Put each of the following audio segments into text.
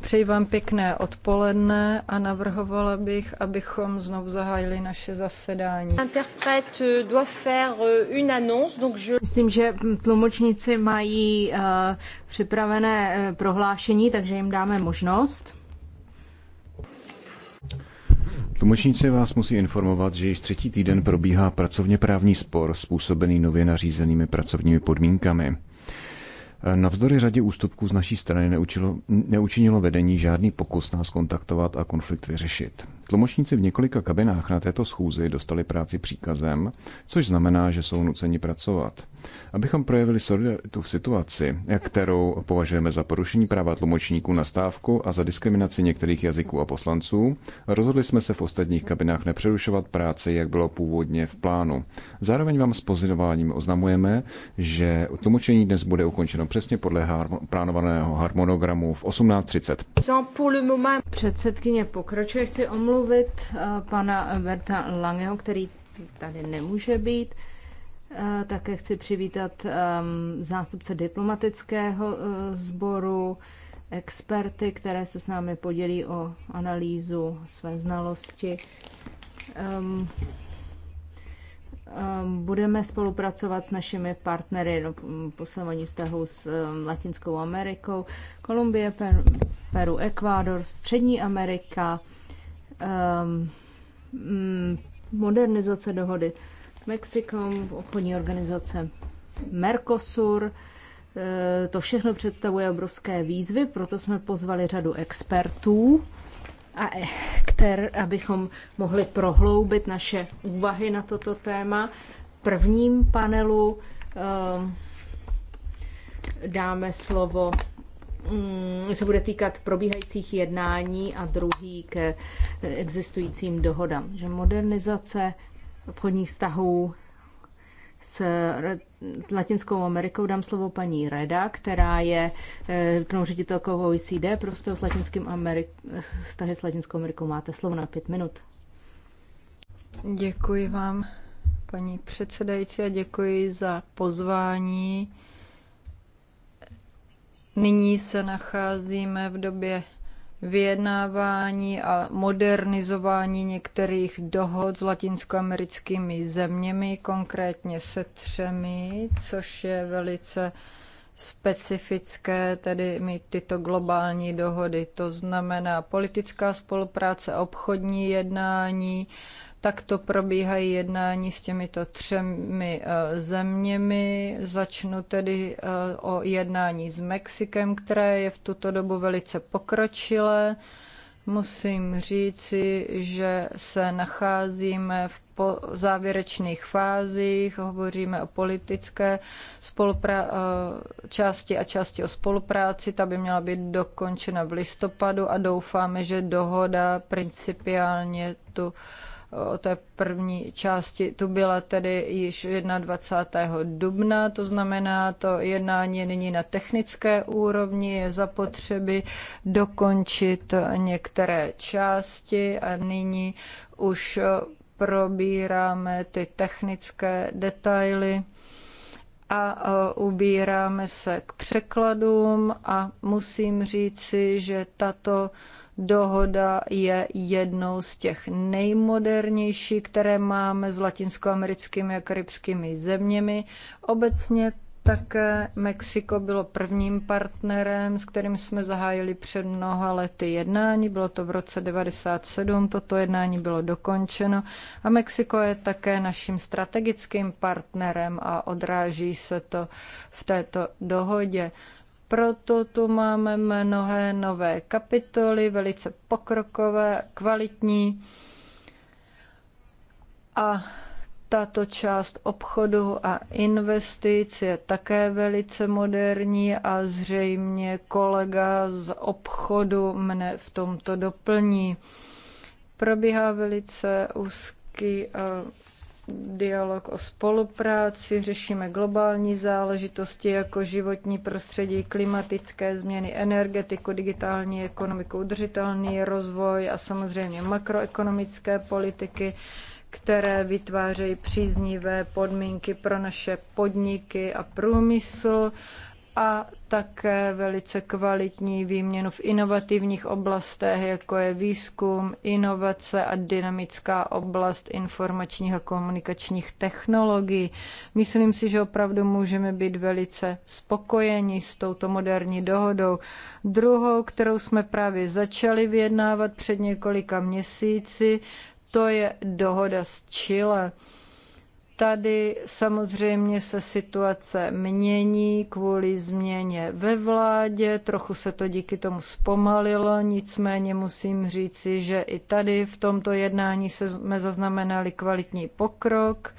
Přeji vám pěkné odpoledne a navrhovala bych, abychom znovu zahájili naše zasedání. Euh, Myslím, že tlumočníci mají uh, připravené eh, prohlášení, takže jim dáme možnost. Tlumočníci vás musí informovat, že již třetí týden probíhá pracovně právní spor způsobený nově nařízenými pracovními podmínkami. Navzdory řadě ústupků z naší strany neučilo, neučinilo vedení žádný pokus nás kontaktovat a konflikt vyřešit. Tlumočníci v několika kabinách na této schůzi dostali práci příkazem, což znamená, že jsou nuceni pracovat. Abychom projevili solidaritu v situaci, kterou považujeme za porušení práva tlumočníků na stávku a za diskriminaci některých jazyků a poslanců, rozhodli jsme se v ostatních kabinách nepřerušovat práci, jak bylo původně v plánu. Zároveň vám s pozitováním oznamujeme, že tlumočení dnes bude ukončeno přesně podle har- plánovaného harmonogramu v 18.30. Předsedkyně pokračuje, chci omluvit eh, pana Berta Langeho, který tady nemůže být. Eh, také chci přivítat ehm, zástupce diplomatického eh, sboru, experty, které se s námi podělí o analýzu své znalosti. Um, um, budeme spolupracovat s našimi partnery no, poslední vztahu s um, Latinskou Amerikou, Kolumbie, Peru, Peru Ekvádor, Střední Amerika, um, um, modernizace dohody Mexikom, obchodní organizace Mercosur. E, to všechno představuje obrovské výzvy, proto jsme pozvali řadu expertů, a e, kter, abychom mohli prohloubit naše úvahy na toto téma. V prvním panelu e, dáme slovo mm, se bude týkat probíhajících jednání a druhý ke existujícím dohodám. Že modernizace obchodních vztahů s Latinskou Amerikou. Dám slovo paní Reda, která je eh, knou ředitelkou OECD pro s, Latinským Amerik- vztahy s Latinskou Amerikou. Máte slovo na pět minut. Děkuji vám, paní předsedající, a děkuji za pozvání. Nyní se nacházíme v době vyjednávání a modernizování některých dohod s latinskoamerickými zeměmi, konkrétně se třemi, což je velice specifické, tedy mít tyto globální dohody. To znamená politická spolupráce, obchodní jednání, tak to probíhají jednání s těmito třemi eh, zeměmi. Začnu tedy eh, o jednání s Mexikem, které je v tuto dobu velice pokročilé. Musím říci, že se nacházíme v po závěrečných fázích, hovoříme o politické spolupra- eh, části a části o spolupráci. Ta by měla být dokončena v listopadu a doufáme, že dohoda principiálně tu o té první části. Tu byla tedy již 21. dubna, to znamená, to jednání nyní na technické úrovni, je zapotřebí dokončit některé části a nyní už probíráme ty technické detaily a ubíráme se k překladům a musím říci, že tato Dohoda je jednou z těch nejmodernějších, které máme s latinskoamerickými a karibskými zeměmi. Obecně také Mexiko bylo prvním partnerem, s kterým jsme zahájili před mnoha lety jednání. Bylo to v roce 1997, toto jednání bylo dokončeno. A Mexiko je také naším strategickým partnerem a odráží se to v této dohodě. Proto tu máme mnohé nové kapitoly, velice pokrokové, kvalitní. A tato část obchodu a investic je také velice moderní a zřejmě kolega z obchodu mne v tomto doplní. Probíhá velice úzký dialog o spolupráci, řešíme globální záležitosti jako životní prostředí, klimatické změny, energetiku, digitální ekonomiku, udržitelný rozvoj a samozřejmě makroekonomické politiky, které vytvářejí příznivé podmínky pro naše podniky a průmysl a také velice kvalitní výměnu v inovativních oblastech, jako je výzkum, inovace a dynamická oblast informačních a komunikačních technologií. Myslím si, že opravdu můžeme být velice spokojeni s touto moderní dohodou. Druhou, kterou jsme právě začali vyjednávat před několika měsíci, to je dohoda s Chile. Tady samozřejmě se situace mění kvůli změně ve vládě, trochu se to díky tomu zpomalilo, nicméně musím říci, že i tady v tomto jednání jsme zaznamenali kvalitní pokrok.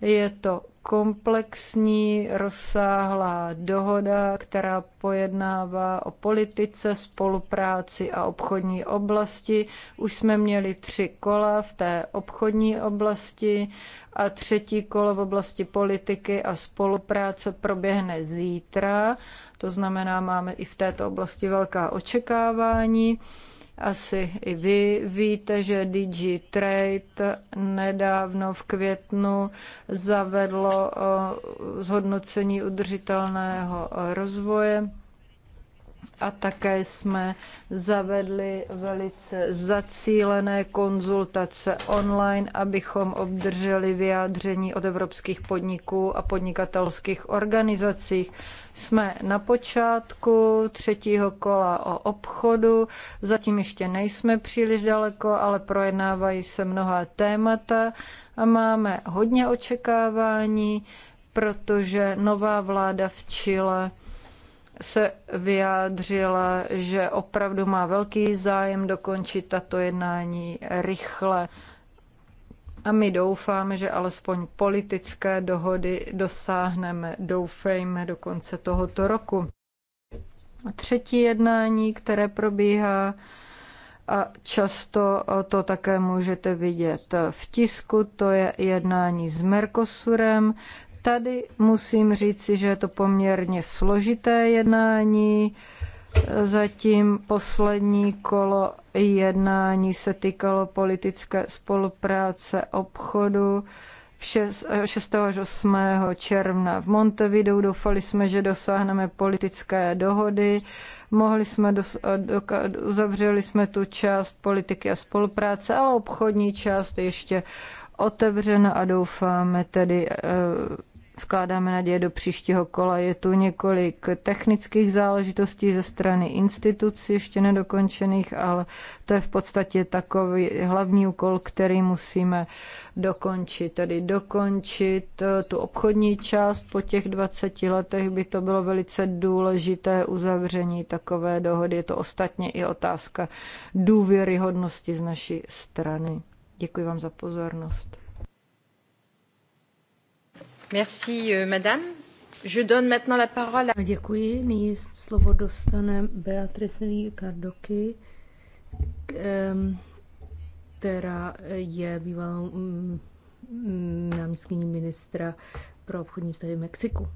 Je to komplexní, rozsáhlá dohoda, která pojednává o politice, spolupráci a obchodní oblasti. Už jsme měli tři kola v té obchodní oblasti a třetí kolo v oblasti politiky a spolupráce proběhne zítra. To znamená, máme i v této oblasti velká očekávání. Asi i vy víte, že DG Trade nedávno v květnu zavedlo eh, zhodnocení udržitelného rozvoje a také jsme zavedli velice zacílené konzultace online, abychom obdrželi vyjádření od evropských podniků a podnikatelských organizací. Jsme na počátku třetího kola o obchodu, zatím ještě nejsme příliš daleko, ale projednávají se mnoha témata a máme hodně očekávání, protože nová vláda v Chile se vyjádřila, že opravdu má velký zájem dokončit tato jednání rychle. A my doufáme, že alespoň politické dohody dosáhneme, doufejme, do konce tohoto roku. A třetí jednání, které probíhá, a často to také můžete vidět v tisku, to je jednání s Mercosurem, Tady musím říci, že je to poměrně složité jednání. Zatím poslední kolo jednání se týkalo politické spolupráce obchodu. 6. až 8. června v Montevideu. Doufali jsme, že dosáhneme politické dohody. Mohli jsme uzavřeli jsme tu část politiky a spolupráce, ale obchodní část ještě otevřena a doufáme tedy eh, vkládáme naděje do příštího kola. Je tu několik technických záležitostí ze strany institucí ještě nedokončených, ale to je v podstatě takový hlavní úkol, který musíme dokončit. Tedy dokončit eh, tu obchodní část po těch 20 letech by to bylo velice důležité uzavření takové dohody. Je to ostatně i otázka důvěryhodnosti z naší strany. Děkuji vám za pozornost. Merci, euh, Nyní slovo dostane Beatrice Kardoky, ehm, která je bývalou mm, náměstkyní ministra pro obchodní vztahy v Mexiku.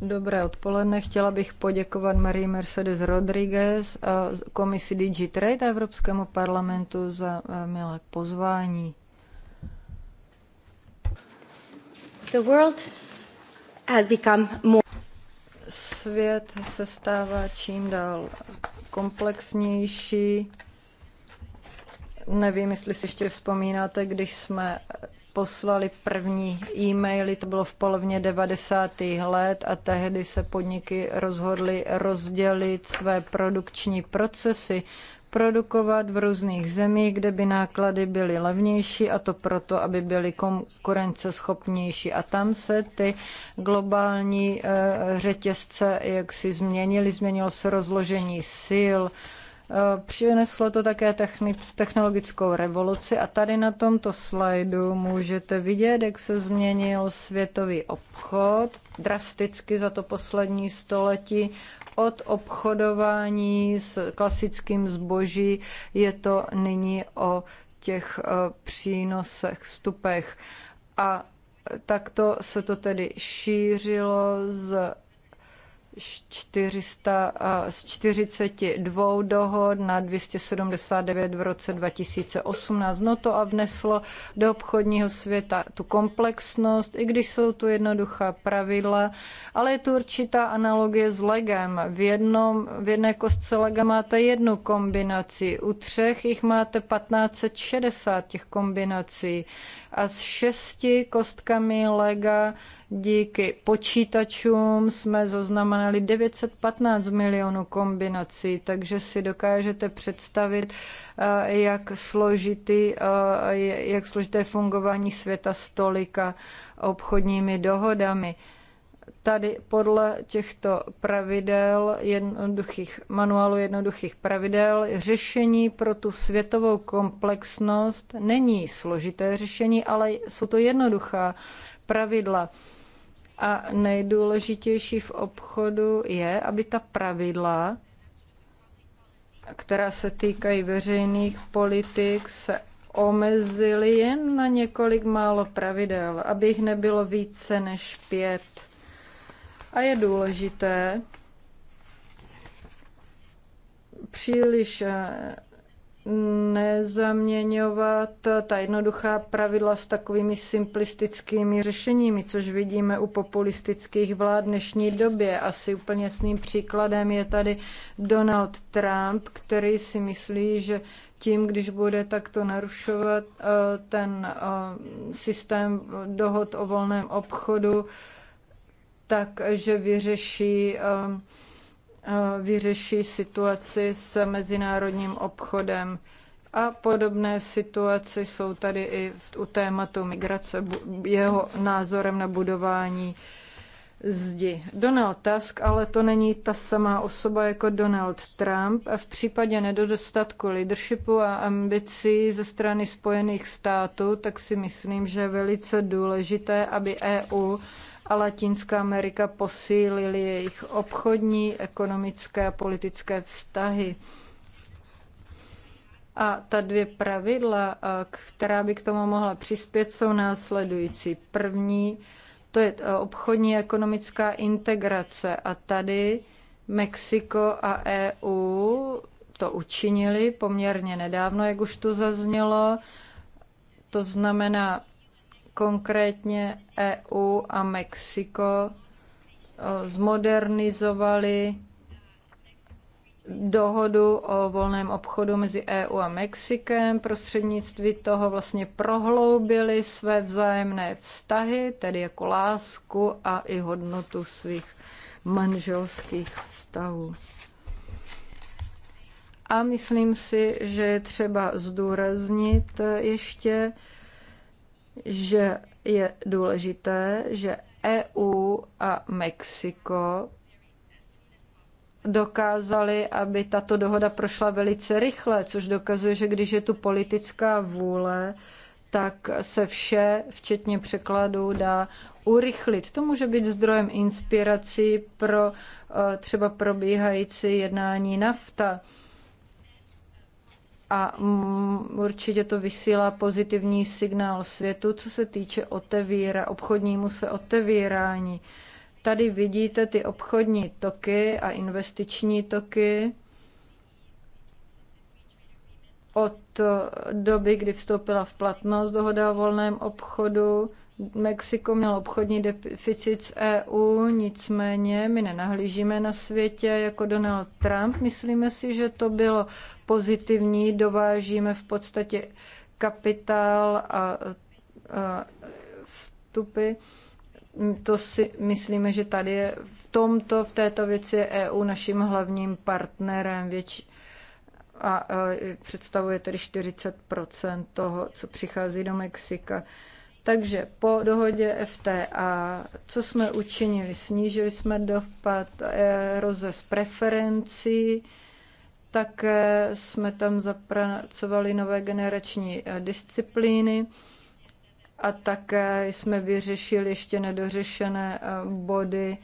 Dobré odpoledne. Chtěla bych poděkovat Marie Mercedes Rodriguez a komisi DigiTrade a Evropskému parlamentu za eh, milé pozvání. The world has become more... Svět se stává čím dál komplexnější. Nevím, jestli si ještě vzpomínáte, když jsme poslali první e-maily, to bylo v polovině 90. let a tehdy se podniky rozhodly rozdělit své produkční procesy, produkovat v různých zemích, kde by náklady byly levnější a to proto, aby byly konkurenceschopnější. A tam se ty globální eh, řetězce jaksi změnily, změnilo se rozložení sil, Eh, přineslo to také technologickou revoluci a tady na tomto slajdu můžete vidět, jak se změnil světový obchod drasticky za to poslední století. Od obchodování s klasickým zboží je to nyní o těch eh, přínosech, stupech. A takto se to tedy šířilo z 400, z 42 dohod na 279 v roce 2018. No to a vneslo do obchodního světa tu komplexnost, i když jsou tu jednoduchá pravidla, ale je tu určitá analogie s legem. V, jednom, v jedné kostce lega máte jednu kombinaci, u třech jich máte 1560 těch kombinací a s šesti kostkami lega díky počítačům jsme zaznamenali 915 milionů kombinací, takže si dokážete představit, eh, jak, složitý, eh, jak složité fungování světa s tolika obchodními dohodami tady podle těchto pravidel, jednoduchých manuálu jednoduchých pravidel, řešení pro tu světovou komplexnost není složité řešení, ale jsou to jednoduchá pravidla. A nejdůležitější v obchodu je, aby ta pravidla, která se týkají veřejných politik, se omezily jen na několik málo pravidel, aby jich nebylo více než pět a je důležité příliš eh, nezaměňovat ta jednoduchá pravidla s takovými simplistickými řešeními, což vidíme u populistických vlád v dnešní době. Asi úplně jasným příkladem je tady Donald Trump, který si myslí, že tím, když bude takto narušovat eh, ten eh, systém dohod o volném obchodu, tak, že vyřeší, um, uh, vyřeší situaci s mezinárodním obchodem. A podobné situace jsou tady i u tématu migrace, jeho názorem na budování zdi. Donald Tusk, ale to není ta samá osoba jako Donald Trump. V případě nedostatku leadershipu a ambicí ze strany Spojených států, tak si myslím, že je velice důležité, aby EU a Latinská Amerika posílily jejich obchodní, ekonomické a politické vztahy. A ta dvě pravidla, která by k tomu mohla přispět, jsou následující. První, to je obchodní a ekonomická integrace. A tady Mexiko a EU to učinili poměrně nedávno, jak už tu zaznělo. To znamená, konkrétně EU a Mexiko eh, zmodernizovali dohodu o volném obchodu mezi EU a Mexikem. Prostřednictví toho vlastně prohloubili své vzájemné vztahy, tedy jako lásku a i hodnotu svých manželských vztahů. A myslím si, že je třeba zdůraznit ještě, že je důležité, že EU a Mexiko dokázali, aby tato dohoda prošla velice rychle, což dokazuje, že když je tu politická vůle, tak se vše, včetně překladu, dá urychlit. To může být zdrojem inspirací pro eh, třeba probíhající jednání NAFTA a mm, určitě to vysílá pozitivní signál světu, co se týče otevíra, obchodnímu se otevírání. Tady vidíte ty obchodní toky a investiční toky od doby, kdy vstoupila v platnost dohoda o volném obchodu Mexiko mělo obchodní deficit s EU, nicméně my nenahlížíme na světě jako Donald Trump. Myslíme si, že to bylo pozitivní, dovážíme v podstatě kapitál a, a vstupy. To si myslíme, že tady je v tomto, v této věci je EU naším hlavním partnerem. Větší, a, a představuje tedy 40 toho, co přichází do Mexika. Takže po dohodě FTA, co jsme učinili? Snížili jsme dopad eh, z preferencí, také jsme tam zapracovali nové generační eh, disciplíny a také jsme vyřešili ještě nedořešené eh, body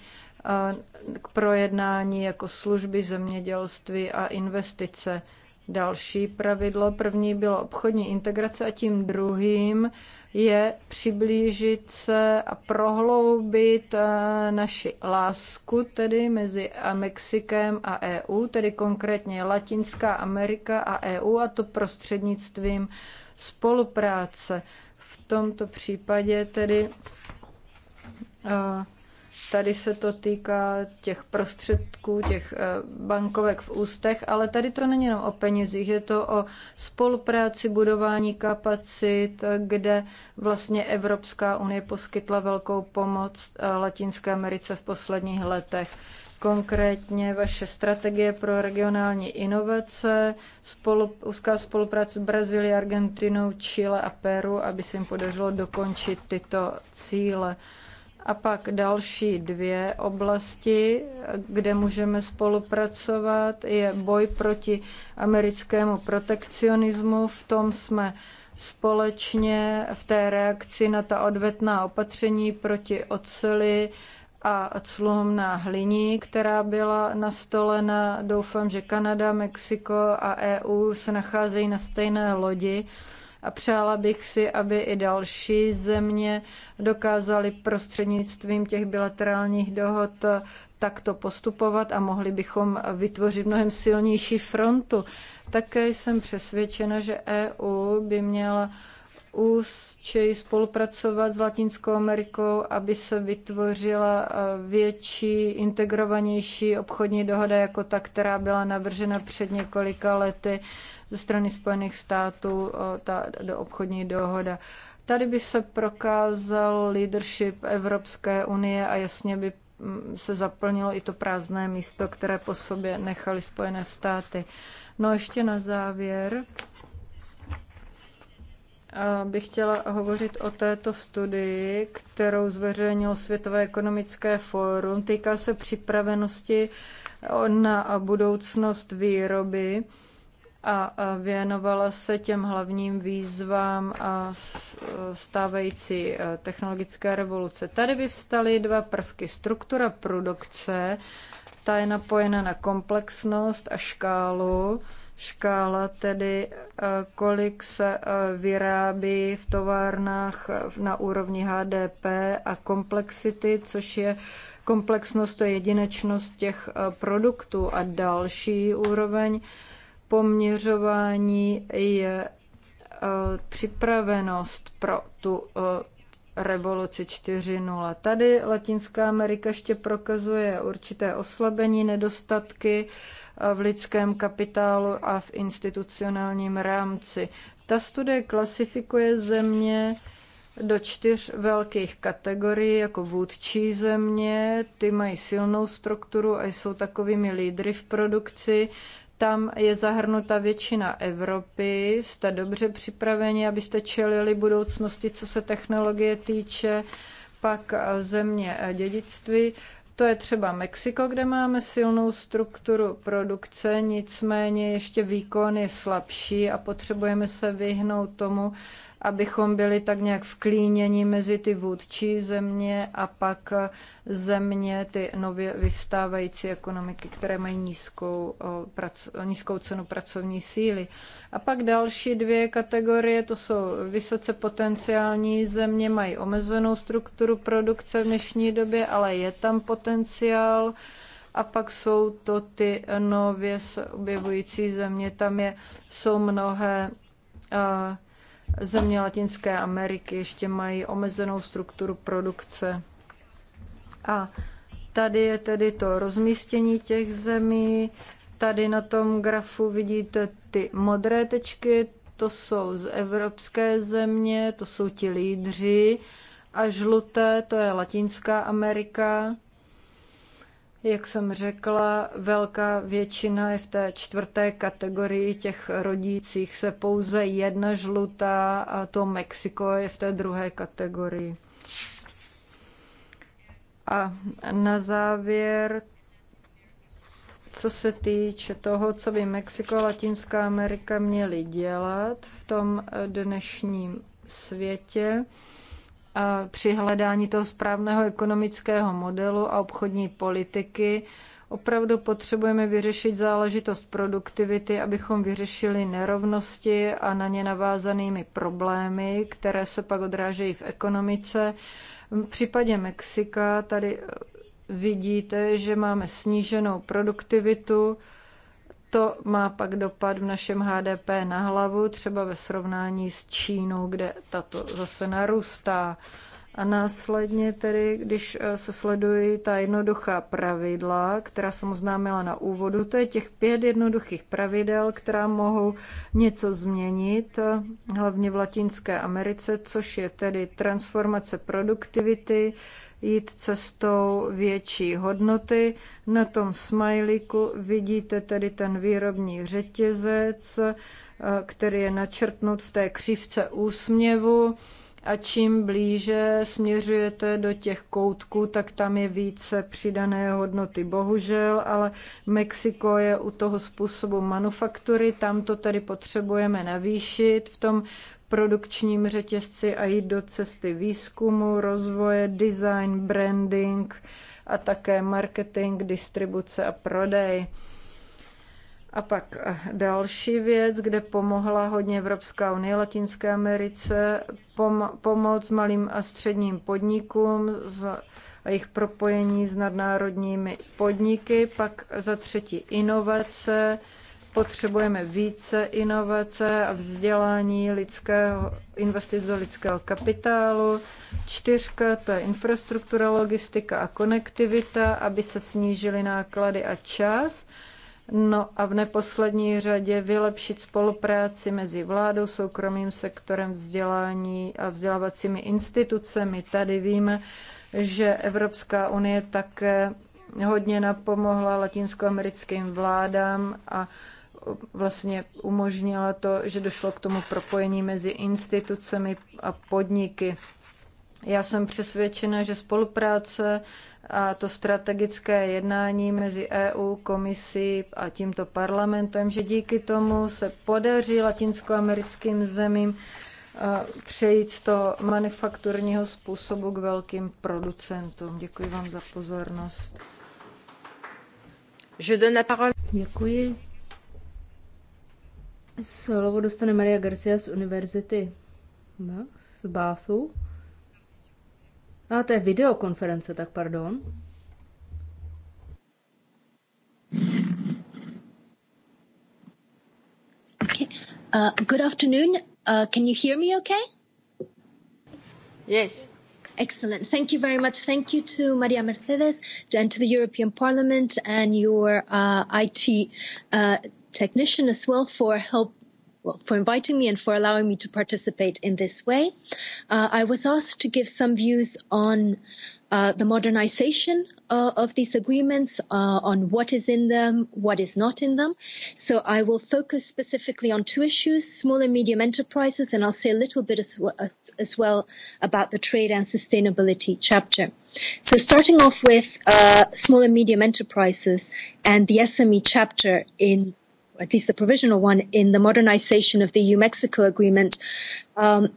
k projednání jako služby zemědělství a investice. Další pravidlo, první bylo obchodní integrace a tím druhým je přiblížit se a prohloubit eh, naši lásku tedy mezi Mexikem a EU, tedy konkrétně Latinská Amerika a EU a to prostřednictvím spolupráce. V tomto případě tedy eh, Tady se to týká těch prostředků, těch eh, bankovek v ústech, ale tady to není jenom o penězích, je to o spolupráci, budování kapacit, kde vlastně Evropská unie poskytla velkou pomoc eh, Latinské Americe v posledních letech konkrétně vaše strategie pro regionální inovace, spolu, úzká spolupráce s Brazílií, Argentinou, Chile a Peru, aby se jim podařilo dokončit tyto cíle. A pak další dvě oblasti, kde můžeme spolupracovat, je boj proti americkému protekcionismu. V tom jsme společně v té reakci na ta odvetná opatření proti oceli a clům na hliní, která byla nastolena. Doufám, že Kanada, Mexiko a EU se nacházejí na stejné lodi a přála bych si, aby i další země dokázaly prostřednictvím těch bilaterálních dohod takto postupovat a mohli bychom vytvořit mnohem silnější frontu. Také jsem přesvědčena, že EU by měla úzčej spolupracovat s Latinskou Amerikou, aby se vytvořila eh, větší, integrovanější obchodní dohoda jako ta, která byla navržena před několika lety ze strany Spojených států, eh, ta do obchodní dohoda. Tady by se prokázal leadership Evropské unie a jasně by mm, se zaplnilo i to prázdné místo, které po sobě nechali Spojené státy. No a ještě na závěr bych chtěla hovořit o této studii, kterou zveřejnil Světové ekonomické fórum. Týká se připravenosti na budoucnost výroby a věnovala se těm hlavním výzvám a stávající eh, technologické revoluce. Tady vyvstaly dva prvky. Struktura produkce, ta je napojena na komplexnost a škálu škála, tedy eh, kolik se eh, vyrábí v továrnách eh, na úrovni HDP a komplexity, což je komplexnost a jedinečnost těch produktů. A další úroveň poměřování je připravenost pro tu revoluci 4.0. Tady Latinská Amerika ještě prokazuje určité oslabení, nedostatky eh, v lidském kapitálu a v institucionálním rámci. Ta studie klasifikuje země do čtyř velkých kategorií jako vůdčí země, ty mají silnou strukturu a jsou takovými lídry v produkci, tam je zahrnuta většina Evropy. Jste dobře připraveni, abyste čelili budoucnosti, co se technologie týče, pak eh, země eh, dědictví. To je třeba Mexiko, kde máme silnou strukturu produkce, nicméně ještě výkon je slabší a potřebujeme se vyhnout tomu, abychom byli tak nějak vklíněni mezi ty vůdčí země a pak země, ty nově vyvstávající ekonomiky, které mají nízkou, nízkou cenu pracovní síly. A pak další dvě kategorie, to jsou vysoce potenciální země, mají omezenou strukturu produkce v dnešní době, ale je tam potenciál. A pak jsou to ty nově se objevující země, tam je, jsou mnohé uh, Země Latinské Ameriky ještě mají omezenou strukturu produkce. A tady je tedy to rozmístění těch zemí. Tady na tom grafu vidíte ty modré tečky, to jsou z evropské země, to jsou ti lídři. A žluté, to je Latinská Amerika. Jak jsem řekla, velká většina je v té čtvrté kategorii těch rodících se pouze jedna žlutá a to Mexiko je v té druhé kategorii. A na závěr, co se týče toho, co by Mexiko a Latinská Amerika měly dělat v tom dnešním světě, při hledání toho správného ekonomického modelu a obchodní politiky opravdu potřebujeme vyřešit záležitost produktivity, abychom vyřešili nerovnosti a na ně navázanými problémy, které se pak odrážejí v ekonomice. V případě Mexika tady vidíte, že máme sníženou produktivitu, to má pak dopad v našem HDP na hlavu, třeba ve srovnání s Čínou, kde tato zase narůstá. A následně tedy, když eh, se sledují ta jednoduchá pravidla, která jsem oznámila na úvodu, to je těch pět jednoduchých pravidel, která mohou něco změnit, eh, hlavně v Latinské Americe, což je tedy transformace produktivity, jít cestou větší hodnoty. Na tom smajlíku vidíte tedy ten výrobní řetězec, eh, který je načrtnut v té křivce úsměvu a čím blíže směřujete do těch koutků, tak tam je více přidané hodnoty. Bohužel, ale Mexiko je u toho způsobu manufaktury, tam to tedy potřebujeme navýšit. V tom produkčním řetězci a jít do cesty výzkumu, rozvoje, design, branding a také marketing, distribuce a prodej. A pak eh, další věc, kde pomohla hodně Evropská unie Latinské Americe, pom- pomoc malým a středním podnikům z- a jejich propojení s nadnárodními podniky, pak za třetí inovace, Potřebujeme více inovace a vzdělání lidského, investic do lidského kapitálu. Čtyřka, to je infrastruktura, logistika a konektivita, aby se snížily náklady a čas. No a v neposlední řadě vylepšit spolupráci mezi vládou, soukromým sektorem vzdělání a vzdělávacími institucemi. Tady víme, že Evropská unie také hodně napomohla latinskoamerickým vládám a vlastně umožnila to, že došlo k tomu propojení mezi institucemi a podniky. Já jsem přesvědčena, že spolupráce a to strategické jednání mezi EU, komisí a tímto parlamentem, že díky tomu se podaří latinskoamerickým zemím eh, přejít z toho manufakturního způsobu k velkým producentům. Děkuji vám za pozornost. Je donne la parole. Děkuji. Slovo dostane Maria Garcia z univerzity z Básu. A to je videokonference, tak pardon. Okay. Uh, good afternoon. Uh, can you hear me okay? Yes. Excellent. Thank you very much. Thank you to Maria Mercedes and to the European Parliament and your uh, IT uh, technician as well for help well, for inviting me and for allowing me to participate in this way. Uh, I was asked to give some views on uh, the modernization uh, of these agreements, uh, on what is in them, what is not in them. So I will focus specifically on two issues, small and medium enterprises, and I'll say a little bit as, well, as, as well about the trade and sustainability chapter. So starting off with uh, small and medium enterprises and the SME chapter in at least the provisional one, in the modernization of the EU Mexico agreement. Um,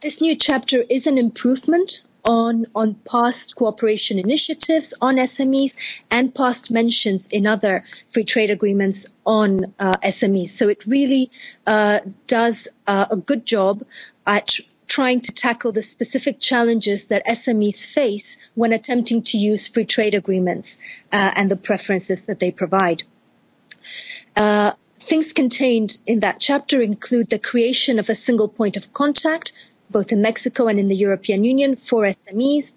this new chapter is an improvement on, on past cooperation initiatives on SMEs and past mentions in other free trade agreements on uh, SMEs. So it really uh, does uh, a good job at trying to tackle the specific challenges that SMEs face when attempting to use free trade agreements uh, and the preferences that they provide. Uh, things contained in that chapter include the creation of a single point of contact, both in Mexico and in the European Union, for SMEs,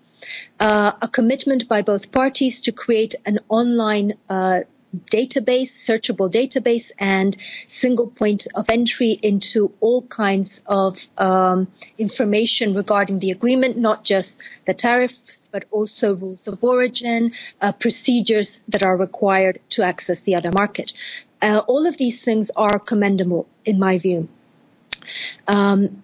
uh, a commitment by both parties to create an online uh, database, searchable database, and single point of entry into all kinds of um, information regarding the agreement, not just the tariffs, but also rules of origin, uh, procedures that are required to access the other market. Uh, all of these things are commendable, in my view. Um,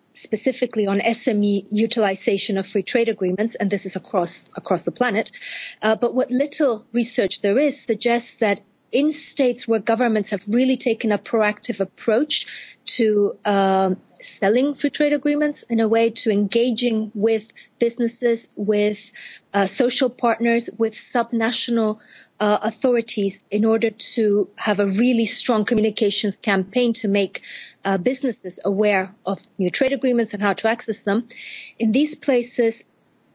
specifically on SME utilization of free trade agreements, and this is across across the planet. Uh, but what little research there is suggests that in states where governments have really taken a proactive approach to um, selling free trade agreements in a way to engaging with businesses, with uh, social partners, with subnational uh, authorities in order to have a really strong communications campaign to make uh, businesses aware of new trade agreements and how to access them. In these places,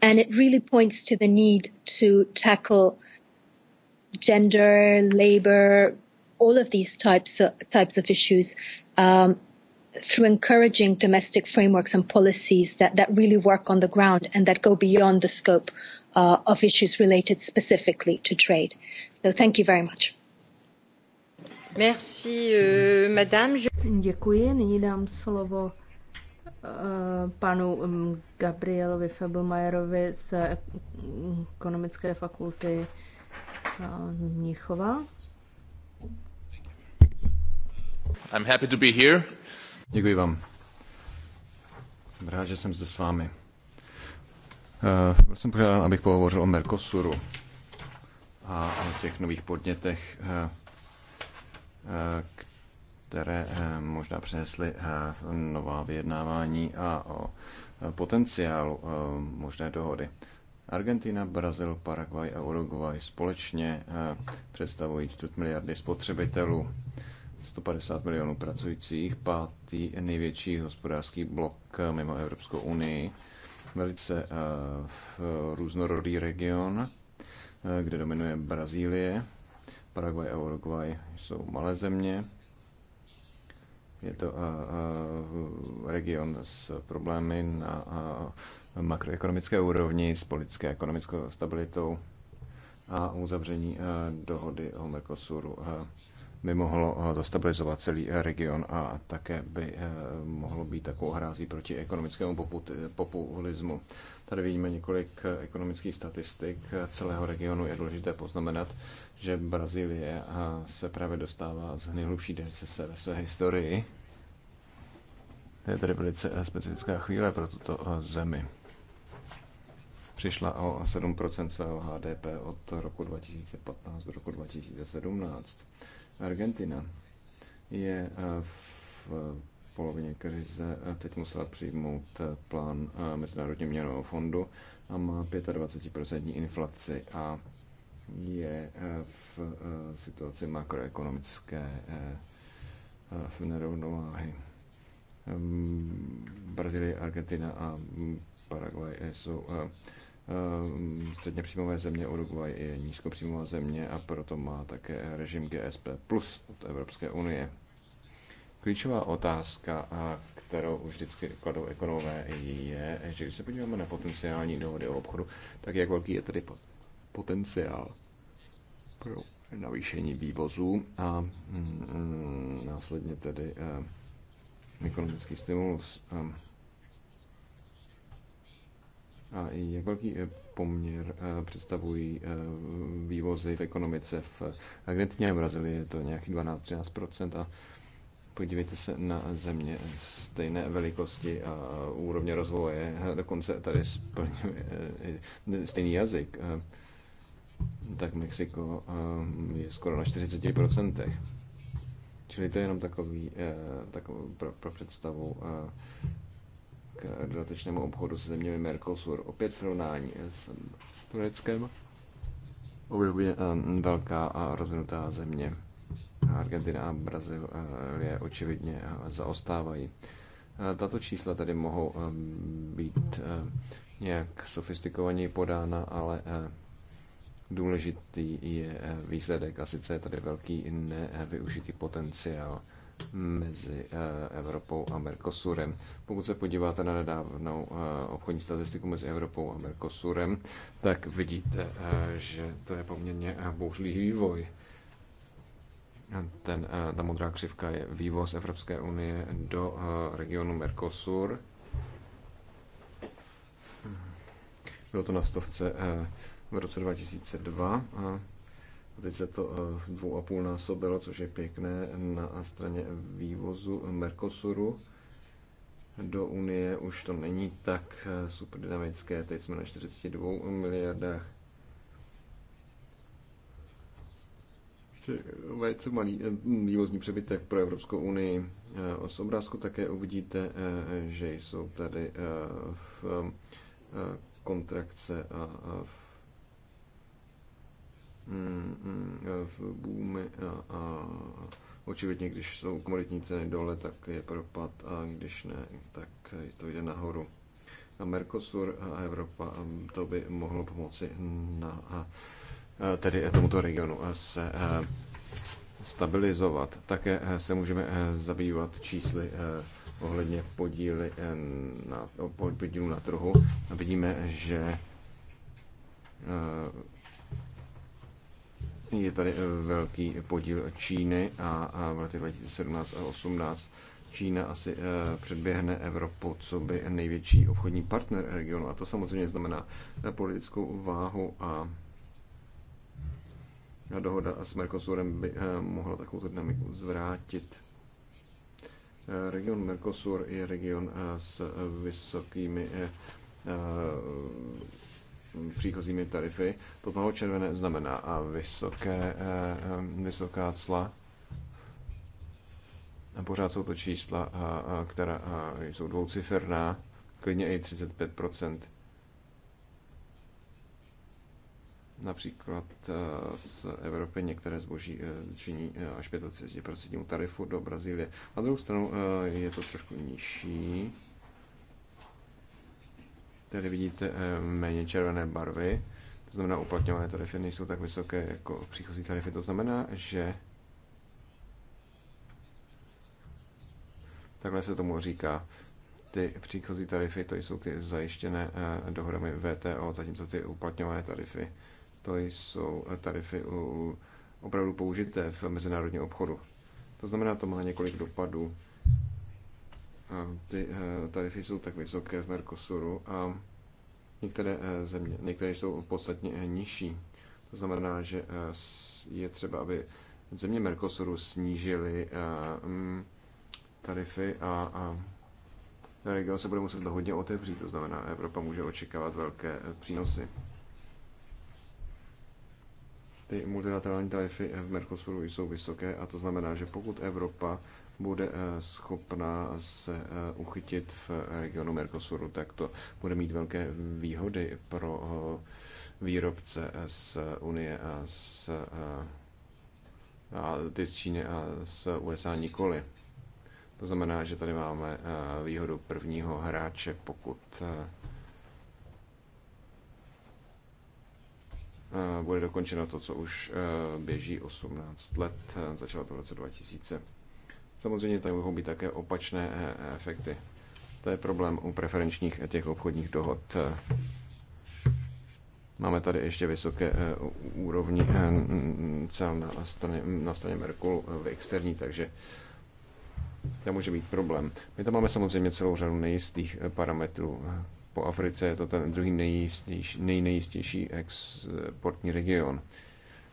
And it really points to the need to tackle gender, labor, all of these types of, types of issues um, through encouraging domestic frameworks and policies that, that really work on the ground and that go beyond the scope uh, of issues related specifically to trade. So thank you very much. Merci, euh, madame. Je... Děkuji. Nyní dám slovo Eh, panu mm, Gabrielovi Feblmajerovi z mm, ekonomické fakulty eh, Mnichova. I'm happy to be here. Děkuji vám. Rád, že jsem zde s vámi. Eh, byl jsem požádán, abych pohovořil o Mercosuru a o těch nových podnětech, které eh, možná přinesly eh, nová vyjednávání a o eh, potenciálu možné dohody. Argentina, Brazil, Paraguay a Uruguay společně představují čtvrt miliardy spotřebitelů, 150 milionů pracujících, pátý největší hospodářský blok mimo Evropskou unii, velice různorodý region, kde dominuje Brazílie, Paraguay a Uruguay jsou malé země, je to region s problémy na makroekonomické úrovni, s politickou a ekonomickou stabilitou a uzavření dohody o Mercosuru by mohlo dostabilizovat celý region a také by mohlo být takovou hrází proti ekonomickému populismu. Tady vidíme několik ekonomických statistik celého regionu. Je důležité poznamenat, že Brazílie se právě dostává z nejhlubší recese ve své historii. To je tedy velice specifická chvíle pro tuto eh, zemi. Přišla o 7% svého HDP od roku 2015 do roku 2017. Argentina je eh, v polovině krize teď musela přijmout eh, plán Mezinárodního měnového fondu a má 25% inflaci a je eh, v eh, situaci makroekonomické v eh, nerovnováhy. Ehm, Brazílie, Argentina a Paraguay jsou středně příjmové země, Uruguay je nízkopříjmová země a proto má také režim GSP plus od Evropské unie. Klíčová otázka, kterou už vždycky kladou ekonomové, je, že když se podíváme na potenciální dohody o obchodu, tak jak velký je tedy potenciál pro navýšení vývozů a mm, následně tedy eh, ekonomický stimulus. A i jak velký eh, poměr eh, představují vývozy v ekonomice v Argentině a Brazílii, je to nějaký 12-13% a podívejte se na země stejné velikosti a úrovně rozvoje, dokonce tady splňuje stejný jazyk tak Mexiko ehm, je skoro na 40%. Čili to je jenom takový, eh, takový pro, pro představu eh, k dodatečnému obchodu se zeměmi Mercosur. Opět srovnání s Tureckem. Obdobně eh, velká a rozvinutá země. Argentina a Brazílie očividně zaostávají. Tato čísla tady mohou ehm, být nějak sofistikovaně podána, ale důležitý je eh, výsledek a sice je tady velký nevyužitý potenciál mezi eh, Evropou a Mercosurem. Pokud se podíváte na nedávnou eh, obchodní statistiku mezi Evropou a Mercosurem, tak vidíte, že to je poměrně bouřlý vývoj. Ten, ta modrá křivka je vývoz Evropské unie do regionu Mercosur. Bylo to na stovce v roce 2002 a teď se to eh, dvou a půl násobilo, což je pěkné na straně vývozu Mercosuru do Unie už to není tak eh, super dynamické, teď jsme na 42 miliardách. Velice malý eh, vývozní přebytek pro Evropskou unii. Z obrázku také uvidíte, že jsou tady v kontrakce a v v boomy a, a očividně, když jsou komoditní ceny dole, tak je propad a když ne, tak to jde nahoru. A Mercosur a Evropa, to by mohlo pomoci na, a, tedy tomuto regionu se stabilizovat. Také se můžeme zabývat čísly ohledně podíly na, podílu na trhu. Vidíme, že je tady eh, velký podíl Číny a v letech 2017 a 2018 Čína asi eh, předběhne Evropu, co by největší obchodní partner regionu. A to samozřejmě znamená eh, politickou váhu a dohoda s Mercosurem by mohla takovou dynamiku zvrátit. Region Mercosur je region s vysokými příchozími tarify. To tmavo červené znamená a vysoké, eh, eh, vysoká cla. A pořád jsou to čísla, eh, která jsou dvouciferná, klidně i 35%. Například z Evropy některé zboží činí až 35% tarifu do Brazílie. Na druhou stranu je to trošku nižší. Tady vidíte eh, méně červené barvy, to znamená uplatňované tarify nejsou tak vysoké jako příchozí tarify. To znamená, že takhle se tomu říká. Ty příchozí tarify, to jsou ty zajištěné eh, dohodami VTO, zatímco ty uplatňované tarify, to jsou tarify opravdu použité v mezinárodním obchodu. To znamená, to má několik dopadů ty eh, tarify jsou tak vysoké v Mercosuru a některé eh, země, některé jsou podstatně eh, nižší. To znamená, že je třeba, aby země Mercosuru snížily mm, tarify a, a region se bude muset hodně otevřít, to znamená, Evropa může očekávat velké přínosy. Ty multilaterální tarify v Mercosuru jsou vysoké a to znamená, že pokud Evropa bude eh, schopna se eh, uchytit v regionu Mercosuru, tak to bude mít velké výhody pro eh, výrobce z Unie a z a ty z Číny a z USA nikoli. To znamená, že tady máme výhodu prvního hráče, pokud bude dokončeno to, co už běží 18 let, začalo to v roce 2000. Samozřejmě tady mohou být také opačné eh, eh, efekty. To je problém u preferenčních těch obchodních dohod. Máme tady ještě vysoké eh, úrovni cel na straně, na straně Merkul v externí, takže tam může být problém. My tam máme samozřejmě celou řadu nejistých parametrů. Po Africe je to ten druhý nejistější nejnejistější exportní region.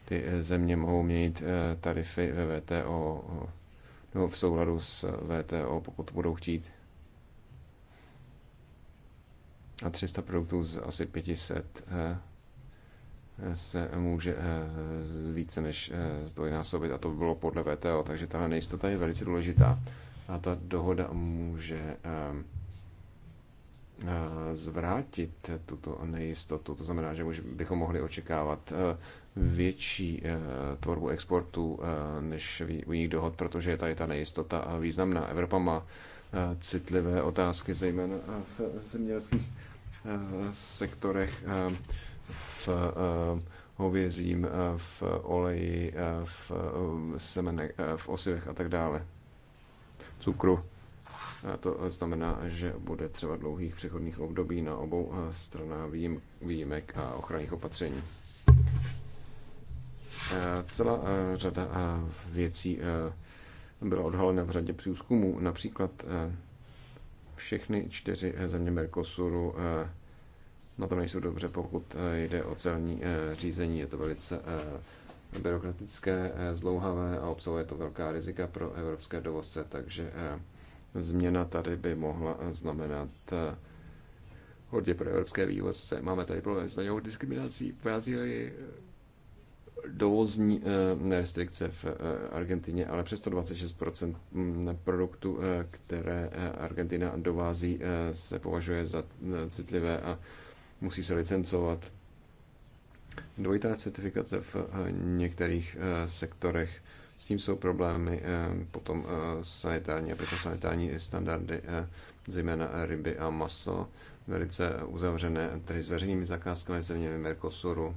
Ty země mohou měnit tarify VVT o nebo v souladu s eh, VTO, pokud budou chtít. A 300 produktů z asi 500 eh, se může eh, více než zdvojnásobit a to bylo podle VTO, takže tahle nejistota je velice důležitá a ta dohoda může ehm, zvrátit tuto nejistotu. To znamená, že bychom mohli očekávat větší eh, tvorbu exportu eh, než u jiných dohod, protože je tady ta nejistota a významná. Evropa má eh, citlivé otázky, zejména v zemědělských sektorech, v hovězím, v oleji, v semenech, v osivech a tak dále. Cukru. A to znamená, že bude třeba dlouhých přechodných období na obou stranách výjimek a ochranných opatření. Eh, celá eh, řada eh, věcí byla odhalena v řadě přizkumů. Například všechny čtyři země Mercosuru na tom nejsou dobře, pokud jde o celní řízení. Je to velice byrokratické, zlouhavé a obsahuje to velká rizika pro evropské dovozce, takže změna tady by mohla znamenat hodně pro evropské vývozce. Máme tady problém s daňovou diskriminací v Brazílii, dovozní eh, restrikce v eh, Argentině, ale přesto 26% produktů, které eh, Argentina dovází, se považuje za citlivé a musí se licencovat. Dvojitá certifikace v některých sektorech, s tím jsou problémy, potom sanitární a sanitární standardy, zejména ryby a maso, velice uzavřené, tedy s veřejnými zakázkami v zeměmi Mercosuru,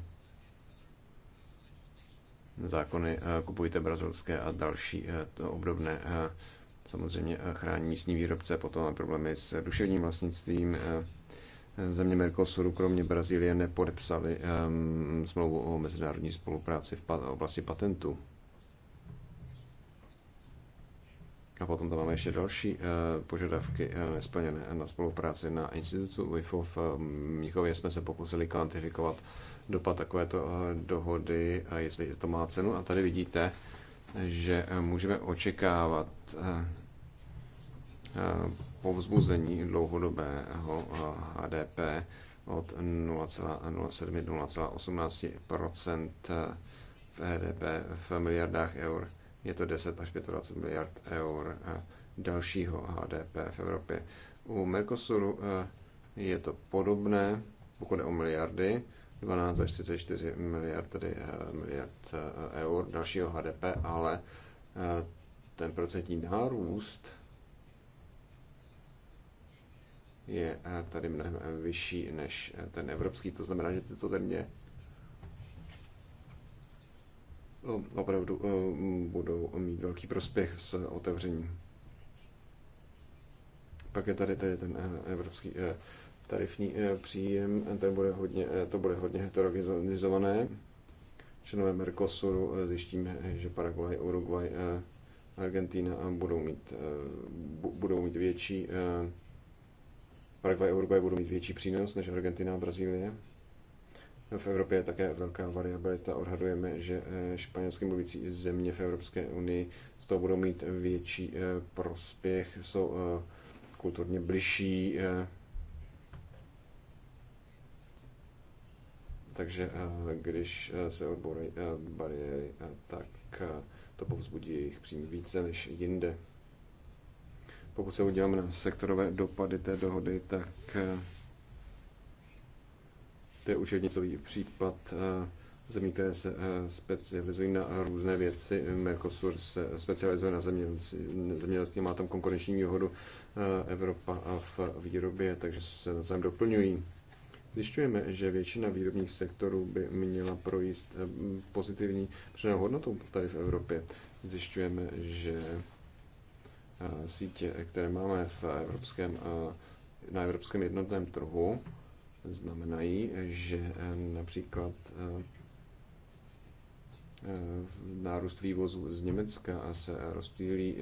zákony eh, kupujte brazilské a další eh, to obdobné eh, samozřejmě chrání místní výrobce, potom má problémy s duševním vlastnictvím. Země Mercosuru kromě Brazílie nepodepsali ehm, smlouvu o mezinárodní spolupráci v oblasti patentů. A potom tam máme ještě další požadavky nesplněné na spolupráci na institutu WIFO. V Mnichově jsme se pokusili kvantifikovat dopad takovéto eh, dohody a jestli to má cenu. A tady vidíte, že eh, můžeme očekávat eh, povzbuzení dlouhodobého HDP od 0,07-0,18 v HDP v miliardách eur. Je to 10 až 25 miliard eur dalšího HDP v Evropě. U Mercosuru je to podobné, pokud je o miliardy, 12 až 34 miliard, tedy eh, miliard eh, eur dalšího HDP, ale eh, ten procentní nárůst je tady mnohem vyšší než ten evropský. To znamená, že tyto země opravdu budou mít velký prospěch s otevřením. Pak je tady, tady ten evropský tarifní eh, příjem, eh, ten bude hodně, eh, to bude hodně heterogenizované. Členové Mercosuru zjištíme, že Paraguay, Uruguay, Argentina budou mít, budou mít větší Paraguay a Uruguay budou mít větší přínos než Argentina a Brazílie. V Evropě je také velká variabilita. Odhadujeme, že španělsky mluvící země v Evropské unii z toho budou mít větší prospěch, jsou kulturně bližší, takže eh, když eh, se odbory eh, bariéry, tak to povzbudí jejich příjmy více než jinde. Pokud se uděláme na sektorové dopady té dohody, tak to je jednicový případ zemí, které se specializují na různé věci. Mercosur se specializuje na zemědělství, má tam konkurenční výhodu Evropa v výrobě, takže se navzájem doplňují. Zjišťujeme, že většina výrobních sektorů by měla projít eh, pozitivní přenou hodnotou tady v Evropě. Zjišťujeme, že eh, sítě, které máme v evropském, eh, na evropském jednotném trhu, znamenají, že například nárůst vývozu z Německa se rozptýlí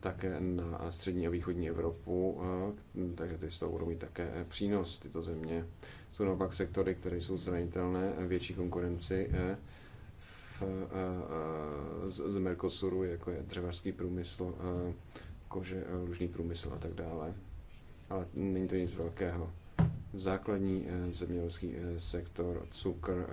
také na střední a východní Evropu, eh, takže ty z toho budou mít také eh, přínos tyto země. Jsou naopak sektory, které jsou zranitelné eh, větší konkurenci v, z, z Mercosuru, jako je dřevařský průmysl, kože, lužní průmysl a tak dále. Ale není to nic velkého. Základní zemědělský sektor, cukr,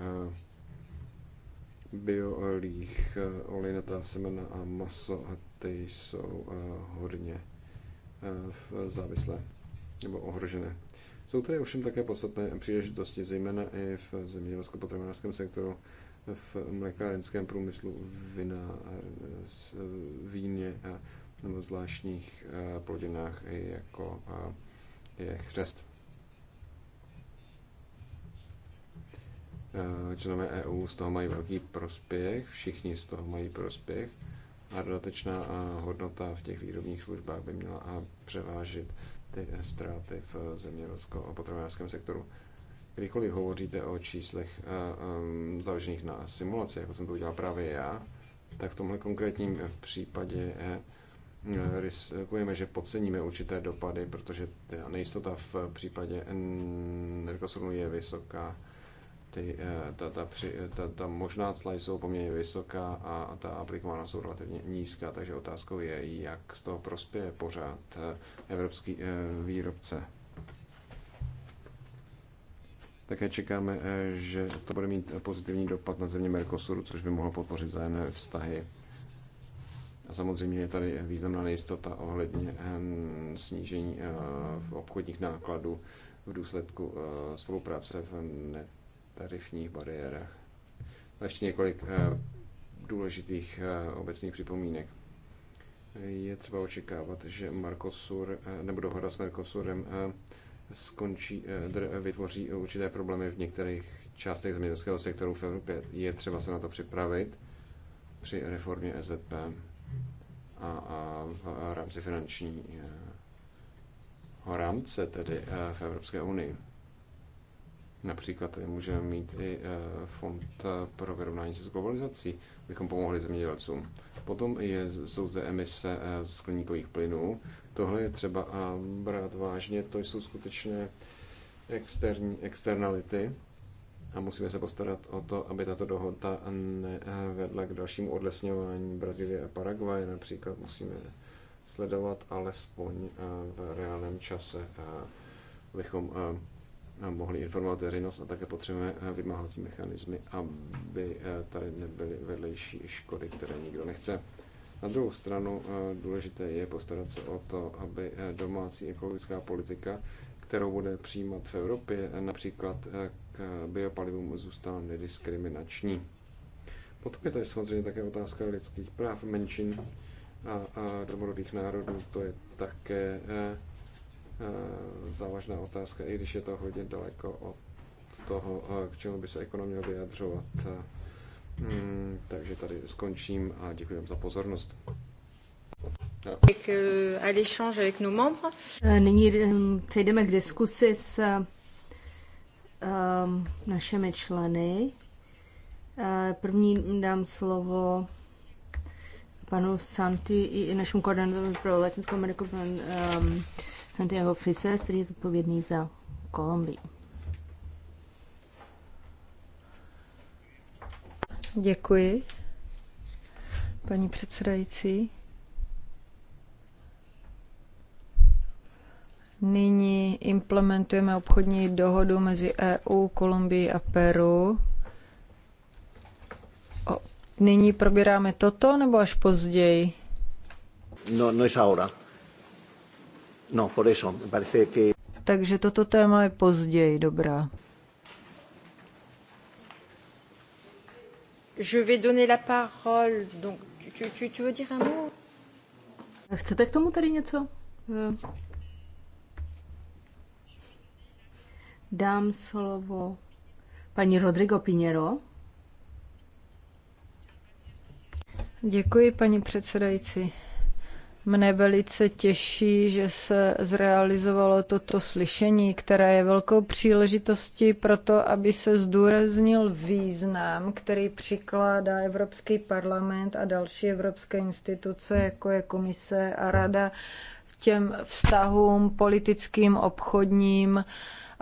biolích, eh, olejnatá semena a maso a ty jsou eh, hodně eh, závislé nebo ohrožené. Jsou tady ovšem také podstatné příležitosti, zejména i v zemědělsko-potravinářském sektoru, v mlékárenském průmyslu, vina, víně a nebo zvláštních plodinách, jako je chřest. Eh, členové EU z toho mají velký prospěch, všichni z toho mají prospěch a dodatečná eh, hodnota v těch výrobních službách by měla eh, převážit ty ztráty v zemědělsko-potravinářském sektoru. Kdykoliv hovoříte o číslech založených na simulaci, jako jsem to udělal právě já, tak v tomhle konkrétním případě riskujeme, že podceníme určité dopady, protože ta nejistota v případě energosurnu je vysoká ty, eh, ta, ta, při, eh, ta, ta možná cla jsou poměrně vysoká a ta aplikovaná jsou relativně nízká, takže otázkou je, jak z toho prospěje pořád eh, evropský výrobce. Také čekáme, že to bude mít pozitivní dopad na země Mercosuru, což by mohlo podpořit vzájemné vztahy. A samozřejmě je tady významná nejistota ohledně snížení obchodních nákladů v důsledku spolupráce v net tarifních bariérách. A ještě několik eh, důležitých eh, obecných připomínek. Je třeba očekávat, že Markosur eh, nebo dohoda s Mercosurem skončí, vytvoří určité problémy v některých částech zemědělského sektoru v Evropě. Je třeba se na to připravit při reformě EZP a, a v rámci finančního rámce tedy v Evropské unii. Například můžeme mít i eh, fond eh, pro vyrovnání se s globalizací, abychom pomohli zemědělcům. Potom je, jsou zde emise eh, skleníkových plynů. Tohle je třeba brát vážně, to jsou skutečné externí, externality a musíme se postarat o to, aby tato dohoda nevedla k dalšímu odlesňování Brazílie a Paraguaje. Například musíme sledovat alespoň v reálném čase, abychom mohli informovat veřejnost a také potřebujeme eh, vymáhací mechanismy, aby eh, tady nebyly vedlejší škody, které nikdo nechce. Na druhou stranu eh, důležité je postarat se o to, aby domácí ekologická politika, kterou bude přijímat v Evropě, například k biopalivům zůstala nediskriminační. Potom je tady samozřejmě také otázka lidských práv menšin a, a domorodých národů. To je také Eh, závažná otázka, i když je to hodně daleko od toho, eh, k čemu by se ekonom měl vyjadřovat. Mm, takže tady skončím a děkuji vám za pozornost. Euh, eh, nyní hm, přejdeme k diskusi s ehm, našimi členy. První dám slovo panu Santi i našemu koordinátoru pro Latinskou Ameriku, pan um, Santiago Fises, který je zodpovědný za Kolumbii. Děkuji, paní předsedající. Nyní implementujeme obchodní dohodu mezi EU, Kolumbií a Peru. nyní probíráme toto nebo až později? No, no es ahora. No, por eso, me parece que... Takže toto téma je později, dobrá. Je vais donner la parole, donc tu, tu, tu veux dire un mot? Chcete k tomu tady něco? Eh. Dám slovo paní Rodrigo Pinheiro. Děkuji, paní předsedající. Mne velice těší, že se zrealizovalo toto slyšení, které je velkou příležitostí pro to, aby se zdůraznil význam, který přikládá Evropský parlament a další evropské instituce, jako je komise a rada, těm vztahům politickým, obchodním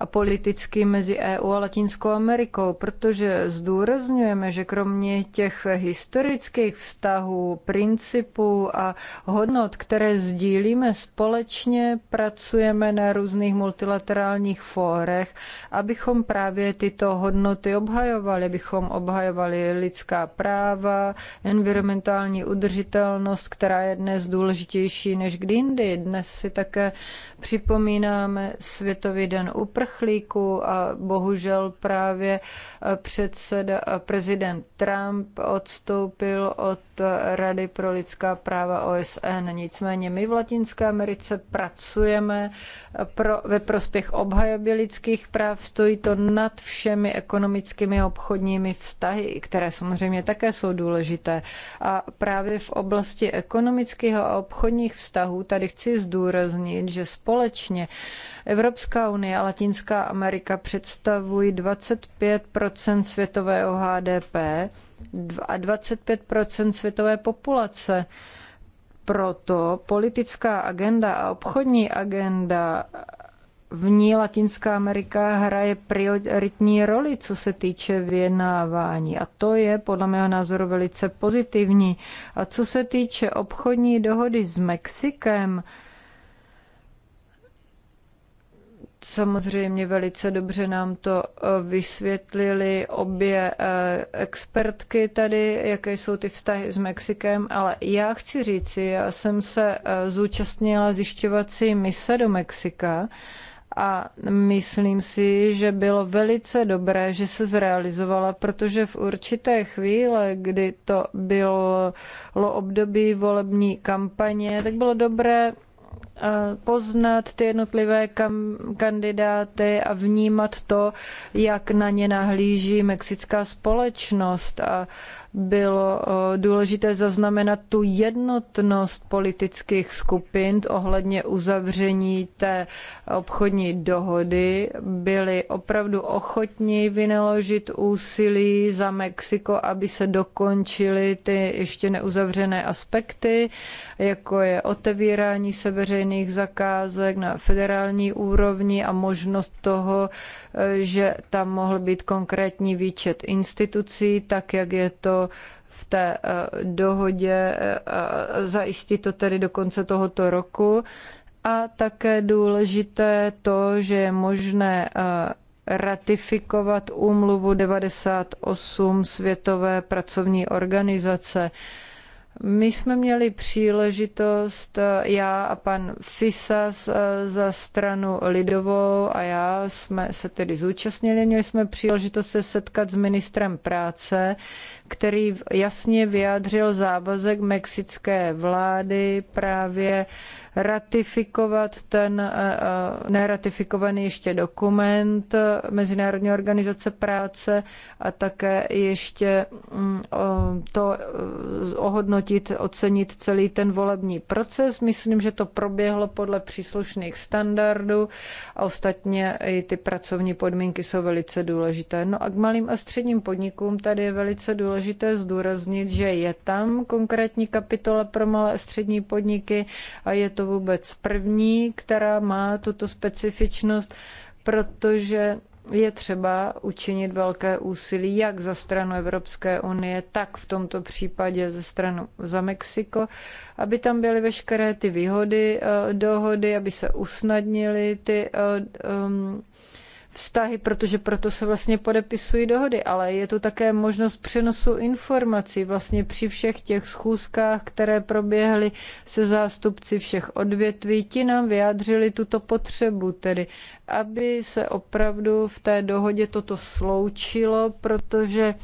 a politicky mezi EU a Latinskou Amerikou, protože zdůrazňujeme, že kromě těch historických vztahů, principů a hodnot, které sdílíme společně, pracujeme na různých multilaterálních fórech, abychom právě tyto hodnoty obhajovali, abychom obhajovali lidská práva, environmentální udržitelnost, která je dnes důležitější než kdy jindy. Dnes si také připomínáme Světový den uprchlíků, uprchlíků a bohužel právě eh, předseda, eh, prezident Trump odstoupil od Rady pro lidská práva OSN. Nicméně my v Latinské Americe pracujeme pro, ve prospěch obhajoby lidských práv. Stojí to nad všemi ekonomickými a obchodními vztahy, které samozřejmě také jsou důležité. A právě v oblasti ekonomických a obchodních vztahů tady chci zdůraznit, že společně Evropská unie a Latinská Amerika představují 25 světového HDP 25 světové populace. Proto politická agenda a obchodní agenda v ní Latinská Amerika hraje prioritní roli, co se týče vyjednávání. A to je podle mého názoru velice pozitivní. A co se týče obchodní dohody s Mexikem, Samozřejmě velice dobře nám to eh, vysvětlili obě eh, expertky tady, jaké jsou ty vztahy s Mexikem, ale já chci říci, já jsem se eh, zúčastnila zjišťovací mise do Mexika a myslím si, že bylo velice dobré, že se zrealizovala, protože v určité chvíli, kdy to bylo období volební kampaně, tak bylo dobré poznat ty jednotlivé kandidáty a vnímat to, jak na ně nahlíží mexická společnost a bylo eh, důležité zaznamenat tu jednotnost politických skupin ohledně uzavření té obchodní dohody. Byli opravdu ochotní vynaložit úsilí za Mexiko, aby se dokončily ty ještě neuzavřené aspekty, jako je otevírání se veřejných zakázek na federální úrovni a možnost toho, eh, že tam mohl být konkrétní výčet institucí, tak jak je to v té eh, dohodě eh, zajistit to tedy do konce tohoto roku. A také důležité to, že je možné eh, ratifikovat úmluvu 98 Světové pracovní organizace. My jsme měli příležitost, eh, já a pan Fisas eh, za stranu Lidovou a já jsme se tedy zúčastnili, měli jsme příležitost se setkat s ministrem práce, který jasně vyjádřil závazek mexické vlády právě uh, ratifikovat ten eh, eh, neratifikovaný ještě dokument eh, Mezinárodní organizace práce a také ještě mm, to ohodnotit, ocenit celý ten volební proces. Myslím, že to proběhlo podle příslušných standardů a ostatně i ty pracovní podmínky jsou velice důležité. No a k malým a středním podnikům tady je velice důležité zdůraznit, že je tam konkrétní kapitola pro malé a střední podniky a je to to vůbec první, která má tuto specifičnost, protože je třeba učinit velké úsilí jak za stranu Evropské unie, tak v tomto případě ze stranu za Mexiko, aby tam byly veškeré ty výhody, eh, dohody, aby se usnadnily ty eh, um, vztahy, protože proto se vlastně podepisují dohody, ale je to také možnost přenosu informací vlastně při všech těch schůzkách, které proběhly se zástupci všech odvětví, ti nám vyjádřili tuto potřebu, tedy aby se opravdu v té dohodě toto sloučilo, protože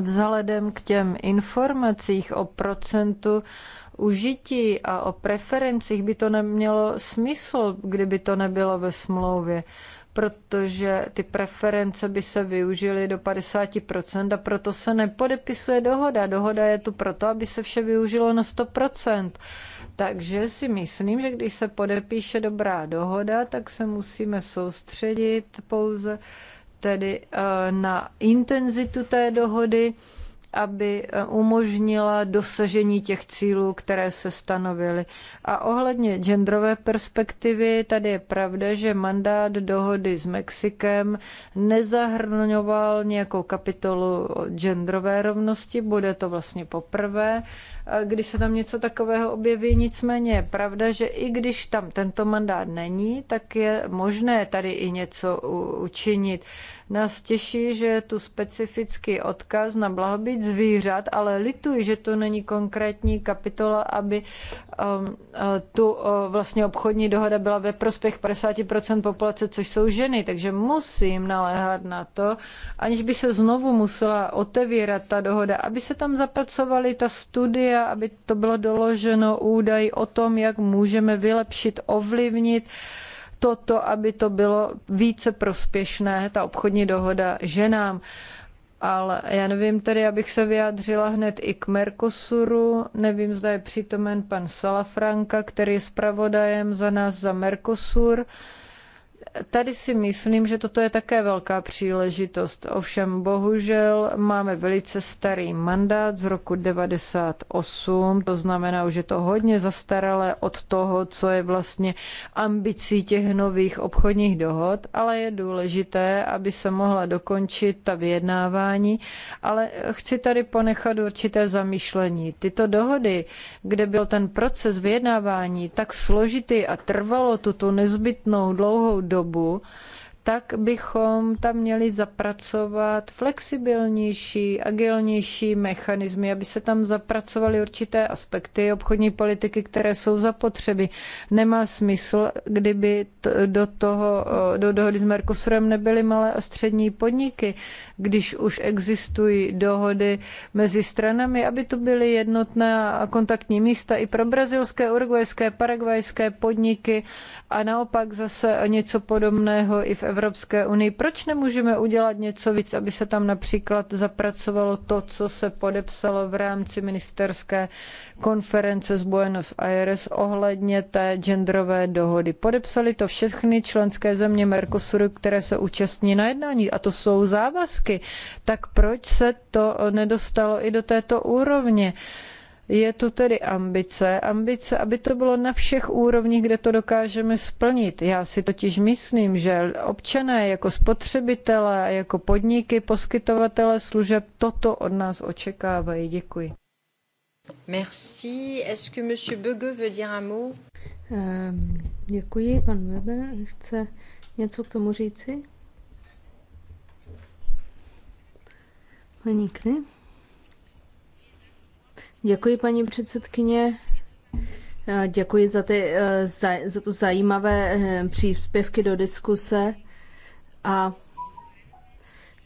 vzhledem k těm informacích o procentu užití a o preferencích by to nemělo smysl, kdyby to nebylo ve smlouvě protože ty preference by se využily do 50% a proto se nepodepisuje dohoda. Dohoda je tu proto, aby se vše využilo na 100%. Takže si myslím, že když se podepíše dobrá dohoda, tak se musíme soustředit pouze tedy eh, na intenzitu té dohody, aby eh, umožnila dosažení těch cílů, které se stanovily. A ohledně genderové perspektivy, tady je pravda, že mandát dohody s Mexikem nezahrnoval nějakou kapitolu genderové rovnosti, bude to vlastně poprvé kdy se tam něco takového objeví. Nicméně je pravda, že i když tam tento mandát není, tak je možné tady i něco učinit. Nás těší, že je tu specifický odkaz na blahobyt zvířat, ale lituji, že to není konkrétní kapitola, aby um, e, tu uh, vlastně obchodní dohoda byla ve prospěch 50% populace, což jsou ženy, takže musím naléhat na to, aniž by se znovu musela otevírat ta dohoda, aby se tam zapracovaly ta studie, média, aby to bylo doloženo údaj o tom, jak můžeme vylepšit, ovlivnit toto, aby to bylo více prospěšné, ta obchodní dohoda ženám. Ale já nevím tedy, abych se vyjádřila hned i k Mercosuru. Nevím, zda je přítomen pan Salafranka, který je zpravodajem za nás za Mercosur. Uh, tady si myslím, že toto je také velká příležitost. Ovšem bohužel máme velice starý mandát z roku 98, to znamená, že to hodně zastaralé od toho, co je vlastně ambicí těch nových obchodních dohod, ale je důležité, aby se mohla dokončit ta vyjednávání, ale chci tady ponechat určité zamýšlení. Tyto dohody, kde byl ten proces vyjednávání tak složitý a trvalo tuto nezbytnou dlouhou dobu, dobu, tak bychom tam měli zapracovat flexibilnější, agilnější mechanismy, aby se tam zapracovaly určité aspekty obchodní politiky, které jsou zapotřeby. Nemá smysl, kdyby do, toho, do dohody s Mercosurem nebyly malé a střední podniky, když už existují dohody mezi stranami, aby to byly jednotná kontaktní místa i pro brazilské, urugvajské, paragvajské podniky a naopak zase něco podobného i v Evropské unii. Proč nemůžeme udělat něco víc, aby se tam například zapracovalo to, co se podepsalo v rámci ministerské konference z Buenos Aires ohledně té genderové dohody? Podepsali to všechny členské země Mercosuru, které se účastní na jednání a to jsou závazky. Tak proč se to nedostalo i do této úrovně? Je tu tedy ambice, ambice, aby to bylo na všech úrovních, kde to dokážeme splnit. Já si totiž myslím, že občané jako spotřebitelé, jako podniky, poskytovatele služeb toto od nás očekávají. Děkuji. Merci. Est-ce que monsieur Bege veut dire un mot? Um, děkuji, pan Weber chce něco k tomu říci? Paní Kry? Děkuji, paní předsedkyně. Děkuji za, ty, eh, za, za tu zajímavé eh, příspěvky do diskuse a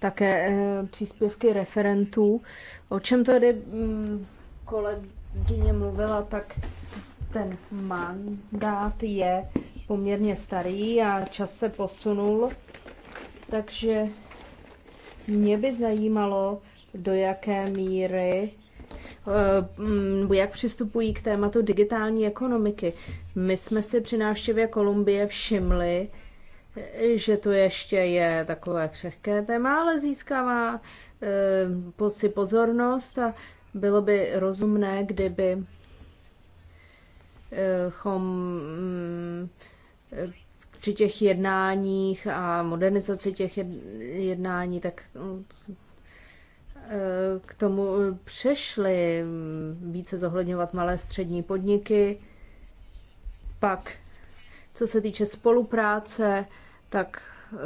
také eh, příspěvky referentů. O čem tady mm, kolegyně mluvila, tak ten mandát je poměrně starý a čas se posunul, takže mě by zajímalo, do jaké míry Eh, mm, jak přistupují k tématu digitální ekonomiky. My jsme si při návštěvě Kolumbie všimli, že to ještě je takové křehké téma, ale získává eh, si pozornost a bylo by rozumné, kdyby eh, chom mm, při těch jednáních a modernizaci těch jednání, tak mm, E, k tomu e, přešly mm, více zohledňovat malé střední podniky. Pak, co se týče spolupráce, tak e,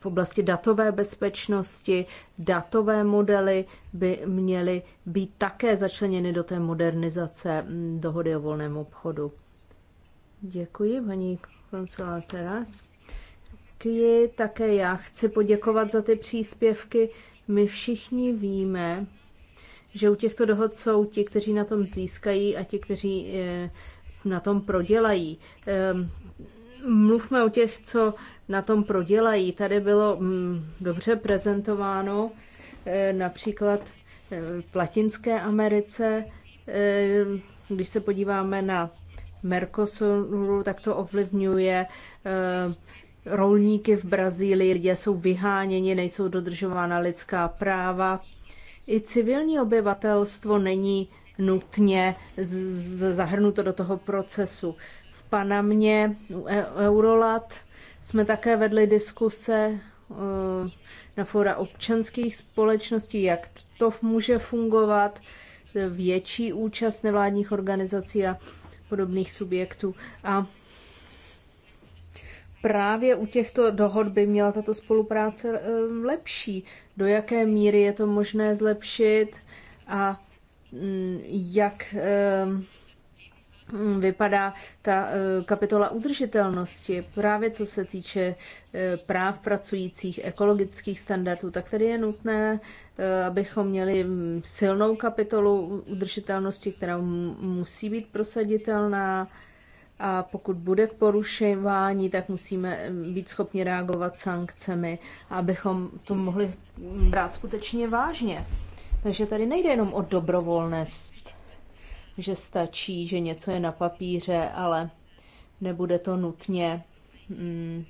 v oblasti datové bezpečnosti, datové modely by měly být také začleněny do té modernizace mm, dohody o volném obchodu. Děkuji, paní konsulá Teras. Také já chci poděkovat za ty příspěvky. My všichni víme, že u těchto dohod jsou ti, kteří na tom získají a ti, kteří eh, na tom prodělají. Ehm, mluvme o těch, co na tom prodělají. Tady bylo mm, dobře prezentováno eh, například eh, v Latinské Americe, když se podíváme na Mercosuru, tak to ovlivňuje rolníky v Brazílii, lidé jsou vyháněni, nejsou dodržována lidská práva. I civilní obyvatelstvo není nutně zahrnuto do toho procesu. V Panamě u e, Eurolat jsme také vedli diskuse e, na fora občanských společností, jak to může fungovat, větší účast nevládních organizací a podobných subjektů. A právě u těchto dohod by měla tato spolupráce eh, lepší. Do jaké míry je to možné zlepšit a mm, jak eh, mm, vypadá ta eh, kapitola udržitelnosti, právě co se týče práv pracujících, ekologických standardů, tak tady je nutné, abychom měli mm, silnou kapitolu udržitelnosti, která musí být prosaditelná a pokud bude k porušování, tak musíme mm, být schopni reagovat sankcemi, abychom to mohli mm, brát skutečně vážně. Takže tady nejde jenom o dobrovolnost, že stačí, že něco je na papíře, ale nebude to nutně, mm,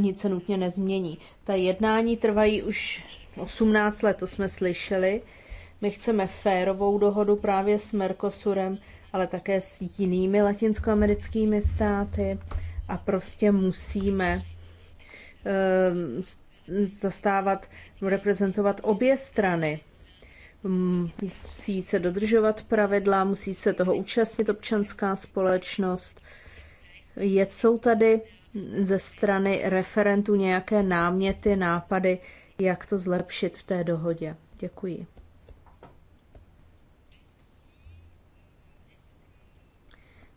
nic se nutně nezmění. Ta jednání trvají už 18 let, to jsme slyšeli. My chceme férovou dohodu právě s Mercosurem, ale také s jinými latinskoamerickými státy a prostě musíme ehm, zastávat, reprezentovat obě strany. Musí se dodržovat pravidla, musí se toho účastnit občanská společnost. Je, jsou tady ze strany referentů nějaké náměty, nápady, jak to zlepšit v té dohodě. Děkuji.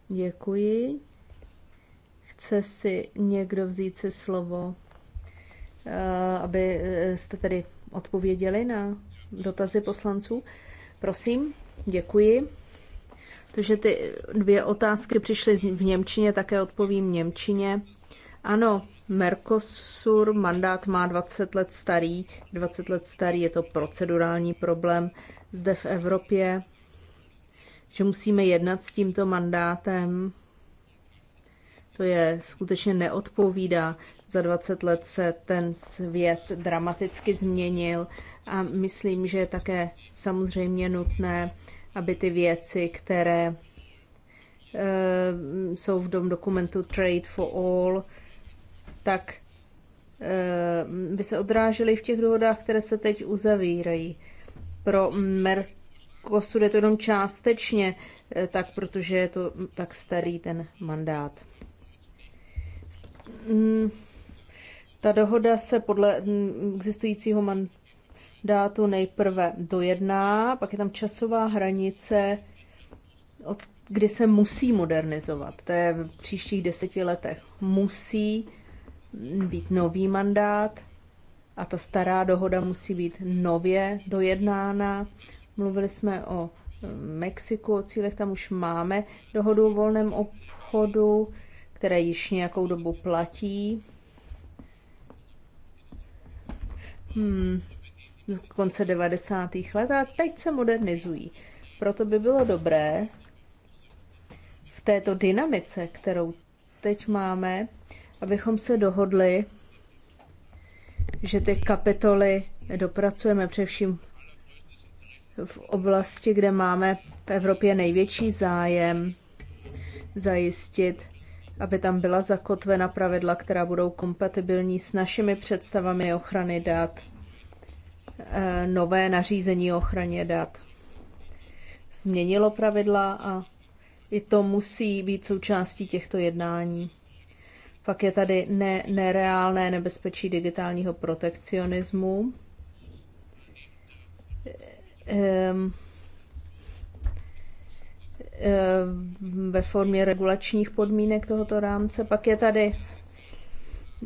Děkuji. Chce si někdo vzít si slovo, eh, aby eh, jste tedy odpověděli na dotazy poslanců? Prosím, děkuji. Takže ty dvě otázky přišly v Němčině, také odpovím Němčině. Ano, Mercosur mandát má 20 let starý. 20 let starý je to procedurální problém zde v Evropě že musíme jednat s tímto mandátem. To je skutečně neodpovídá. Za 20 let se ten svět dramaticky změnil a myslím, že je také samozřejmě nutné, aby ty věci, které e, jsou v tom dokumentu Trade for All, tak e, by se odrážely v těch dohodách, které se teď uzavírají. Pro Mer- Kosu jde to jenom částečně, eh, tak protože je to tak starý ten mandát. Mm, ta dohoda se podle mm, existujícího mandátu nejprve dojedná, pak je tam časová hranice, od kdy se musí modernizovat. To je v příštích deseti letech. Musí být nový mandát a ta stará dohoda musí být nově dojednána Mluvili jsme o e, Mexiku, o cílech tam už máme dohodu o volném obchodu, které již nějakou dobu platí. Hmm, z konce 90. let a teď se modernizují. Proto by bylo dobré v této dynamice, kterou teď máme, abychom se dohodli, že ty kapitoly dopracujeme především v oblasti, kde máme v Evropě největší zájem zajistit, aby tam byla zakotvena pravidla, která budou kompatibilní s našimi představami ochrany dat, eh, nové nařízení o ochraně dat. Změnilo pravidla a i to musí být součástí těchto jednání. Pak je tady ne, nereálné nebezpečí digitálního protekcionismu, Ehm, ehm, ve formě regulačních podmínek tohoto rámce. Pak je tady,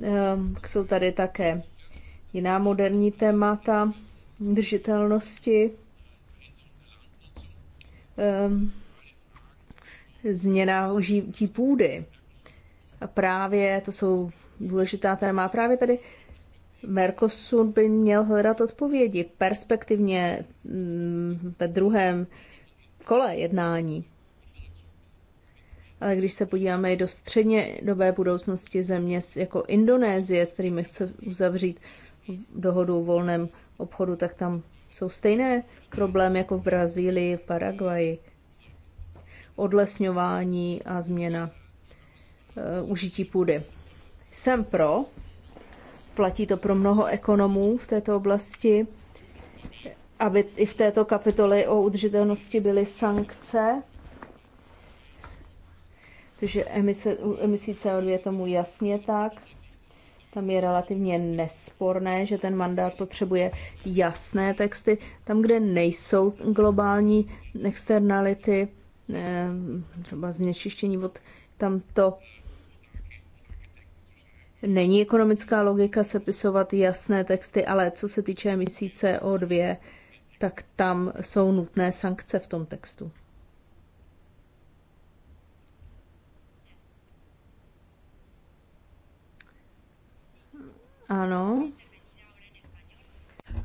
ehm, jsou tady také jiná moderní témata držitelnosti, změna užití půdy. A právě to jsou důležitá téma. Právě tady Mercosur by měl hledat odpovědi perspektivně mm, ve druhém kole jednání. Ale když se podíváme i do středně dobé budoucnosti země jako Indonésie, s kterými chce uzavřít dohodu o volném obchodu, tak tam jsou stejné problémy jako v Brazílii, v Paraguaji. Odlesňování a změna e, užití půdy. Jsem pro platí to pro mnoho ekonomů v této oblasti, aby i v této kapitole o udržitelnosti byly sankce, protože emise, emisí CO2 je tomu jasně tak. Tam je relativně nesporné, že ten mandát potřebuje jasné texty. Tam, kde nejsou globální externality, eh, třeba znečištění vod, tam to Není ekonomická logika sepisovat jasné texty, ale co se týče emisí CO2, tak tam jsou nutné sankce v tom textu. Ano.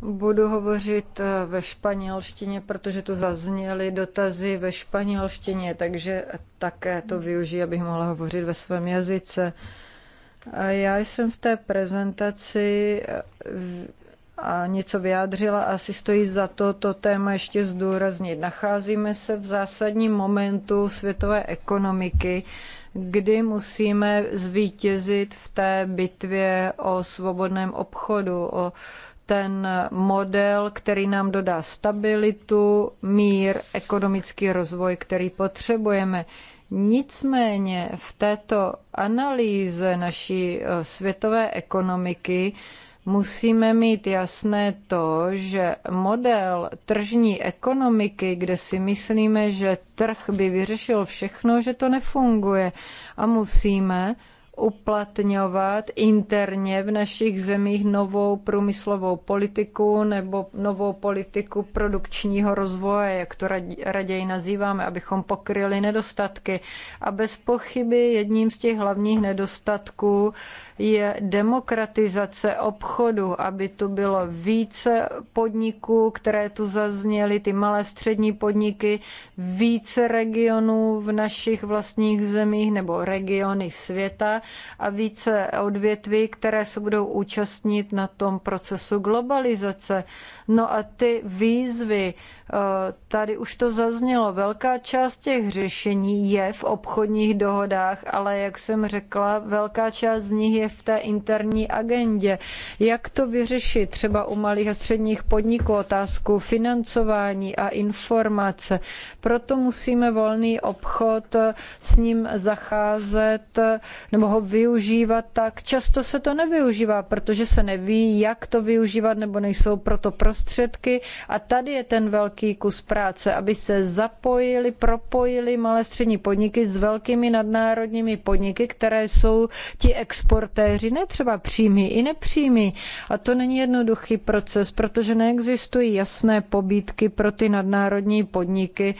Budu hovořit eh, ve španělštině, protože tu zazněly dotazy ve španělštině, takže také to využiji, abych mohla hovořit ve svém jazyce. Uh, já jsem v té prezentaci eh, a něco vyjádřila, asi stojí za to to téma ještě zdůraznit. Nacházíme se v zásadním momentu světové ekonomiky, kdy musíme zvítězit v té bitvě o svobodném obchodu, o ten model, který nám dodá stabilitu, mír, ekonomický rozvoj, který potřebujeme. Nicméně v této analýze naší eh, světové ekonomiky musíme mít jasné to, že model tržní ekonomiky, kde si myslíme, že trh by vyřešil všechno, že to nefunguje a musíme uplatňovat interně v našich zemích novou průmyslovou politiku nebo novou politiku produkčního rozvoje, jak to raději nazýváme, abychom pokryli nedostatky. A bez pochyby jedním z těch hlavních nedostatků je demokratizace obchodu, aby tu bylo více podniků, které tu zazněly, ty malé střední podniky, více regionů v našich vlastních zemích nebo regiony světa a více odvětví, které se budou účastnit na tom procesu globalizace. No a ty výzvy, Eh, tady už to zaznělo. Velká část těch řešení je v obchodních dohodách, ale jak jsem řekla, velká část z nich je v té interní agendě. Jak to vyřešit třeba u malých a středních podniků otázku financování a informace? Proto musíme volný obchod eh, s ním zacházet eh, nebo ho využívat tak. Často se to nevyužívá, protože se neví, jak to využívat nebo nejsou proto prostředky. A tady je ten velký velký kus práce, aby se zapojili, propojili malé střední podniky s velkými nadnárodními podniky, které jsou ti exportéři, ne třeba přímí i nepřímí. A to není jednoduchý proces, protože neexistují jasné pobídky pro ty nadnárodní podniky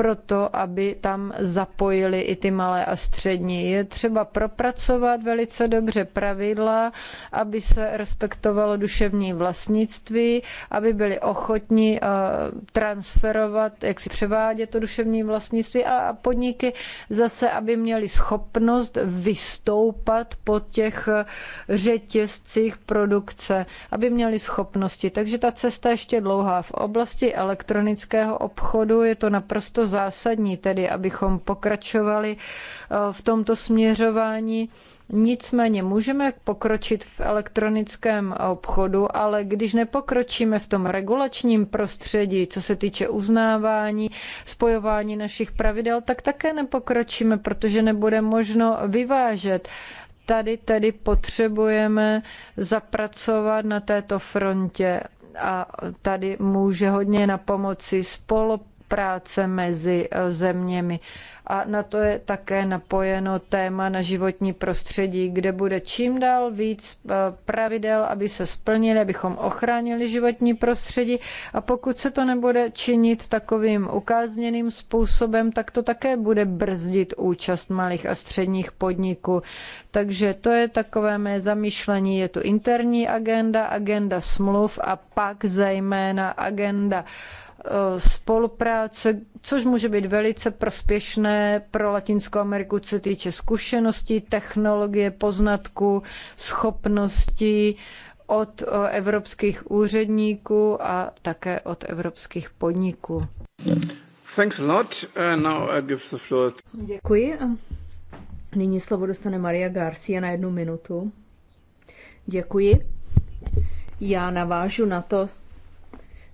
proto, aby tam zapojili i ty malé a střední. Je třeba propracovat velice dobře pravidla, aby se respektovalo duševní vlastnictví, aby byli ochotní eh, transferovat, jak si převádět to duševní vlastnictví a podniky zase, aby měli schopnost vystoupat po těch eh, řetězcích produkce, aby měli schopnosti. Takže ta cesta ještě dlouhá. V oblasti elektronického obchodu je to naprosto zásadní, tedy abychom pokračovali eh, v tomto směřování. Nicméně můžeme pokročit v elektronickém obchodu, ale když nepokročíme v tom regulačním prostředí, co se týče uznávání, spojování našich pravidel, tak také nepokročíme, protože nebude možno vyvážet. Tady tedy potřebujeme zapracovat na této frontě a tady může hodně na pomoci spolup práce mezi eh, zeměmi. A na to je také napojeno téma na životní prostředí, kde bude čím dál víc eh, pravidel, aby se splnili, abychom ochránili životní prostředí. A pokud se to nebude činit takovým ukázněným způsobem, tak to také bude brzdit účast malých a středních podniků. Takže to je takové mé zamýšlení. Je to interní agenda, agenda smluv a pak zejména agenda Eh, spolupráce, což může být velice prospěšné pro Latinskou Ameriku, co se týče zkušeností, technologie, poznatků, schopností od eh, evropských úředníků a také od evropských podniků. Thanks a lot. Uh, now I give the floor. Děkuji. Nyní slovo dostane Maria Garcia na jednu minutu. Děkuji. Já navážu na to,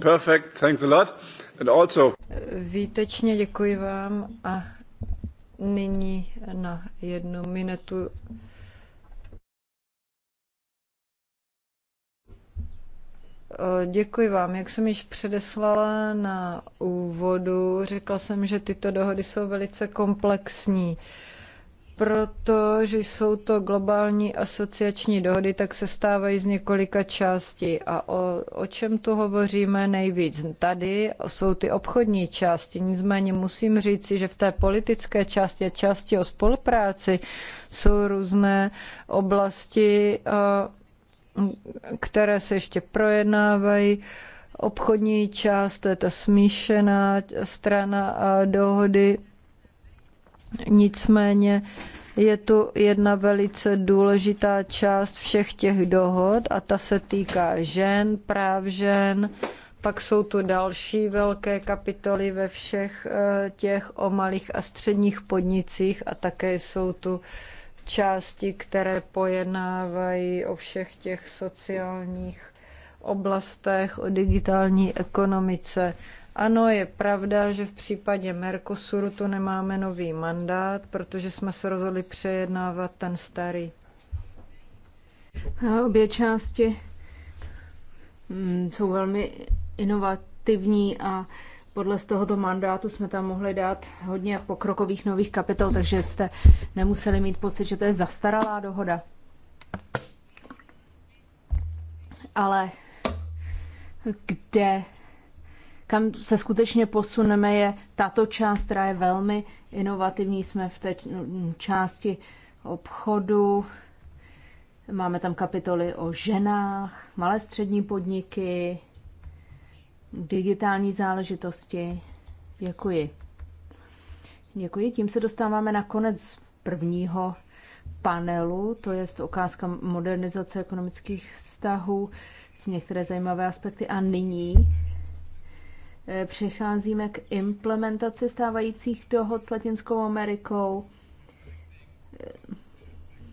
Perfect, thanks a lot. And also... Výtečně děkuji vám a nyní na jednu minutu eh, Děkuji vám. Jak jsem již předeslala na úvodu, řekla jsem, že tyto dohody jsou velice komplexní protože jsou to globální asociační dohody, tak se stávají z několika částí. A o, o čem tu hovoříme nejvíc? Tady jsou ty obchodní části. Nicméně musím říci, že v té politické části a části o spolupráci jsou různé oblasti, eh, které se ještě projednávají obchodní část, to je ta smíšená strana eh, dohody Nicméně je tu jedna velice důležitá část všech těch dohod a ta se týká žen, práv žen. Pak jsou tu další velké kapitoly ve všech eh, těch o malých a středních podnicích a také jsou tu části, které pojednávají o všech těch sociálních oblastech, o digitální ekonomice. Ano, je pravda, že v případě Mercosuru tu nemáme nový mandát, protože jsme se rozhodli přejednávat ten starý. A obě části mm, jsou velmi inovativní a podle z tohoto mandátu jsme tam mohli dát hodně pokrokových nových kapitol, takže jste nemuseli mít pocit, že to je zastaralá dohoda. Ale kde kam se skutečně posuneme, je tato část, která je velmi inovativní. Jsme v té no, části obchodu, máme tam kapitoly o ženách, malé střední podniky, digitální záležitosti. Děkuji. Děkuji. Tím se dostáváme na konec prvního panelu, to je okázka modernizace ekonomických vztahů, s některé zajímavé aspekty. A nyní Přecházíme k implementaci stávajících dohod s Latinskou Amerikou,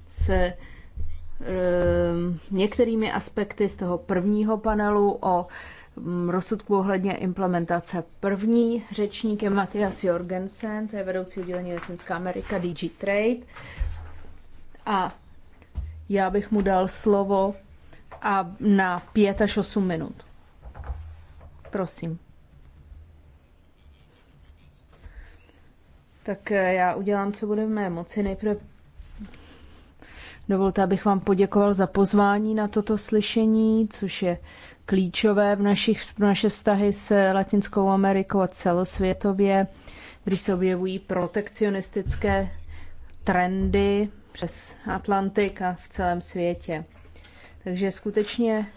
se eh, některými aspekty z toho prvního panelu o mm, rozsudku ohledně implementace. První řečník je Matias Jorgensen, to je vedoucí udělení Latinská Amerika DG Trade. A já bych mu dal slovo a na pět až osm minut. Prosím. Tak eh, já udělám, co bude v mé moci. Nejprve dovolte, abych vám poděkoval za pozvání na toto slyšení, což je klíčové v našich, naše vztahy s Latinskou Amerikou a celosvětově, když se objevují protekcionistické trendy přes Atlantik a v celém světě. Takže je skutečně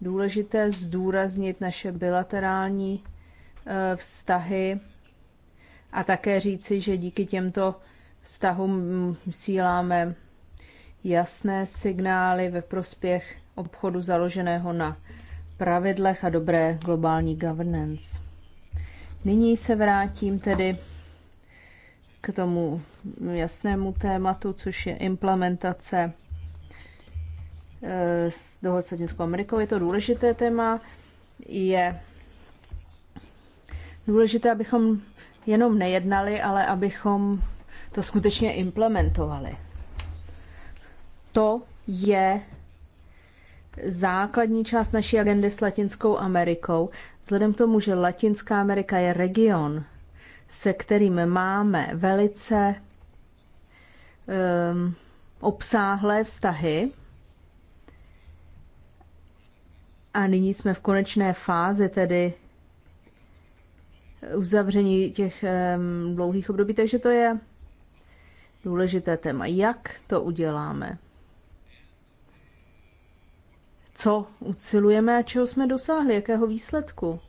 důležité zdůraznit naše bilaterální eh, vztahy a také říci, že díky těmto vztahům síláme jasné signály ve prospěch obchodu založeného na pravidlech a dobré globální governance. Nyní se vrátím tedy k tomu jasnému tématu, což je implementace eh, s dohod s Latinskou Amerikou. Je to důležité téma, je důležité, abychom jenom nejednali, ale abychom to skutečně implementovali. To je základní část naší agendy s Latinskou Amerikou, vzhledem k tomu, že Latinská Amerika je region, se kterým máme velice um, obsáhlé vztahy. A nyní jsme v konečné fázi tedy uzavření těch dlouhých období. Takže to je důležité téma. Jak to uděláme? Co ucilujeme a čeho jsme dosáhli? Jakého výsledku?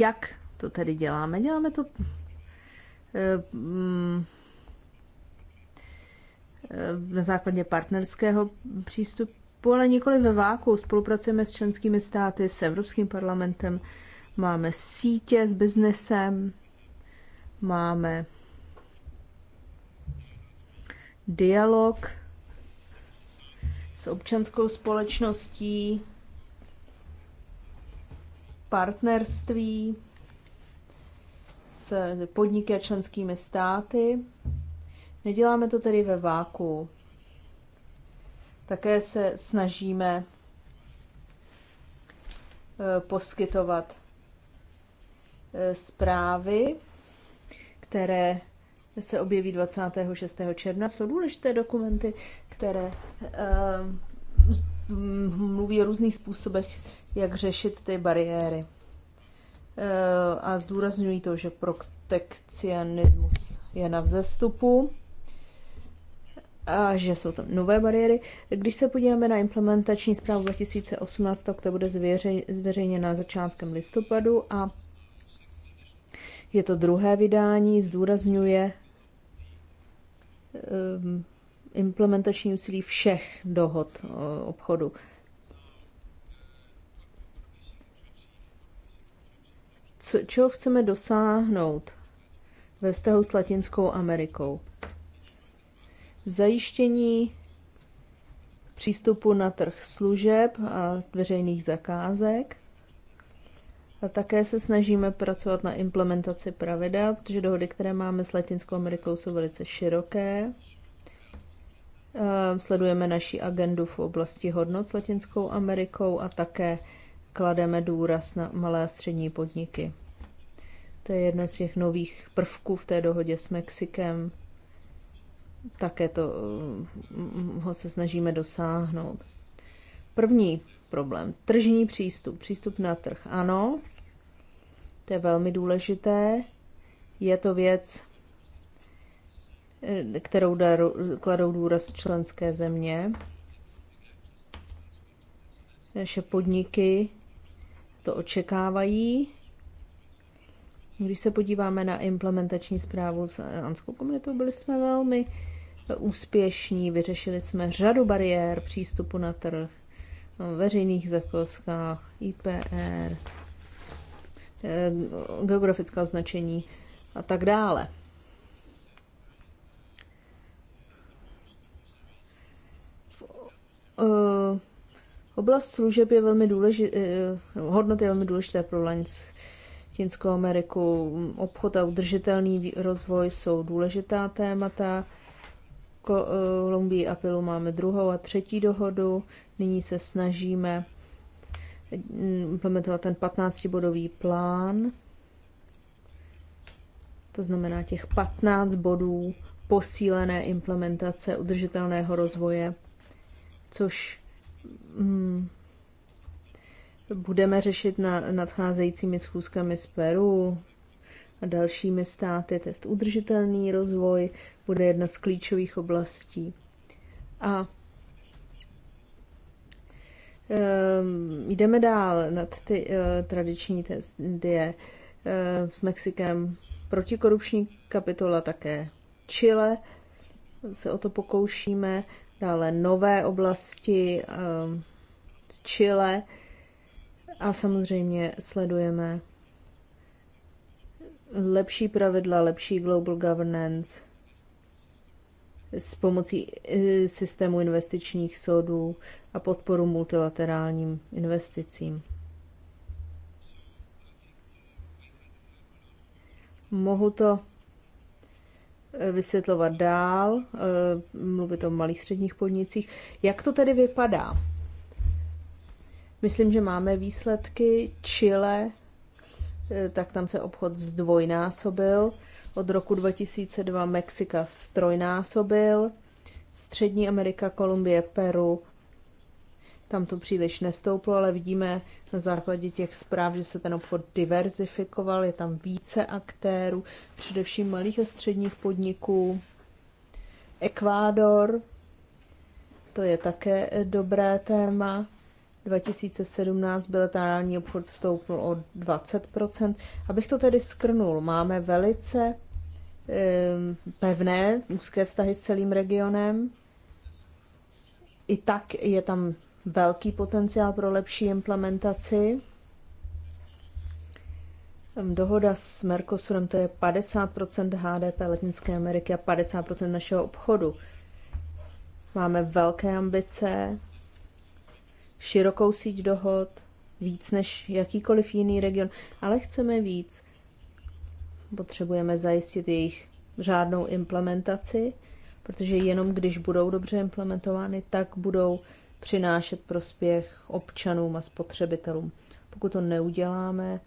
Jak to tedy děláme? Děláme to na základě partnerského přístupu principu, ale nikoli ve váku. Spolupracujeme s členskými státy, s Evropským parlamentem, máme sítě s biznesem, máme dialog s občanskou společností, partnerství s podniky a členskými státy. Neděláme to tedy ve váku. Také se snažíme eh, poskytovat eh, zprávy, které se objeví 26. června. Jsou důležité dokumenty, které eh, mluví o různých způsobech, jak řešit ty bariéry. A zdůrazňují to, že protekcionismus je na vzestupu a že jsou tam nové bariéry. Když se podíváme na implementační zprávu 2018, tak to bude zveřejněna začátkem listopadu a je to druhé vydání, zdůrazňuje ehm, implementační úsilí všech dohod obchodu. Co, čeho chceme dosáhnout ve vztahu s Latinskou Amerikou? zajištění přístupu na trh služeb a veřejných zakázek. A také se snažíme pracovat na implementaci pravidel, protože dohody, které máme s Latinskou Amerikou, jsou velice široké. Sledujeme naši agendu v oblasti hodnot s Latinskou Amerikou a také klademe důraz na malé a střední podniky. To je jedno z těch nových prvků v té dohodě s Mexikem. Také to eh, ho se snažíme dosáhnout. První problém. Tržní přístup. Přístup na trh. Ano, to je velmi důležité. Je to věc, eh, kterou daru, kladou důraz členské země. Naše podniky to očekávají. Když se podíváme na implementační zprávu s eh, anskou komunitou, byli jsme velmi eh, úspěšní, vyřešili jsme řadu bariér přístupu na trh, eh, veřejných zakázkách, IPR, geografická označení a tak dále. Oblast služeb je velmi důležitá, hodnota je velmi důležité pro laňské Latinskou Ameriku. Obchod a udržitelný rozvoj jsou důležitá témata. Kolumbii a Pilu máme druhou a třetí dohodu. Nyní se snažíme mm, implementovat ten 15-bodový plán. To znamená těch 15 bodů posílené implementace udržitelného rozvoje, což mm, budeme řešit na nadcházejícími schůzkami z Peru a dalšími státy. Test udržitelný rozvoj bude jedna z klíčových oblastí. A um, jdeme dál nad ty uh, tradiční testy uh, s Mexikem. Protikorupční kapitola také Chile se o to pokoušíme. Dále nové oblasti um, Chile. Uh, a samozřejmě sledujeme lepší pravidla, lepší global governance s pomocí eh, systému investičních soudů a podporu multilaterálním investicím. Mohu to eh, vysvětlovat dál, eh, mluvit o malých středních podnicích. Jak to tedy vypadá? Myslím, že máme výsledky. Chile, eh, tak tam se obchod zdvojnásobil. Od roku 2002 Mexika strojnásobil. Střední Amerika, Kolumbie, Peru. Tam to příliš nestouplo, ale vidíme na základě těch zpráv, že se ten obchod diverzifikoval, je tam více aktérů, především malých a středních podniků. Ekvádor, to je také dobré téma. 2017 bilaterální obchod vstoupil o 20 Abych to tedy skrnul, máme velice ehm, pevné úzké vztahy s celým regionem. I tak je tam velký potenciál pro lepší implementaci. Ehm, dohoda s Mercosurem to je 50 HDP Latinské Ameriky a 50 našeho obchodu. Máme velké ambice, širokou síť dohod, víc než jakýkoliv jiný region, ale chceme víc. Potřebujeme zajistit jejich řádnou implementaci, protože jenom když budou dobře implementovány, tak budou přinášet prospěch občanům a spotřebitelům. Pokud to neuděláme,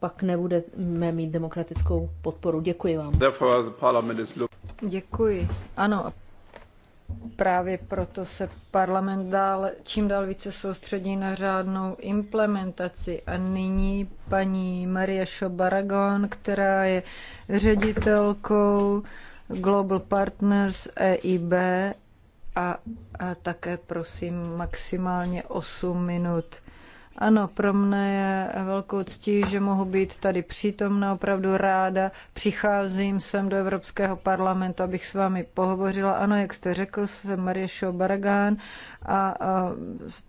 pak nebudeme mít demokratickou podporu. Děkuji vám. Děkuji. Ano, Právě proto se parlament dál, čím dál více soustředí na řádnou implementaci. A nyní paní Maria Šobaragon, která je ředitelkou Global Partners EIB a, a také prosím maximálně 8 minut. Ano, pro mne je velkou ctí, že mohu být tady přítomna, opravdu ráda. Přicházím sem do Evropského parlamentu, abych s vámi pohovořila. Ano, jak jste řekl, jsem Marie Baragán a,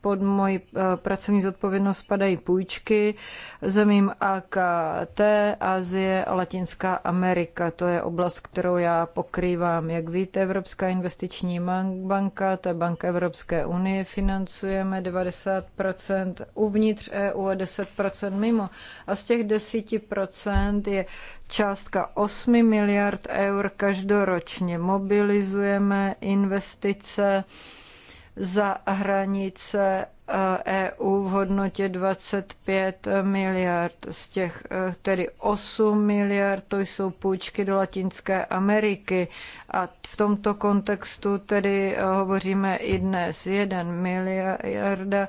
pod moji e, pracovní zodpovědnost spadají půjčky zemím AKT, Asie a Latinská Amerika. To je oblast, kterou já pokrývám. Jak víte, Evropská investiční banka, to je Banka Evropské unie, financujeme 90 uvnitř uvnitř EU a 10% mimo. A z těch 10% je částka 8 miliard eur každoročně. Mobilizujeme investice za hranice EU eh, e v hodnotě 25 miliard, z těch eh, tedy 8 miliard, to jsou půjčky do Latinské Ameriky. A v tomto kontextu tedy eh, hovoříme i dnes 1 miliarda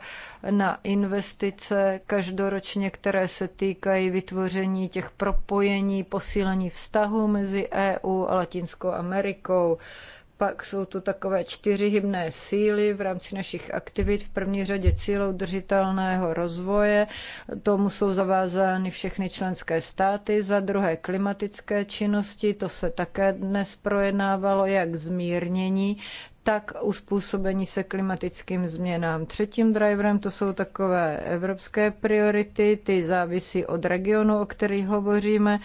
na investice každoročně, které se týkají vytvoření těch propojení, posílení vztahů mezi EU a Latinskou Amerikou. Pak jsou tu takové čtyři hybné síly v rámci našich aktivit, v první řadě cílů držitelného rozvoje. Tomu jsou zavázány všechny členské státy. Za druhé klimatické činnosti, to se také dnes projednávalo, jak zmírnění tak uspůsobení se klimatickým změnám. Třetím driverem to jsou takové evropské priority, ty závisí od regionu, o kterých hovoříme.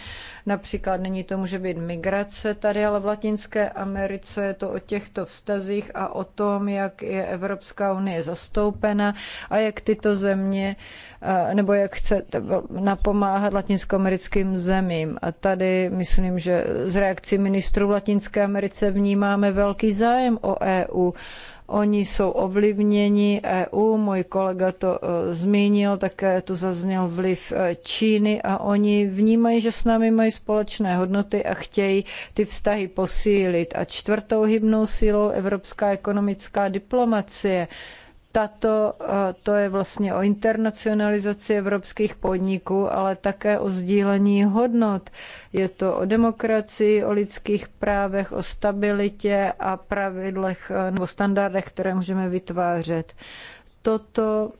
Například není to může být migrace tady, ale v Latinské Americe je to o těchto vztazích a o tom, jak je Evropská unie zastoupena a jak tyto země, eh, nebo jak chce napomáhat latinskoamerickým zemím. A tady myslím, že z reakcí ministrů v Latinské Americe vnímáme velký zájem o EU. Oni jsou ovlivněni EU, můj kolega to e, zmínil, také tu zazněl vliv e, Číny a oni vnímají, že s námi mají společné hodnoty a chtějí ty vztahy posílit. A čtvrtou hybnou sílou evropská ekonomická diplomacie tato, to je vlastně o internacionalizaci evropských podniků, ale také o sdílení hodnot. Je to o demokracii, o lidských právech, o stabilitě a pravidlech e, nebo standardech, které můžeme vytvářet. Toto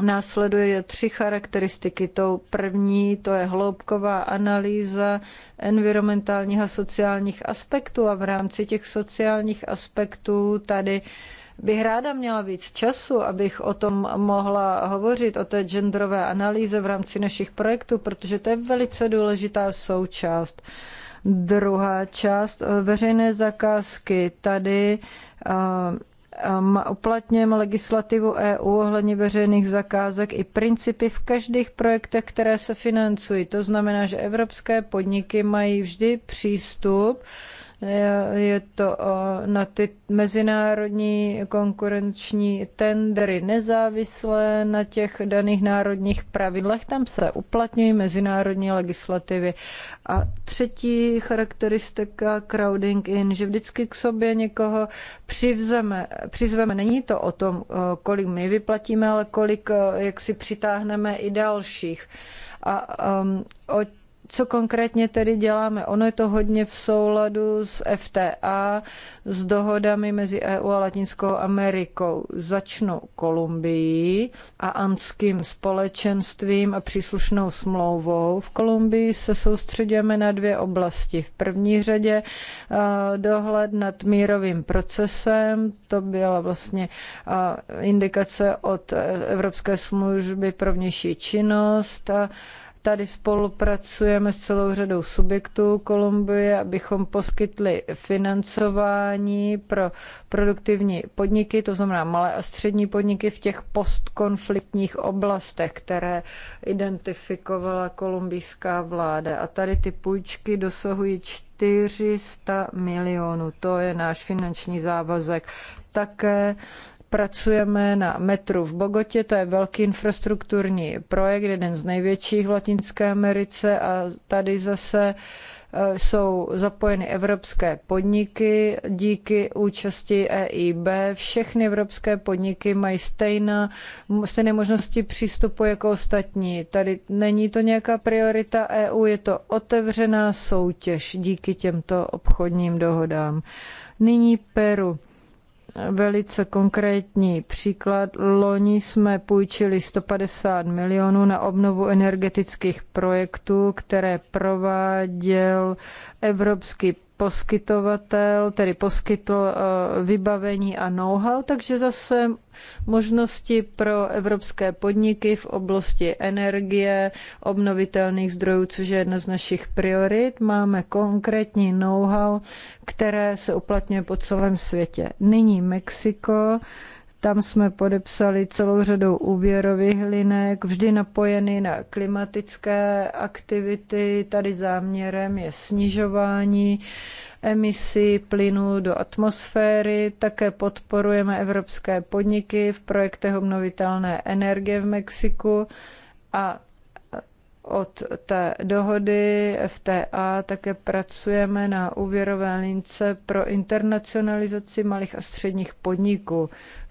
Následuje tři charakteristiky. Tou první to je hloubková analýza environmentálních a sociálních aspektů a v rámci těch sociálních aspektů tady uh, bych ráda měla víc času, abych o tom mohla hovořit, o té genderové analýze v rámci našich projektů, protože to je velice důležitá součást. Druhá část, eh, veřejné zakázky. Tady eh, uplatňujeme legislativu EU ohledně veřejných zakázek i principy v každých projektech, které se financují. To znamená, že evropské podniky mají vždy přístup uh, Eh, je to eh, na ty mezinárodní konkurenční tendry nezávislé na těch daných národních pravidlech. Tam se uplatňují mezinárodní legislativy. A třetí charakteristika crowding in, že vždycky k sobě někoho přivzeme, přizveme. Není to o tom, eh, kolik my vyplatíme, ale kolik jak si přitáhneme i dalších. A um, o co konkrétně tedy děláme? Ono je to hodně v souladu s FTA, s dohodami mezi EU a Latinskou Amerikou. Začnu Kolumbií a andským společenstvím a příslušnou smlouvou. V Kolumbii se soustředíme na dvě oblasti. V první řadě eh, dohled nad mírovým procesem, to byla vlastně eh, indikace od eh, Evropské služby pro vnější činnost, a Tady spolupracujeme s celou řadou subjektů Kolumbie, abychom poskytli financování pro produktivní podniky, to znamená malé a střední podniky v těch postkonfliktních oblastech, které identifikovala kolumbijská vláda. A tady ty půjčky dosahují 400 milionů. To je náš finanční závazek. Také Pracujeme na metru v Bogotě, to je velký infrastrukturní projekt, jeden z největších v Latinské Americe a tady zase e, jsou zapojeny evropské podniky. Díky účasti EIB všechny evropské podniky mají stejná, stejné možnosti přístupu jako ostatní. Tady není to nějaká priorita EU, je to otevřená soutěž díky těmto obchodním dohodám. Nyní Peru velice konkrétní příklad. Loni jsme půjčili 150 milionů na obnovu energetických projektů, které prováděl Evropský poskytovatel, tedy poskytl eh, vybavení a know-how, takže zase možnosti pro evropské podniky v oblasti energie, obnovitelných zdrojů, což je jedna z našich priorit. Máme konkrétní know-how, které se uplatňuje po celém světě. Nyní Mexiko tam jsme podepsali celou řadu úvěrových linek, vždy napojeny na klimatické aktivity. Tady záměrem je snižování emisí plynu do atmosféry. Také podporujeme evropské podniky v projektech obnovitelné energie v Mexiku a od té dohody FTA také pracujeme na úvěrové lince pro internacionalizaci malých a středních podniků.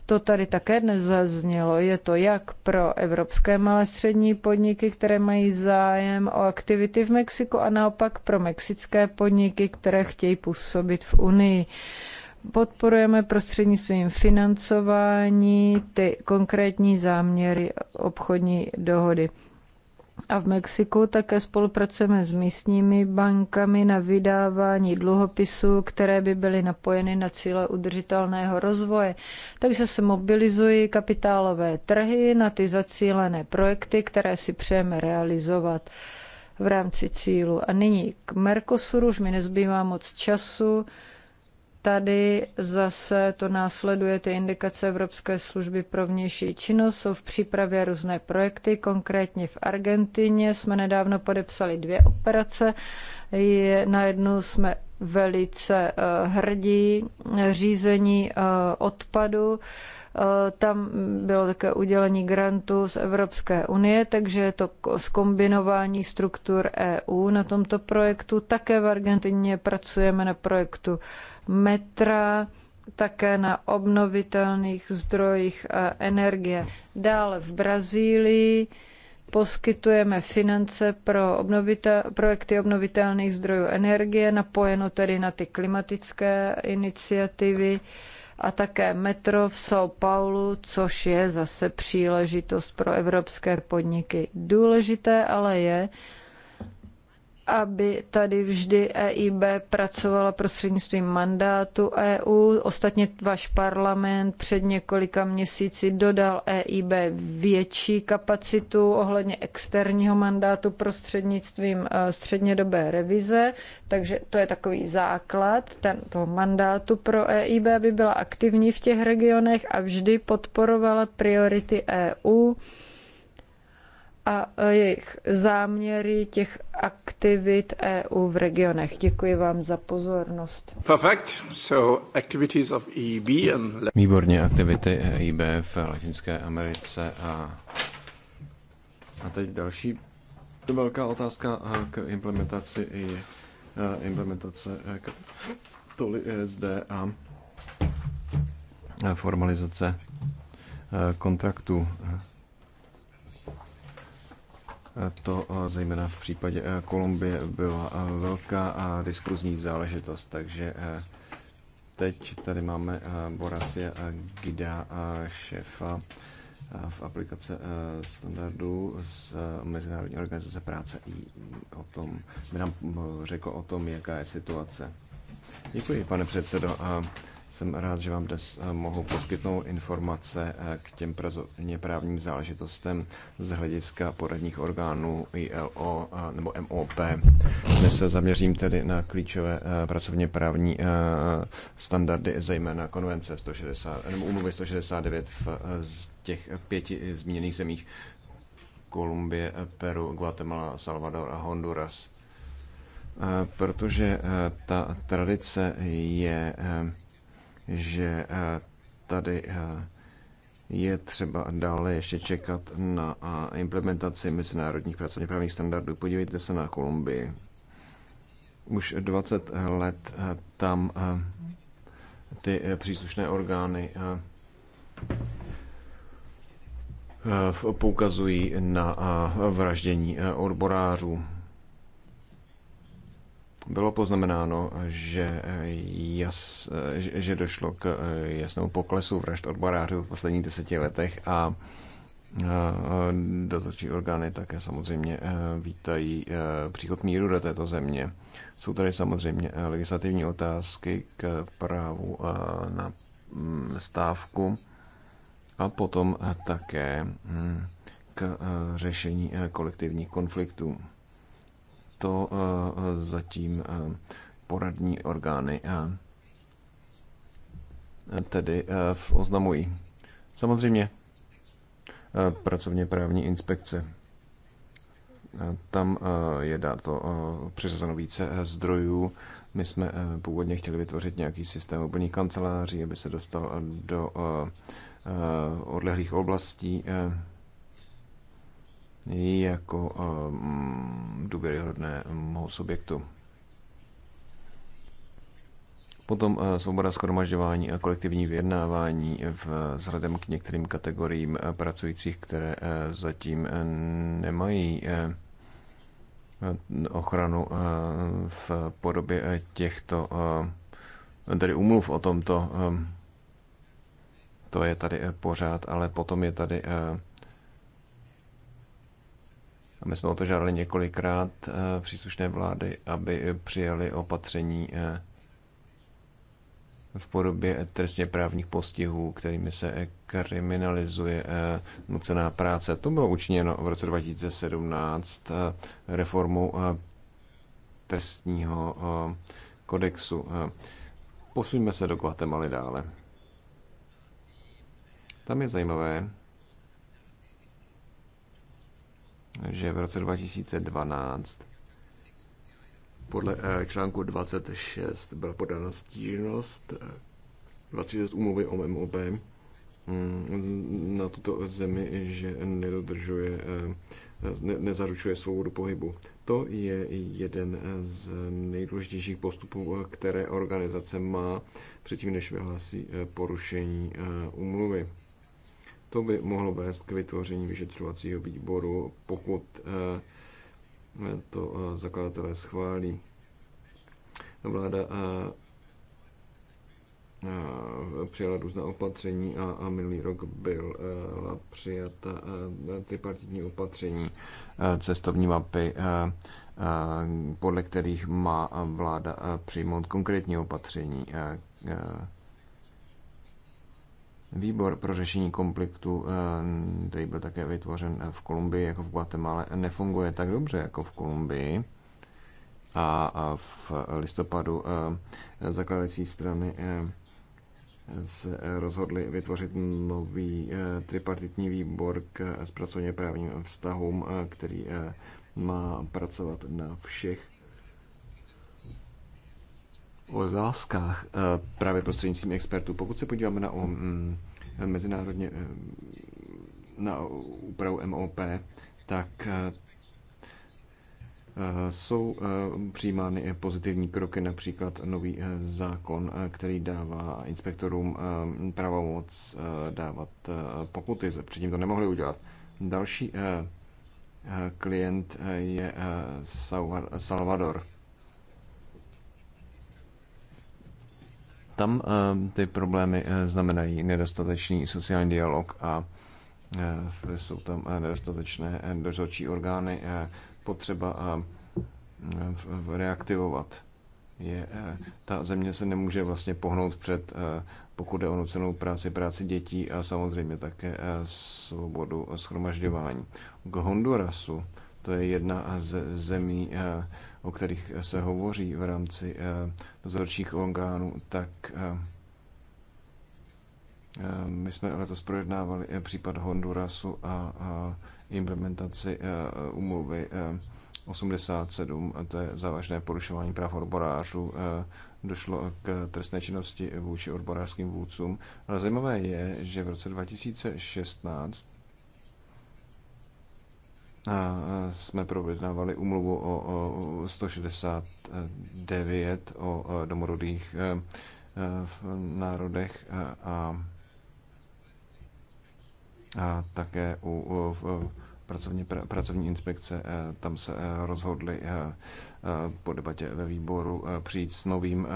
To tady také dnes zaznělo. Je to jak pro evropské malé střední podniky, které mají zájem o aktivity v Mexiku a naopak pro mexické podniky, které chtějí působit v Unii podporujeme prostřednictvím financování ty konkrétní záměry obchodní dohody. A v Mexiku také spolupracujeme s místními bankami na vydávání dluhopisů, které by byly napojeny na cíle udržitelného rozvoje. Takže se mobilizují kapitálové trhy na ty zacílené projekty, které si přejeme realizovat v rámci cílu. A nyní k Mercosuru, už mi nezbývá moc času. Tady zase to následuje ty indikace Evropské služby pro vnější činnost. Jsou v přípravě různé projekty, konkrétně v Argentině jsme nedávno podepsali dvě operace. Je, na jednu jsme velice eh, hrdí eh, řízení eh, odpadu. Tam bylo také udělení grantu z Evropské unie, takže je to skombinování struktur EU na tomto projektu. Také v Argentině pracujeme na projektu metra, také na obnovitelných zdrojích eh, energie. Dále v Brazílii poskytujeme finance pro obnovitel, projekty obnovitelných zdrojů energie, napojeno tedy na ty klimatické iniciativy a také metro v São Paulo, což je zase příležitost pro evropské podniky. Důležité ale je, aby tady vždy EIB pracovala prostřednictvím mandátu EU. Ostatně váš parlament před několika měsíci dodal EIB větší kapacitu ohledně externího mandátu prostřednictvím eh, střednědobé revize, takže to je takový základ ten, toho mandátu pro EIB, aby byla aktivní v těch regionech a vždy podporovala priority EU a jejich záměry těch aktivit EU v regionech. Děkuji vám za pozornost. Perfect. So activities of EIB e and... Výborně, aktivity EIB e v Latinské Americe a... A teď další to velká otázka eh, k implementaci i eh, implementace eh, k toli ESD a formalizace kontraktu to eh, zejména v případě eh, Kolumbie byla eh, velká a diskuzní záležitost, takže teď tady máme Borasia Gida, a šéfa v aplikace standardů z Mezinárodní organizace práce i o tom, by nám řekl o tom, jaká je situace. Děkuji, pane předsedo. Jsem rád, že vám dnes eh, mohu poskytnout informace eh, k těm právním záležitostem z hlediska poradních orgánů ILO eh, nebo MOP. Dnes se zaměřím tedy na klíčové pracovně právní standardy, zejména konvence 160, nebo umluvy 169 v těch pěti zmíněných zemích. Kolumbie, Peru, Guatemala, Salvador a Honduras protože ta tradice je že eh, tady eh, je třeba dále ještě čekat na eh, implementaci mezinárodních pracovně právních standardů. Podívejte se na Kolumbii. Už 20 let tam ty příslušné orgány poukazují na vraždění odborářů bylo poznamenáno, že, eh, jas, eh, že došlo k eh, jasnou poklesu vražd odborářů v posledních deseti letech a dozorčí orgány také samozřejmě vítají příchod míru do této země. Jsou tady samozřejmě legislativní otázky k právu na mm, stávku a potom také mm, k řešení kolektivních konfliktů to eh, zatím eh, poradní orgány eh, tedy oznamují. Samozřejmě pracovně právní inspekce. Tam je dáto přiřazeno více zdrojů. My jsme původně chtěli vytvořit nějaký systém úplných kanceláří, aby se dostal do odlehlých oblastí jako ehm, důvěryhodného subjektu. Potom eh, svoboda schromažďování a kolektivní vyjednávání vzhledem k některým kategoriím eh, pracujících, které eh, zatím nemají ochranu v podobě těchto, tedy umluv o tomto, to je tady pořád, ale potom je tady a my jsme o to žádali několikrát eh, příslušné vlády, aby přijali opatření eh, v podobě trestně právních postihů, kterými se eh, kriminalizuje nucená práce. To bylo učiněno v roce 2017 reformou trestního kodexu. Posuňme se do Guatemaly dále. Tam je zajímavé, že v roce 2012 podle eh, článku 26 byla podána stížnost 26 eh, umluvy o MOB mm, na tuto zemi, že nedodržuje, eh, nezaručuje svobodu pohybu. To je jeden z nejdůležitějších postupů, které organizace má předtím, než vyhlásí porušení umluvy. To by mohlo vést k vytvoření vyšetřovacího výboru, pokud eh, to eh, zakladatelé schválí. Vláda eh, přijala různá opatření a, minulý rok byla přijata tripartitní opatření cestovní mapy, podle kterých má vláda přijmout konkrétní opatření Výbor pro řešení konfliktu, eh, který byl také vytvořen eh, v Kolumbii, jako v Guatemala, nefunguje tak dobře jako v Kolumbii. A v listopadu eh, zakladající strany se rozhodli vytvořit nový tripartitní výbor k zpracovně právním vztahům, který má pracovat na všech otázkách eh, právě prostřednictvím expertů. Pokud se podíváme na o, mm, mezinárodně eh, na úpravu MOP, tak eh, jsou přijímány pozitivní kroky, například nový zákon, který dává inspektorům pravomoc dávat pokuty. Předtím to nemohli udělat. Další klient je Salvador. tam eh, ty problémy eh, znamenají nedostatečný sociální dialog a eh, jsou tam nedostatečné dozorčí orgány, potřeba reaktivovat. Je, ta země se nemůže vlastně pohnout před, pokud je o nucenou práci, práci dětí a samozřejmě také svobodu schromažďování. K Hondurasu, to je jedna ze zemí, o kterých eh, se hovoří v rámci eh, dozorčích orgánů, tak eh, my jsme letos projednávali případ Hondurasu a implementaci umluvy 87, a to je závažné porušování práv odborářů, došlo k trestné činnosti vůči odborářským vůdcům. Ale zajímavé je, že v roce 2016 jsme projednávali umluvu o 169 o domorodých e, e, v národech a, a také u, u pracovní, pracovní inspekce. E, tam se rozhodli po debatě ve výboru přijít s novým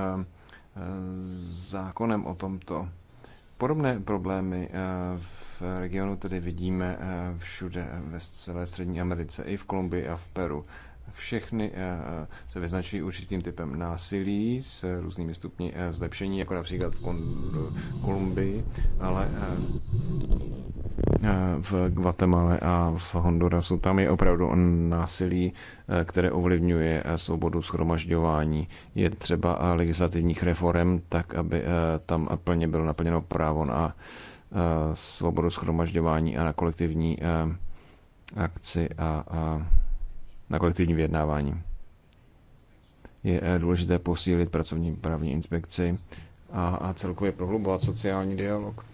zákonem o tomto. Podobné problémy v regionu tedy vidíme eh, všude eh, ve celé Střední Americe, i v Kolumbii a v Peru. Všechny eh, se vyznačují určitým typem násilí s různými stupni zlepšení, jako například v Kolumbii, ale v Guatemala a v Hondurasu. Tam je opravdu násilí, které ovlivňuje svobodu schromažďování. Je třeba legislativních reform tak, aby tam plně bylo naplněno právo na Eh, svobodu schromažďování a na kolektivní eh, akci a, na kolektivní vyjednávání. Je eh, důležité posílit pracovní právní inspekci a, a celkově prohlubovat sociální dialog.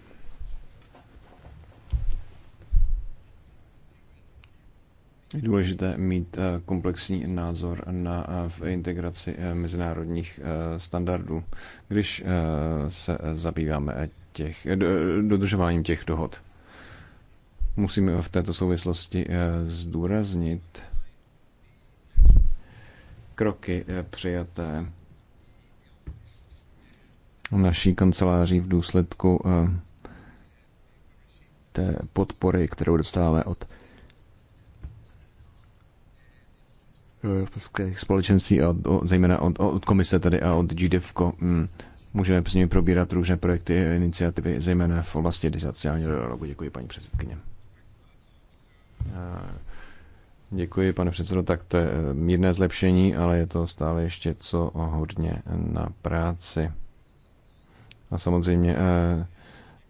Je důležité mít komplexní názor na v integraci mezinárodních standardů, když se zabýváme těch, eh, dodržováním těch dohod. Musíme v této souvislosti eh, zdůraznit kroky eh, přijaté naší kanceláří v důsledku té podpory, kterou dostáváme od evropských společenství, a od, o, zejména od, od komise tady a od GDFko. Hmm. Můžeme s nimi probírat různé projekty a iniciativy, zejména v oblasti sociálního dialogu. Děkuji, paní předsedkyně. Eh, děkuji, pane předsedo. Tak to je eh, mírné zlepšení, ale je to stále ještě co hodně na práci. A samozřejmě eh,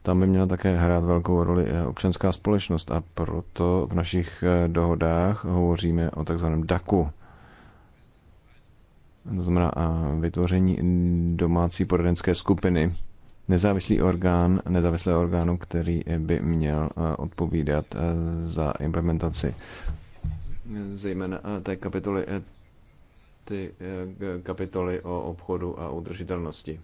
tam by měla také hrát velkou roli občanská společnost a proto v našich dohodách hovoříme o takzvaném DAKu to znamená vytvoření domácí poradenské skupiny, nezávislý orgán, nezávislého orgánu, který by měl odpovídat za implementaci zejména té kapitoly, e, ty e, kapitoly o obchodu a udržitelnosti.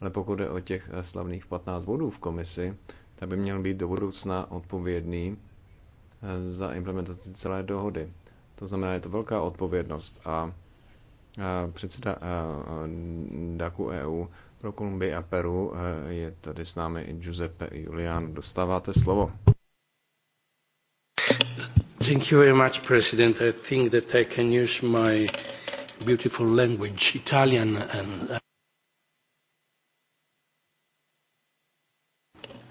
Ale pokud je o těch e, slavných 15 bodů v komisi, tak by měl být do budoucna odpovědný za implementaci celé dohody. To znamená, je to velká odpovědnost a Eh, předseda eh, eh, DAKu EU pro Kolumbii a Peru je tady s námi Giuseppe Julian. Dostáváte slovo. Thank you very much, President. I think that I can use my beautiful language, Italian and... Uh,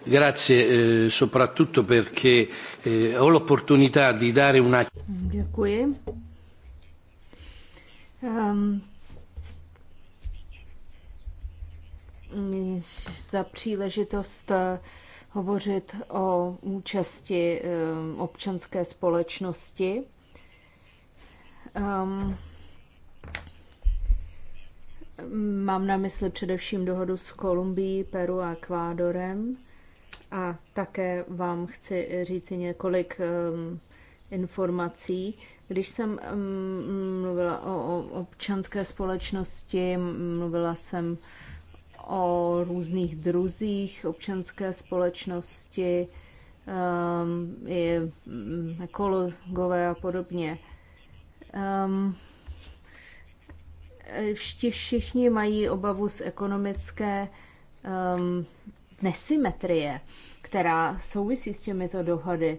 Grazie eh, soprattutto perché eh, ho l'opportunità di dare una... Grazie. Um, za příležitost eh, hovořit o účasti ehm, občanské společnosti. Um, mám na mysli především dohodu s Kolumbií, Peru a Ekvádorem a také vám chci říci několik um, informací. Když jsem mm, mluvila o, občanské společnosti, mluvila jsem o různých druzích občanské společnosti, ehm, mm, ekologové a podobně. Ehm, ještě všichni mají obavu z ekonomické ehm, nesymetrie, která souvisí s těmito dohody.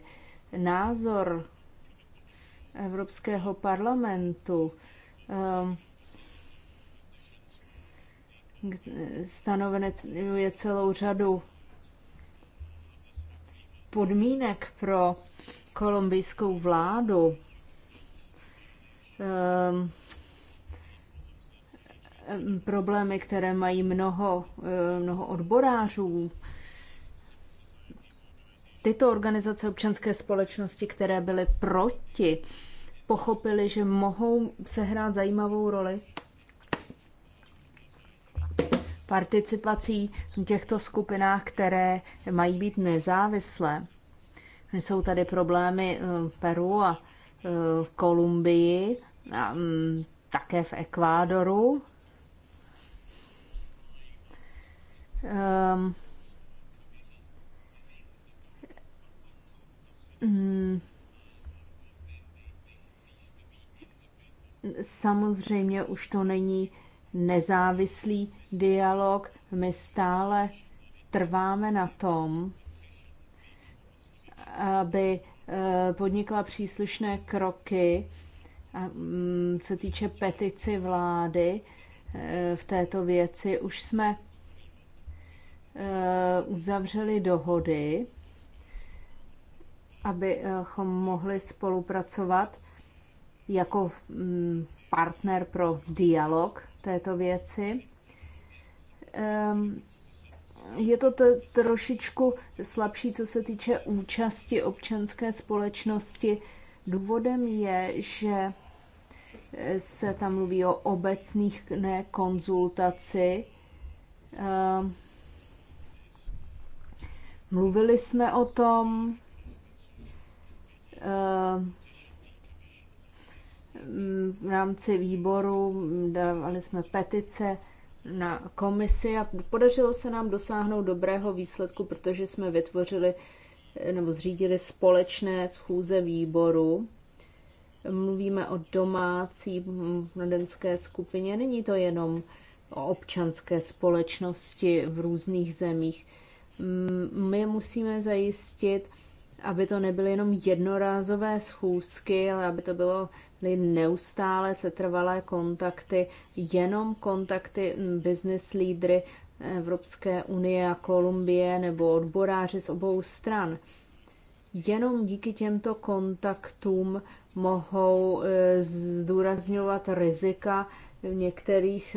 Názor Evropského parlamentu ehm, je celou řadu podmínek pro kolumbijskou vládu. Ehm, ehm, problémy, které mají mnoho, eh, mnoho odborářů, tyto organizace občanské společnosti, které byly proti pochopili, že mohou sehrát zajímavou roli participací v těchto skupinách, které mají být nezávislé. Jsou tady problémy eh, v Peru a eh, v Kolumbii, a mm, také v Ekvádoru. Um, Samozřejmě už to není nezávislý dialog. My stále trváme na tom, aby eh, podnikla příslušné kroky, se mm, týče petici vlády eh, v této věci. Už jsme eh, uzavřeli dohody, abychom mohli spolupracovat jako mm, partner pro dialog této věci. Ehm, je to trošičku slabší, co se týče účasti občanské společnosti. Důvodem je, že eh, se tam mluví o obecných ne, konzultaci. Ehm, mluvili jsme o tom, ehm, Mm, v rámci výboru mm, dávali jsme petice na komisi a podařilo se nám dosáhnout dobrého výsledku, protože jsme vytvořili eh, nebo zřídili společné schůze výboru. Mluvíme o domácí mm, mladenské skupině. Není to jenom o občanské společnosti v různých zemích. My musíme zajistit, aby to nebyly jenom jednorázové schůzky, ale aby to bylo neustále setrvalé kontakty, jenom kontakty business lídry Evropské unie a Kolumbie nebo odboráři z obou stran. Jenom díky těmto kontaktům mohou eh, zdůrazňovat rizika v některých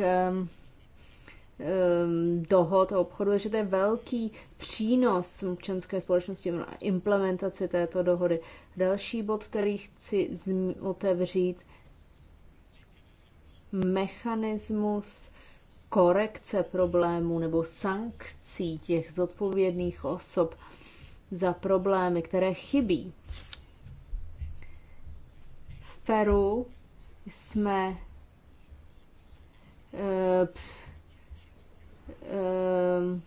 Ehm, dohod o obchodu, že to je velký přínos občanské společnosti na implementaci této dohody. Další bod, který chci otevřít, mechanismus korekce problémů nebo sankcí těch zodpovědných osob za problémy, které chybí. V Peru jsme e, Ehm,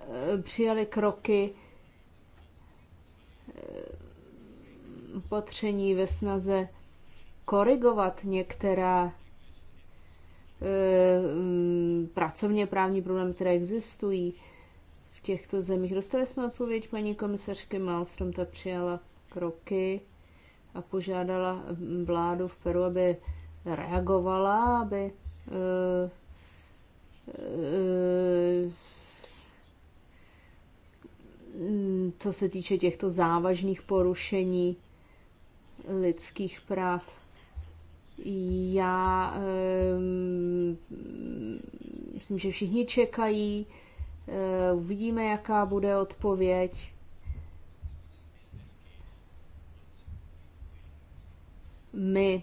eh, přijali kroky ehm, opatření ve snaze korigovat některá ehm, pracovně právní problémy, které existují v těchto zemích. Dostali jsme odpověď paní komisařky Malstrom, ta přijala kroky a požádala vládu v Peru, aby reagovala, aby Eh, eh, co se týče těchto závažných porušení lidských práv, já eh, myslím, že všichni čekají, uvidíme, jaká bude odpověď. My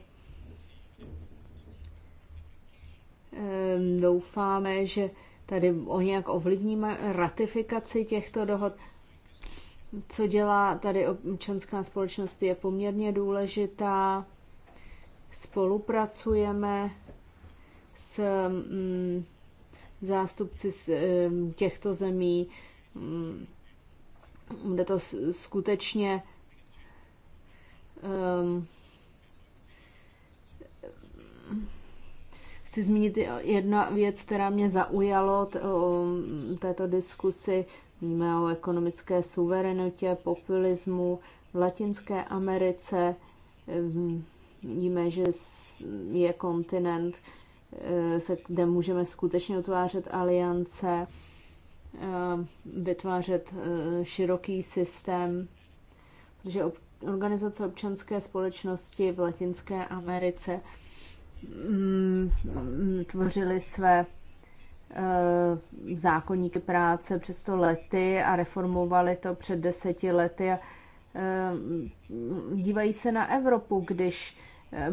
Ehm, doufáme, že tady o nějak ovlivníme ratifikaci těchto dohod. Co dělá tady občanská společnost je poměrně důležitá. Spolupracujeme s mm, zástupci z ehm, těchto zemí. Mm, bude to skutečně um, Chci zmínit jedna věc, která mě zaujalo t- o této diskusi. Víme o ekonomické suverenitě, populismu v Latinské Americe. Ehm, víme, že je kontinent, eh, se, kde můžeme skutečně utvářet aliance, eh, vytvářet eh, široký systém, protože organizace občanské společnosti v Latinské Americe Mm, tvořili své eh, zákonníky práce přes to lety a reformovali to před deseti lety. A eh, dívají se na Evropu, když eh,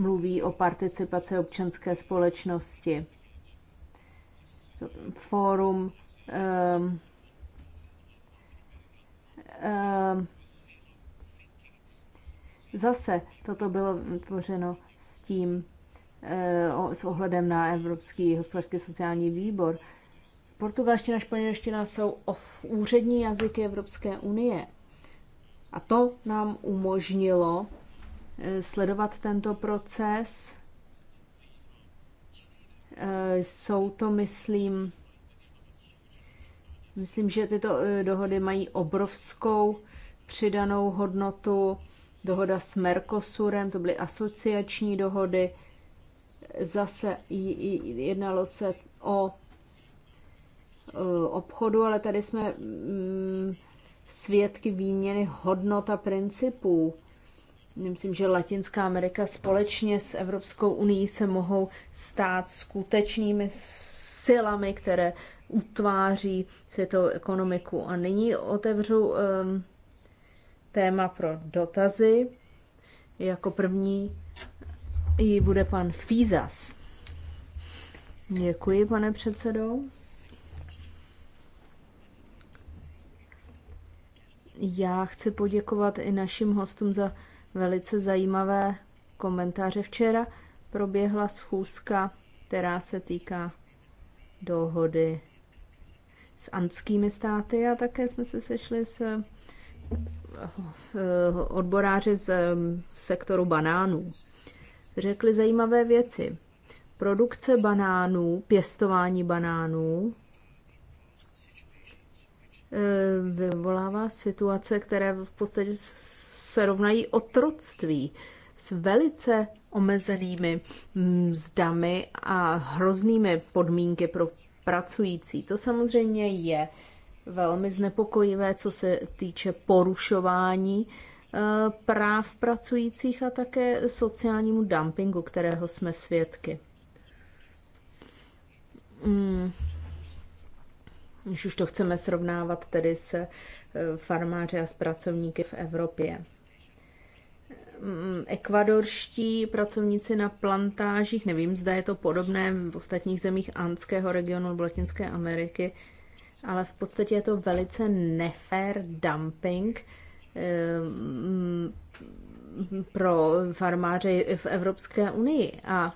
mluví o participaci občanské společnosti. Fórum zase toto bylo tvořeno s tím, Eh, s ohledem na Evropský hospodářský sociální výbor. Portugalština a španělština jsou úřední jazyky Evropské unie. A to nám umožnilo eh, sledovat tento proces. Eh, jsou to, myslím, myslím, že tyto dohody mají obrovskou přidanou hodnotu. Dohoda s Mercosurem, to byly asociační dohody, Zase jednalo se o e, obchodu, ale tady jsme mm, svědky výměny hodnot a principů. Myslím, že Latinská Amerika společně s Evropskou unii se mohou stát skutečnými silami, které utváří světovou ekonomiku. A nyní otevřu um, téma pro dotazy. Jako první ji bude pan Fízas. Děkuji, pane předsedo. Já chci poděkovat i našim hostům za velice zajímavé komentáře. Včera proběhla schůzka, která se týká dohody s anskými státy a také jsme se sešli s eh, eh, odboráři z eh, sektoru banánů řekli zajímavé věci. Produkce banánů, pěstování banánů, e, vyvolává situace, které v podstatě se rovnají otroctví s velice omezenými mzdami a hroznými podmínky pro pracující. To samozřejmě je velmi znepokojivé, co se týče porušování Eh, práv pracujících a také sociálnímu dumpingu, kterého jsme svědky. Hmm. Když už to chceme srovnávat tedy se eh, farmáři a s pracovníky v Evropě. Hmm, ekvadorští pracovníci na plantážích, nevím, zda je to podobné v ostatních zemích Andského regionu nebo Latinské Ameriky, ale v podstatě je to velice nefér dumping, Ehm, pro farmáře v Evropské unii a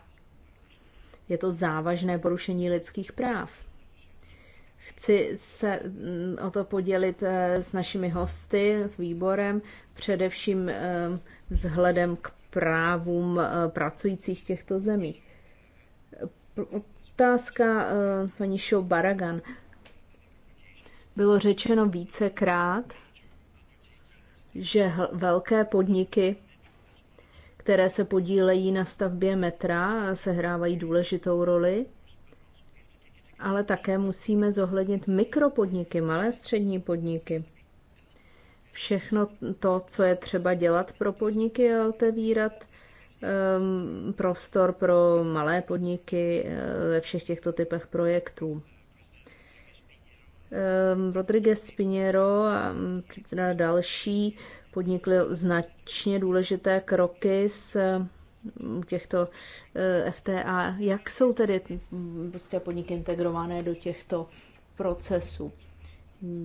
je to závažné porušení lidských práv. Chci se mm, o to podělit eh, s našimi hosty, s výborem, především ehm, vzhledem k právům eh, pracujících v těchto zemích. Otázka eh, paní Show Baragan. Bylo řečeno vícekrát, že velké podniky, které se podílejí na stavbě metra, sehrávají důležitou roli, ale také musíme zohlednit mikropodniky, malé střední podniky. Všechno to, co je třeba dělat pro podniky je otevírat ehm, prostor pro malé podniky eh, ve všech těchto typech projektů. Rodriguez Pinheiro a mm, předseda další podnikli značně důležité kroky s mm, těchto eh, FTA. Jak jsou tedy mm, ruské prostě podniky integrované do těchto procesů?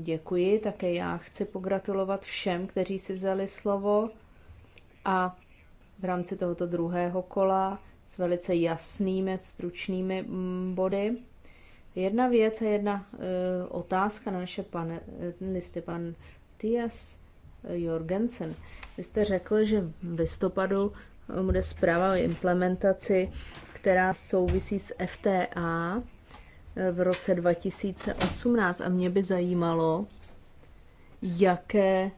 Děkuji, také já chci pogratulovat všem, kteří si vzali slovo a v rámci tohoto druhého kola s velice jasnými, stručnými body. Jedna věc a jedna uh, otázka na naše panelisty. Pan Tias e, Jorgensen, vy jste řekl, že v listopadu e, bude zpráva o implementaci, která souvisí s FTA v roce 2018 a mě by zajímalo, jaké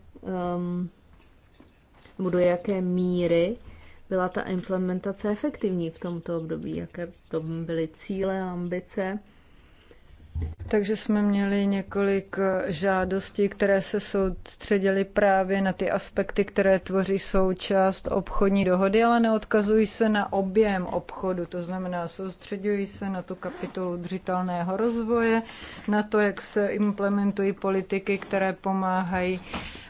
um, do jaké míry byla ta implementace efektivní v tomto období, jaké to byly cíle a ambice takže jsme měli několik eh, žádostí, které se soustředily právě na ty aspekty, které tvoří součást obchodní dohody, ale neodkazují se na objem obchodu. To znamená, soustředují se na tu kapitolu držitelného rozvoje, na to, jak se implementují politiky, které pomáhají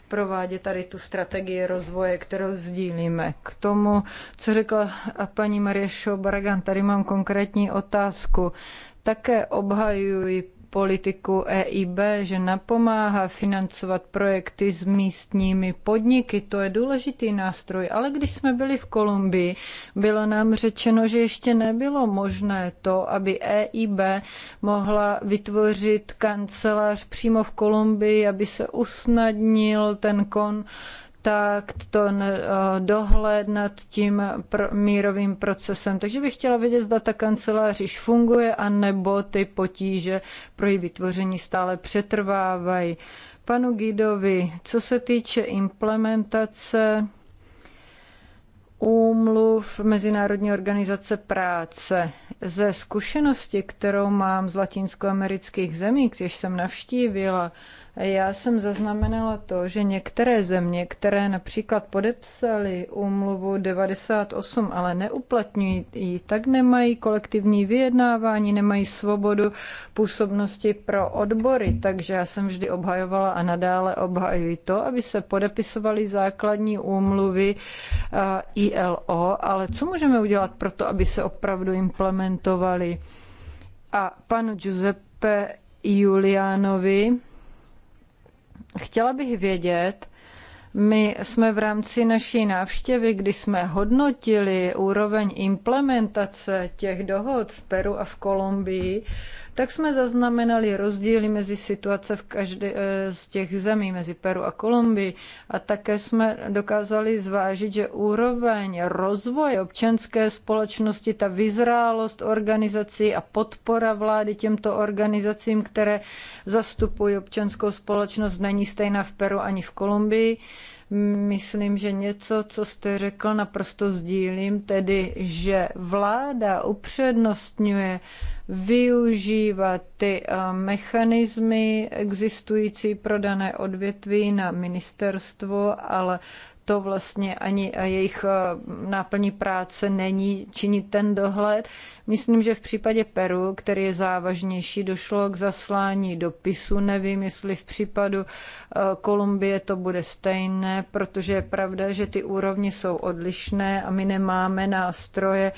provádět tady tu strategii rozvoje, kterou sdílíme. K tomu, co řekla paní Marie Šobaragan, tady mám konkrétní otázku. Také obhajuji politiku EIB, že napomáhá financovat projekty s místními podniky. To je důležitý nástroj, ale když jsme byli v Kolumbii, bylo nám řečeno, že ještě nebylo možné to, aby EIB mohla vytvořit kancelář přímo v Kolumbii, aby se usnadnil ten kon kontakt, ten eh, dohled nad tím mírovým procesem. Takže bych chtěla vědět, zda ta kancelář již funguje, anebo ty potíže pro její vytvoření stále přetrvávají. Panu Gidovi, co se týče implementace úmluv Mezinárodní organizace práce. Ze zkušenosti, kterou mám z latinskoamerických zemí, když jsem navštívila, já jsem zaznamenala to, že některé země, které například podepsaly úmluvu 98, ale neuplatňují ji, tak nemají kolektivní vyjednávání, nemají svobodu působnosti pro odbory. Takže já jsem vždy obhajovala a nadále obhajuji to, aby se podepisovaly základní úmluvy eh, ILO, ale co můžeme udělat pro to, aby se opravdu implementovaly? A panu Giuseppe Julianovi, Chtěla bych vědět, my jsme v rámci naší návštěvy, kdy jsme hodnotili úroveň implementace těch dohod v Peru a v Kolumbii, tak jsme zaznamenali rozdíly mezi situace v každé eh, z těch zemí, mezi Peru a Kolumbii. A také jsme dokázali zvážit, že úroveň rozvoje občanské společnosti, ta vyzrálost organizací a podpora vlády těmto organizacím, které zastupují občanskou společnost, není stejná v Peru ani v Kolumbii. Myslím, že něco, co jste řekl, naprosto sdílím, tedy, že vláda upřednostňuje využívat ty eh, mechanismy existující pro dané odvětví na ministerstvo, ale to vlastně ani eh, jejich eh, náplní práce není činit ten dohled. Myslím, že v případě Peru, který je závažnější, došlo k zaslání dopisu. Nevím, jestli v případu Kolumbie to bude stejné, protože je pravda, že ty úrovně jsou odlišné a my nemáme nástroje,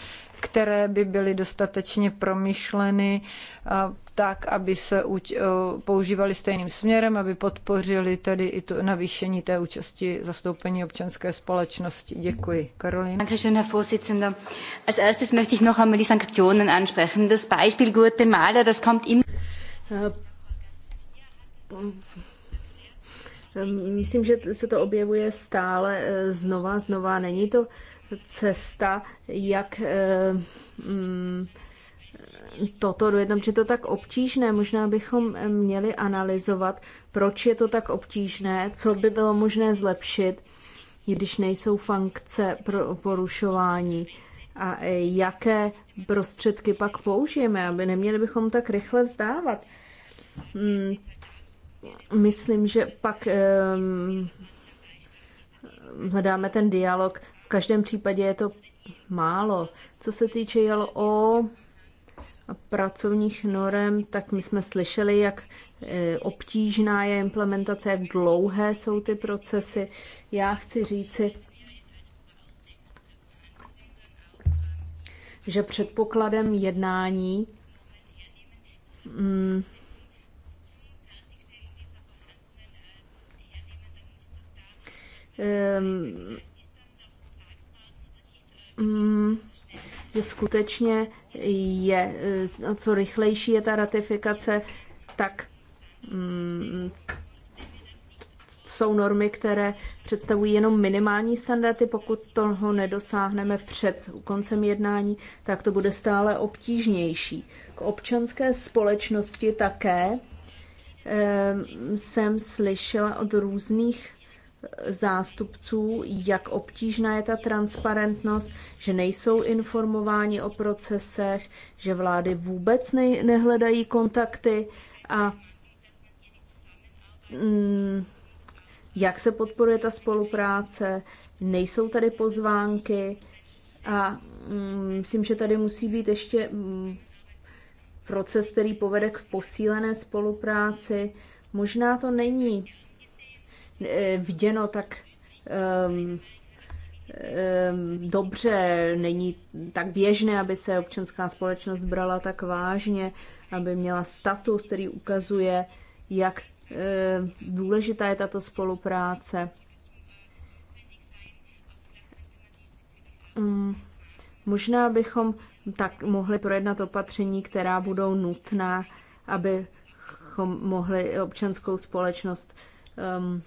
které by byly dostatečně promyšleny eh, tak, aby se eh, používaly stejným směrem, aby podpořili tedy i to navýšení té účasti zastoupení občanské společnosti. Děkuji. Karolina. Dankeschön, Herr Vorsitzender. Als erstes möchte ich noch einmal die Sanktionen ansprechen. Das Beispiel Guatemala, das kommt im... Ehm, myslím, že se to objevuje stále eh, znova, znova. Není to cesta, jak eh, mm, toto dojednat, že to tak obtížné. Možná bychom eh, měli analyzovat, proč je to tak obtížné, co by bylo možné zlepšit, když nejsou funkce pro porušování a eh, jaké prostředky pak použijeme, aby neměli bychom tak rychle vzdávat. Hmm, myslím, že pak ehm, hledáme ten dialog každém případě je to málo. Co se týče JLO a pracovních norem, tak my jsme slyšeli, jak e, obtížná je implementace, jak dlouhé jsou ty procesy. Já chci říci, že předpokladem jednání mm, um, že mm, skutečně je, eh, co rychlejší je ta ratifikace, tak mm, jsou normy, které představují jenom minimální standardy. Pokud toho nedosáhneme před koncem jednání, tak to bude stále obtížnější. K občanské společnosti také eh, jsem slyšela od různých zástupců, jak obtížná je ta transparentnost, že nejsou informováni o procesech, že vlády vůbec ne- nehledají kontakty a mm, jak se podporuje ta spolupráce, nejsou tady pozvánky a mm, myslím, že tady musí být ještě mm, proces, který povede k posílené spolupráci. Možná to není Eh, viděno tak um, um, dobře, není tak běžné, aby se občanská společnost brala tak vážně, aby měla status, který ukazuje, jak um, důležitá je tato spolupráce. Um, možná bychom tak mohli projednat opatření, která budou nutná, aby mohli občanskou společnost um,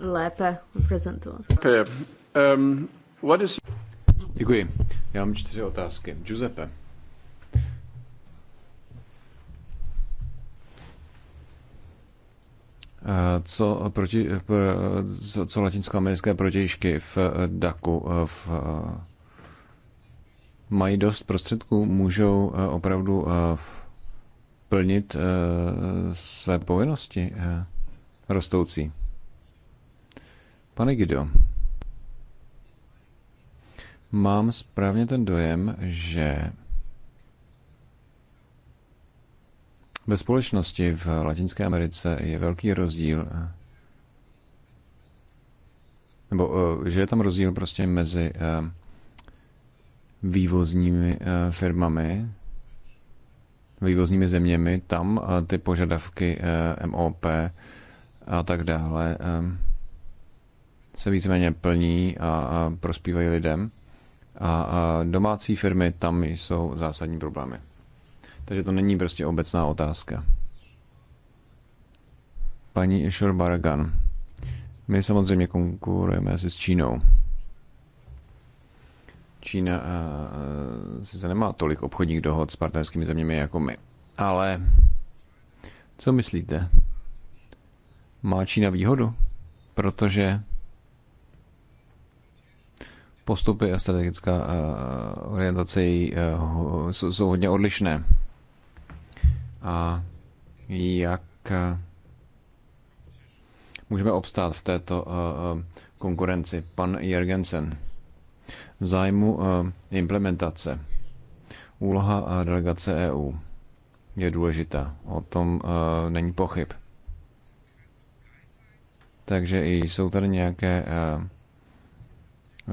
lépe prezentovat. Okay. Um, what is... Děkuji. Já mám čtyři otázky. Giuseppe. Eh, co, proti, co, eh, co latinskoamerické protějšky v eh, DAKu v, mají dost prostředků, můžou opravdu v, plnit své povinnosti rostoucí? Pane Gido, mám správně ten dojem, že ve společnosti v Latinské Americe je velký rozdíl nebo eh, že je tam rozdíl prostě mezi eh, vývozními eh, firmami, vývozními zeměmi, tam ty požadavky MOP a tak dále se víceméně plní a, a prospívají lidem. A, a domácí firmy, tam jsou zásadní problémy. Takže to není prostě obecná otázka. Paní Ishur Baragan. My samozřejmě konkurujeme si s Čínou. Čína a, a, sice nemá tolik obchodních dohod s partnerskými zeměmi jako my. Ale co myslíte? Má Čína výhodu? Protože postupy a strategická eh, orientace eh, jsou hodně odlišné. A jak eh, můžeme obstát v této konkurenci? Pan Jergensen. V zájmu implementace. Úloha delegace EU je důležitá. O tom není pochyb. Takže jsou tady nějaké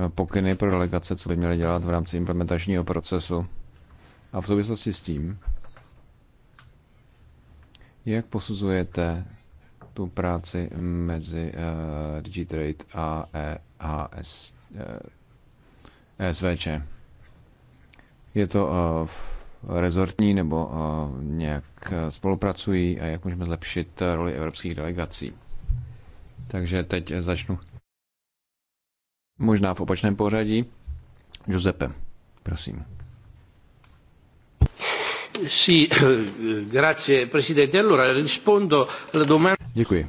Eh, pokyny pro delegace, co by měly dělat v rámci implementačního procesu. A v souvislosti s tím, jak posuzujete tu práci mezi uh, Digitrade a e EHS, uh, ESVČ? Je to uh, rezortní nebo uh, nějak spolupracují a jak můžeme zlepšit roli evropských delegací? Takže teď začnu Možná v opačném pořadí. Giuseppe, prosím. Sì, grazie Presidente. Allora rispondo alla domanda. Děkuji.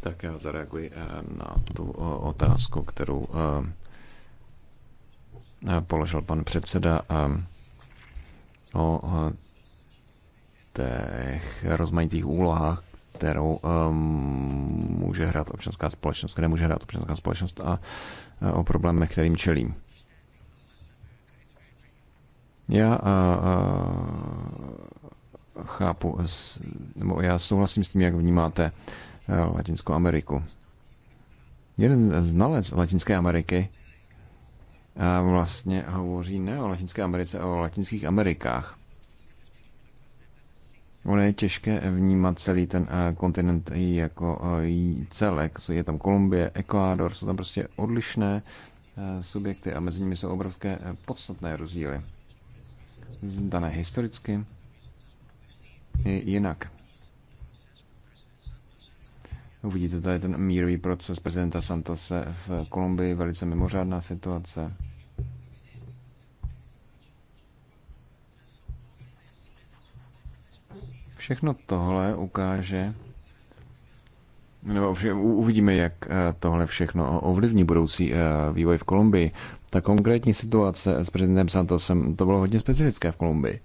Tak já zareaguji eh, na tu eh, otázku, kterou eh, položil pan předseda o těch rozmanitých úlohách, kterou eh, může hrát občanská společnost, kde může hrát občanská společnost a eh, o problémech, kterým čelím. Já a, eh, a, chápu, nebo já souhlasím s tím, jak vnímáte Latinskou Ameriku. Jeden znalec Latinské Ameriky vlastně hovoří ne o Latinské Americe, o Latinských Amerikách. Ono je těžké vnímat celý ten eh, kontinent jako eh, celek. Je tam Kolumbie, Ekvádor, jsou tam prostě odlišné eh, subjekty a mezi nimi jsou obrovské podstatné rozdíly. Dané historicky i jinak. Uvidíte, to je ten mírový proces prezidenta Santose v Kolumbii, velice mimořádná situace. Všechno tohle ukáže, nebo všem, uvidíme, jak eh, tohle všechno ovlivní budoucí eh, vývoj v Kolumbii. Ta konkrétní situace s prezidentem Santosem, to bylo hodně specifické v Kolumbii.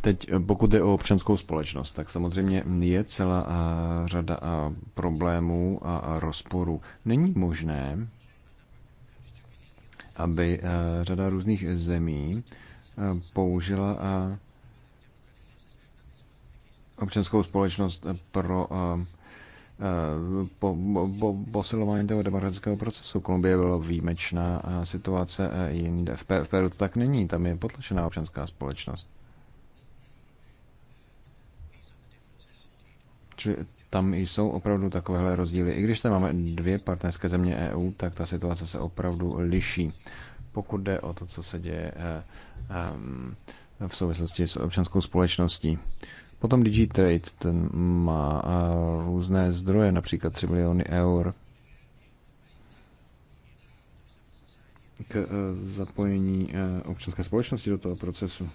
Teď eh, pokud jde o občanskou společnost, tak samozřejmě je celá řada problémů a rozporů. Není možné, aby řada různých zemí použila občanskou společnost pro eh, eh, po, po, posilování toho demokratického procesu. Kolumbie byla výjimečná eh, situace, jinde v, v Peru to tak není, tam je potlačená občanská společnost. Čili tam jsou opravdu takovéhle rozdíly. I když tam máme dvě partnerské země EU, tak ta situace se opravdu liší. Pokud jde o to, co se děje ehm, v souvislosti s občanskou společností. Potom DigiTrade, ten má eh, různé zdroje, například 3 miliony eur k eh, zapojení eh, občanské společnosti do toho procesu.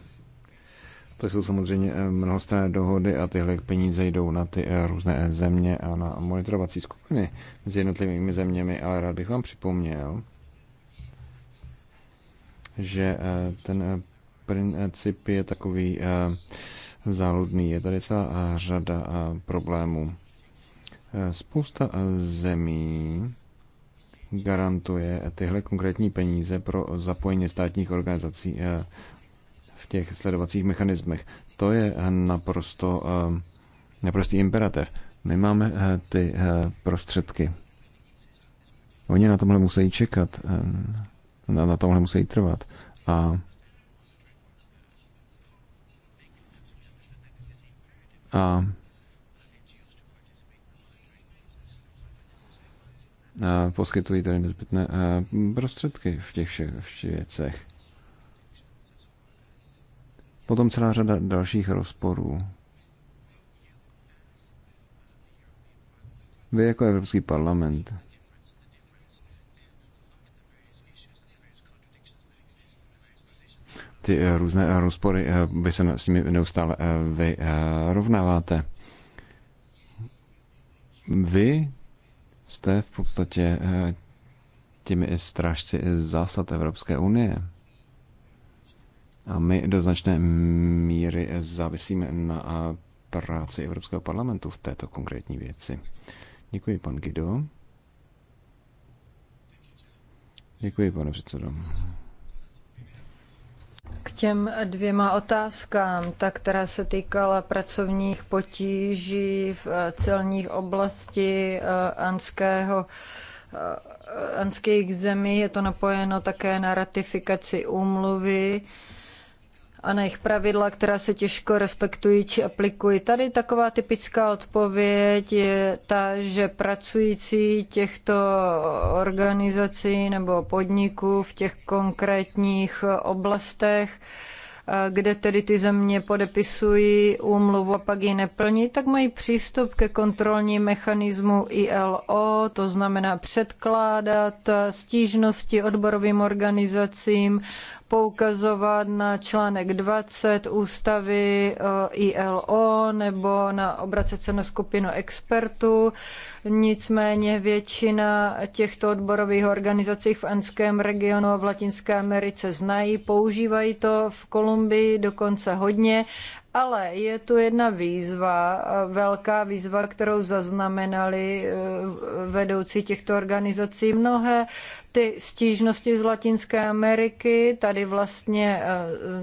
To jsou samozřejmě mnohostranné dohody a tyhle peníze jdou na ty různé země a na monitorovací skupiny mezi jednotlivými zeměmi, ale rád bych vám připomněl, že ten princip je takový záludný. Je tady celá řada problémů. E, spousta e, zemí garantuje tyhle konkrétní peníze pro zapojení státních organizací e, v těch sledovacích mechanismech. To je naprosto naprostý imperativ. My máme ty prostředky. Oni na tomhle musí čekat, na tomhle musí trvat. A A poskytují tady nezbytné prostředky v těch všech věcech. Potom celá řada dalších rozporů. Vy jako Evropský parlament ty eh, různé eh, rozpory, eh, vy se s nimi neustále vyrovnáváte. Vy jste v podstatě těmi strážci zásad Evropské unie. A my do značné míry závisíme na práci Evropského parlamentu v této konkrétní věci. Děkuji, pan Gido. Děkuji, pane předsedo. K těm dvěma otázkám, ta, která se týkala pracovních potíží v eh, celních oblasti eh, anského eh, anských zemí, je to napojeno také na ratifikaci úmluvy a na jejich pravidla, která se těžko respektují či aplikují. Tady taková typická odpověď je ta, že pracující těchto organizací nebo podniků v těch konkrétních oblastech kde tedy ty země podepisují úmluvu a pak ji neplní, tak mají přístup ke kontrolní mechanismu ILO, to znamená předkládat stížnosti odborovým organizacím, poukazovat na článek 20 ústavy eh, ILO nebo na obracet se na skupinu expertů. Nicméně většina těchto odborových organizací v Andském regionu a v Latinské Americe znají, používají to v Kolumbii dokonce hodně ale je tu jedna výzva, velká výzva, kterou zaznamenali e, vedoucí těchto organizací. Mnohé ty stížnosti z Latinské Ameriky, tady vlastně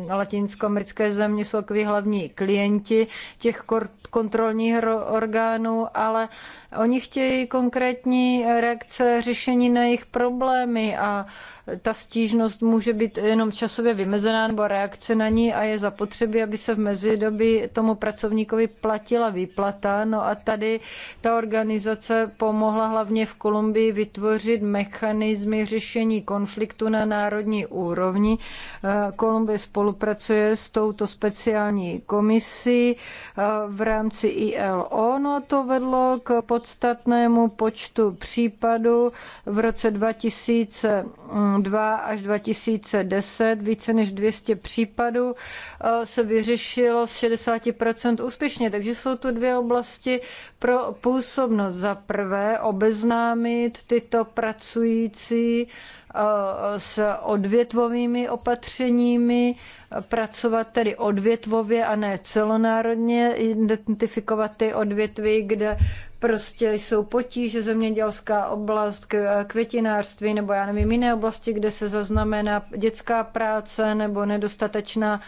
e, latinskoamerické země jsou takový hlavní klienti těch kontrolních orgánů, ale Oni chtějí konkrétní reakce, řešení na jejich problémy a ta stížnost může být jenom časově vymezená nebo reakce na ní a je zapotřebí, aby se v mezidobí tomu pracovníkovi platila výplata. No a tady ta organizace pomohla hlavně v Kolumbii vytvořit mechanizmy řešení konfliktu na národní úrovni. Eh, Kolumbie spolupracuje s touto speciální komisí eh, v rámci ILO. No a to vedlo k podstatnému počtu případů v roce 2002 až 2010. Více než 200 případů eh, se vyřešilo z 60% úspěšně, takže jsou tu dvě oblasti pro působnost. Za prvé obeznámit tyto pracující Eh, s odvětvovými opatřeními, pracovat tedy odvětvově a ne celonárodně, identifikovat ty odvětví, kde prostě jsou potíže, zemědělská oblast, květinářství nebo já nevím, jiné oblasti, kde se zaznamená dětská práce nebo nedostatečná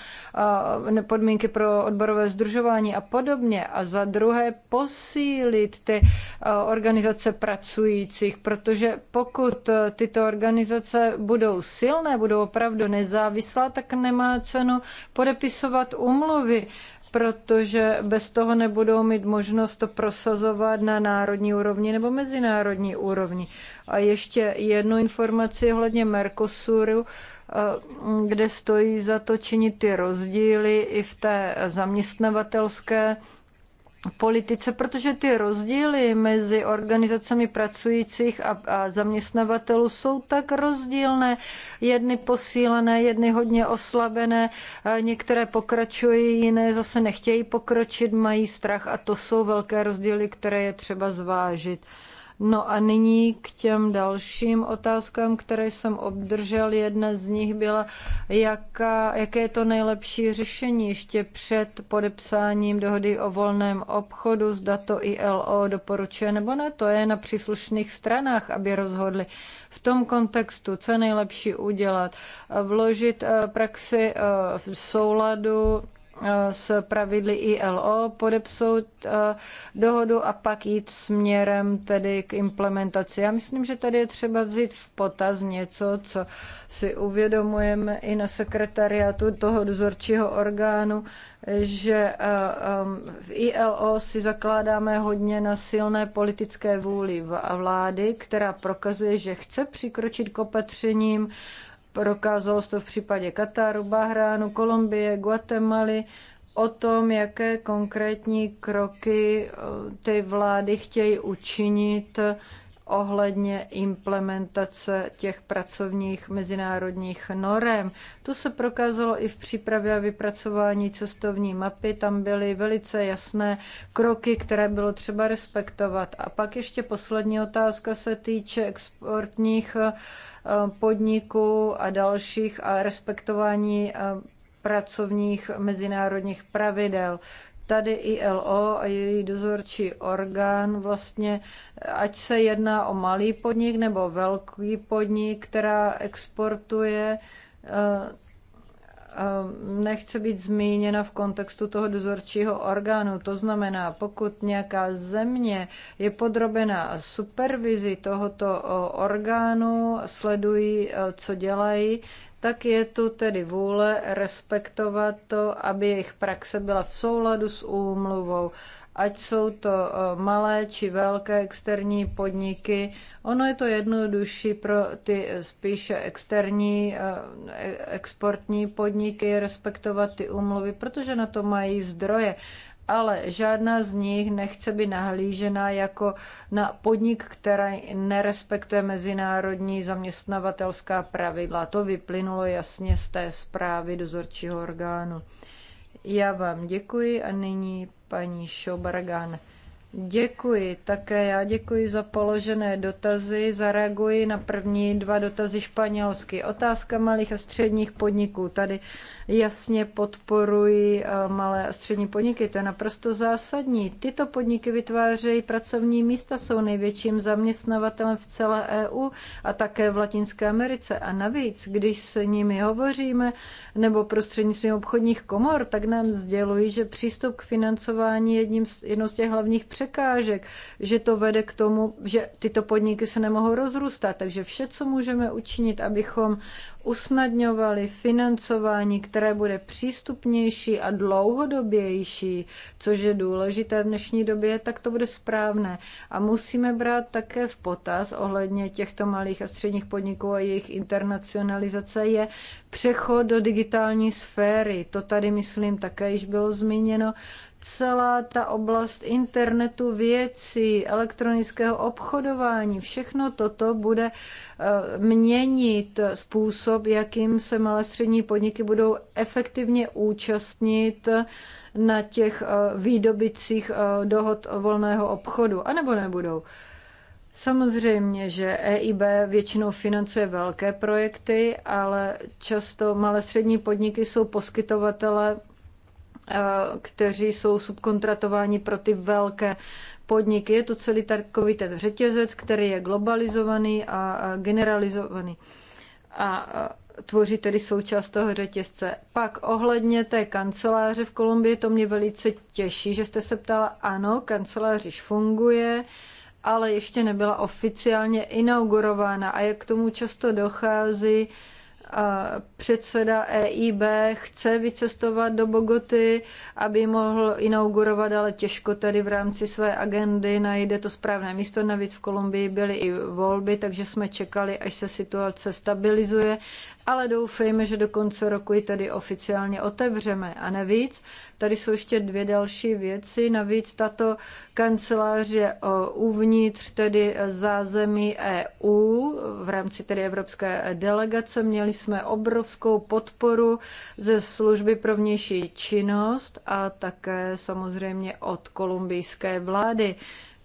eh, podmínky pro odborové združování a podobně. A za druhé posílit ty eh, organizace pracujících, protože pokud tyto organizace organizace budou silné, budou opravdu nezávislá, tak nemá cenu podepisovat umluvy protože bez toho nebudou mít možnost to prosazovat na národní úrovni nebo mezinárodní úrovni. A ještě jednu informaci ohledně Mercosuru, eh, kde stojí za to činit ty rozdíly i v té zaměstnavatelské politice, protože ty rozdíly mezi organizacemi pracujících a, a zaměstnavatelů jsou tak rozdílné. Jedny posílené, jedny hodně oslabené, některé pokračují, jiné zase nechtějí pokročit, mají strach a to jsou velké rozdíly, které je třeba zvážit. No a nyní k těm dalším otázkám, které jsem obdržel. Jedna z nich byla, jaká, jaké je to nejlepší řešení ještě před podepsáním dohody o volném obchodu, zda to ILO doporučuje nebo ne. To je na příslušných stranách, aby rozhodli v tom kontextu, co je nejlepší udělat. Vložit eh, praxi eh, v souladu s pravidly ILO, podepsout eh, dohodu a pak jít směrem tedy k implementaci. Já myslím, že tady je třeba vzít v potaz něco, co si uvědomujeme i na sekretariátu toho dozorčího orgánu, že eh, eh, v ILO si zakládáme hodně na silné politické vůli vlády, která prokazuje, že chce přikročit k opatřením, Prokázalo se to v případě Kataru, Bahránu, Kolumbie, Guatemaly, o tom, jaké konkrétní kroky eh, ty vlády chtějí učinit ohledně implementace těch pracovních mezinárodních norem. To se prokázalo i v přípravě a vypracování cestovní mapy. Tam byly velice jasné kroky, které bylo třeba respektovat. A pak ještě poslední otázka se týče exportních eh, podniků a dalších a respektování eh, pracovních mezinárodních pravidel tady ILO a její dozorčí orgán vlastně, ať se jedná o malý podnik nebo velký podnik, která exportuje, eh, eh, nechce být zmíněna v kontextu toho dozorčího orgánu. To znamená, pokud nějaká země je podrobená supervizi tohoto eh, orgánu, sledují, co dělají, tak je tu tedy vůle respektovat to, aby jejich praxe byla v souladu s úmluvou. Ať jsou to e, malé či velké externí podniky, ono je to jednodušší pro ty e, spíše externí e, exportní podniky respektovat ty úmluvy, protože na to mají zdroje ale žádná z nich nechce být nahlížena jako na podnik, který nerespektuje mezinárodní zaměstnavatelská pravidla. To vyplynulo jasně z té zprávy dozorčího orgánu. Já vám děkuji a nyní paní Šobargan. Děkuji. Také já děkuji za položené dotazy. Zareaguji na první dva dotazy španělsky. Otázka malých a středních podniků. Tady jasně podporuji eh, malé a střední podniky. To je naprosto zásadní. Tyto podniky vytvářejí pracovní místa, jsou největším zaměstnavatelem v celé EU a také v Latinské Americe. A navíc, když s nimi hovoříme nebo prostřednictvím obchodních komor, tak nám sdělují, že přístup k financování je jedním z, jednou z těch hlavních překážek, že to vede k tomu, že tyto podniky se nemohou rozrůstat. Takže vše, co můžeme učinit, abychom usnadňovali financování, které bude přístupnější a dlouhodobější, což je důležité v dnešní době, tak to bude správné. A musíme brát také v potaz ohledně těchto malých a středních podniků a jejich internacionalizace je přechod do digitální sféry. To tady, myslím, také již bylo zmíněno celá ta oblast internetu věcí, elektronického obchodování, všechno toto bude eh, měnit způsob, jakým se malé střední podniky budou efektivně účastnit na těch eh, výdobicích eh, dohod volného obchodu, anebo nebudou. Samozřejmě, že EIB většinou financuje velké projekty, ale často malé střední podniky jsou poskytovatele Eh, kteří jsou subkontratováni pro ty velké podniky. Je to celý takový ten řetězec, který je globalizovaný a generalizovaný. A tvoří tedy součást toho řetězce. Pak ohledně té kanceláře v Kolumbii, to mě velice těší, že jste se ptala, ano, kancelář již funguje, ale ještě nebyla oficiálně inaugurována a jak k tomu často dochází, a předseda EIB chce vycestovat do Bogoty, aby mohl inaugurovat, ale těžko tady v rámci své agendy najde to správné místo. Navíc v Kolumbii byly i volby, takže jsme čekali, až se situace stabilizuje ale doufejme, že do konce roku ji tady oficiálně otevřeme. A navíc, tady jsou ještě dvě další věci, navíc tato kancelář je uvnitř tedy zázemí EU, v rámci tedy Evropské delegace měli jsme obrovskou podporu ze služby pro vnější činnost a také samozřejmě od kolumbijské vlády.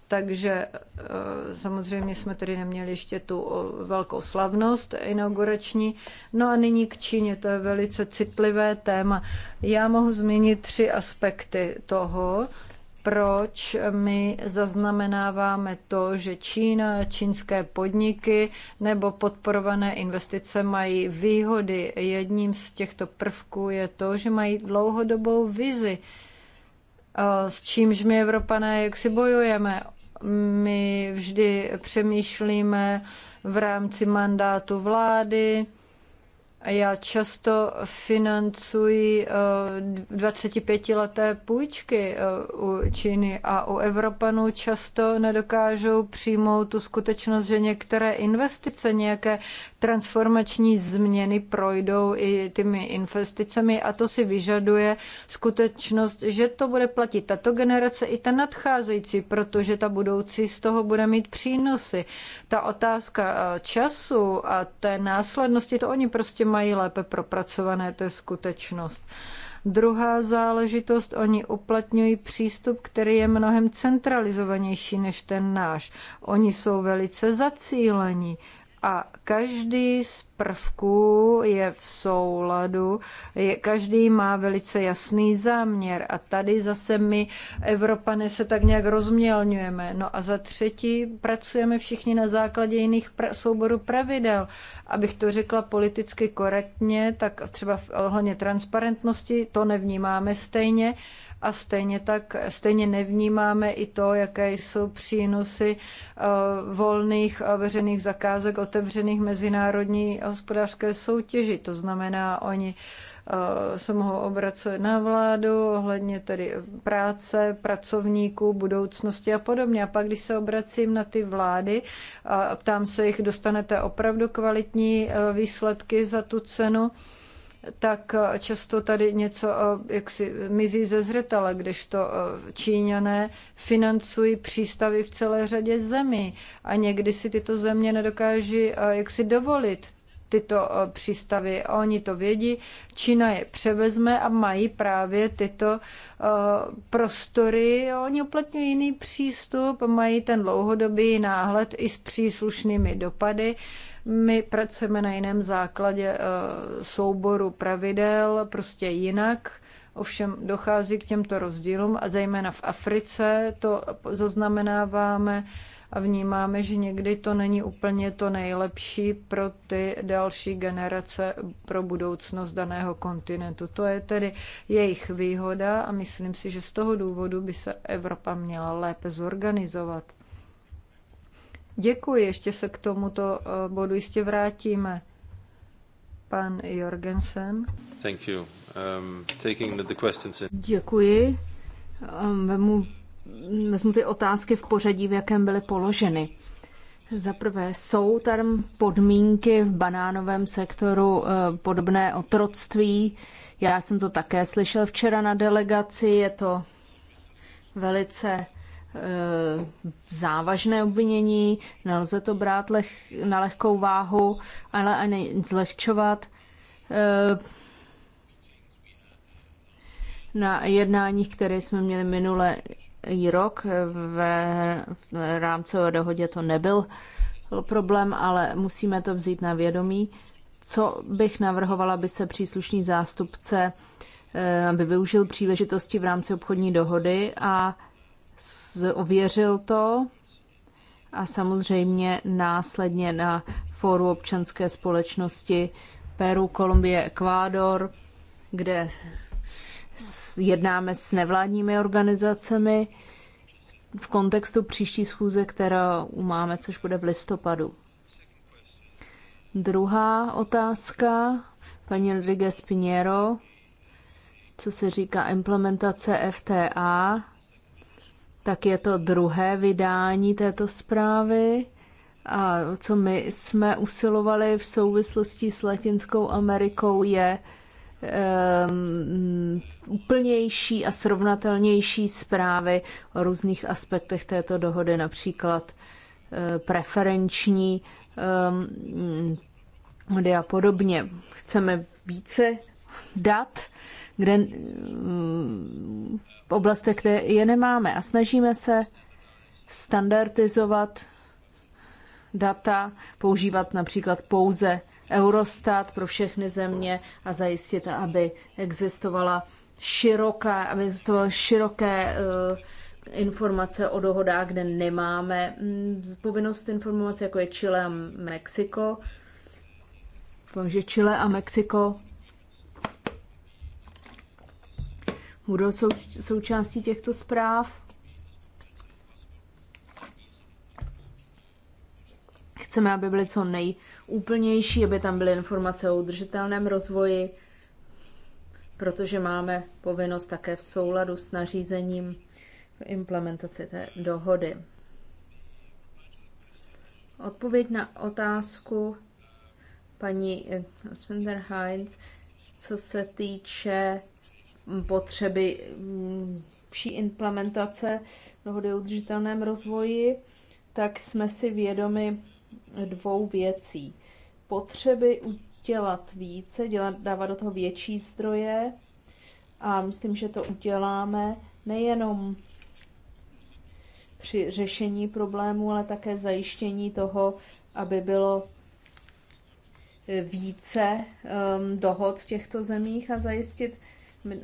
Takže eh, samozřejmě jsme tedy neměli ještě tu velkou slavnost inaugurační. No a nyní k Číně, to je velice citlivé téma. Já mohu zmínit tři aspekty toho, proč my zaznamenáváme to, že Čína, čínské podniky nebo podporované investice mají výhody. Jedním z těchto prvků je to, že mají dlouhodobou vizi eh, s čímž my Evropané jak bojujeme. My vždy přemýšlíme v rámci mandátu vlády, já často financuji 25-leté eh, půjčky eh, u Číny a u Evropanů často nedokážou přijmout tu skutečnost, že některé investice, nějaké transformační změny projdou i těmi investicemi a to si vyžaduje skutečnost, že to bude platit tato generace i ta nadcházející, protože ta budoucí z toho bude mít přínosy. Ta otázka eh, času a té následnosti, to oni prostě mají lépe propracované, to je skutečnost. Druhá záležitost, oni uplatňují přístup, který je mnohem centralizovanější než ten náš. Oni jsou velice zacílení a každý z prvků je v souladu, je, každý má velice jasný záměr a tady zase my, Evropané, se tak nějak rozmělňujeme. No a za třetí pracujeme všichni na základě jiných pra- souborů pravidel. Abych to řekla politicky korektně, tak třeba v ohledně transparentnosti to nevnímáme stejně, a stejně tak stejně nevnímáme i to, jaké jsou přínosy eh, volných veřejných zakázek otevřených mezinárodní hospodářské soutěži. To znamená, oni eh, se mohou obracet na vládu ohledně tedy práce, pracovníků, budoucnosti a podobně. A pak, když se obracím na ty vlády, ptám se jich, dostanete opravdu kvalitní eh, výsledky za tu cenu? tak eh, často tady něco eh, jak si mizí ze zřetele, kdežto eh, Číňané financují přístavy v celé řadě zemí a někdy si tyto země nedokáží jak si dovolit tyto přístavy. A oni to vědí, Čína je převezme a mají právě tyto prostory. Oni uplatňují jiný přístup, mají ten dlouhodobý náhled i s příslušnými dopady. My pracujeme na jiném základě eh, souboru pravidel, prostě jinak. Ovšem dochází k těmto rozdílům a zejména v Africe to zaznamenáváme a vnímáme, že někdy to není úplně to nejlepší pro ty další generace, pro budoucnost daného kontinentu. To je tedy jejich výhoda a myslím si, že z toho důvodu by se Evropa měla lépe zorganizovat. Děkuji, ještě se k tomuto eh, bodu jistě vrátíme. Pan Jorgensen. Thank you. Um, taking the questions in. Děkuji. Um, vemu, vezmu ty otázky v pořadí, v jakém byly položeny. Za prvé, jsou tam podmínky v banánovém sektoru eh, podobné otroctví? Já jsem to také slyšel včera na delegaci, je to velice Eh, závažné obvinění, nelze to brát leh, na lehkou váhu, ale ani zlehčovat. Eh, na jednáních, které jsme měli minule rok, v rámcové dohodě to nebyl problém, ale musíme to vzít na vědomí. Co bych navrhovala, aby se příslušný zástupce eh, aby využil příležitosti v rámci obchodní dohody a ověřil to a samozřejmě následně na fóru občanské společnosti Peru, Kolumbie, Ekvádor, kde jednáme s nevládními organizacemi v kontextu příští schůze, která máme, což bude v listopadu. Druhá otázka, paní Rodriguez Pinheiro, co se říká implementace FTA tak je to druhé vydání této zprávy. A co my jsme usilovali v souvislosti s Latinskou Amerikou je um, úplnější a srovnatelnější zprávy o různých aspektech této dohody, například uh, preferenční um, a podobně. Chceme více dat, kde, mm, v oblastech, kde je nemáme. A snažíme se standardizovat data, používat například pouze Eurostat pro všechny země a zajistit, aby existovala široká, aby existovala široké eh, informace o dohodách, kde nemáme mm, povinnost informace, jako je Chile a Mexiko. Takže Chile a Mexiko budou sou, součástí těchto zpráv. Chceme, aby byly co nejúplnější, aby tam byly informace o udržitelném rozvoji, protože máme povinnost také v souladu s nařízením implementaci té dohody. Odpověď na otázku paní eh, Svender Heinz, co se týče potřeby mm, vší implementace dohody o udržitelném rozvoji, tak jsme si vědomi dvou věcí. Potřeby udělat více, dělat, dávat do toho větší zdroje a myslím, že to uděláme nejenom při řešení problémů, ale také zajištění toho, aby bylo více um, dohod v těchto zemích a zajistit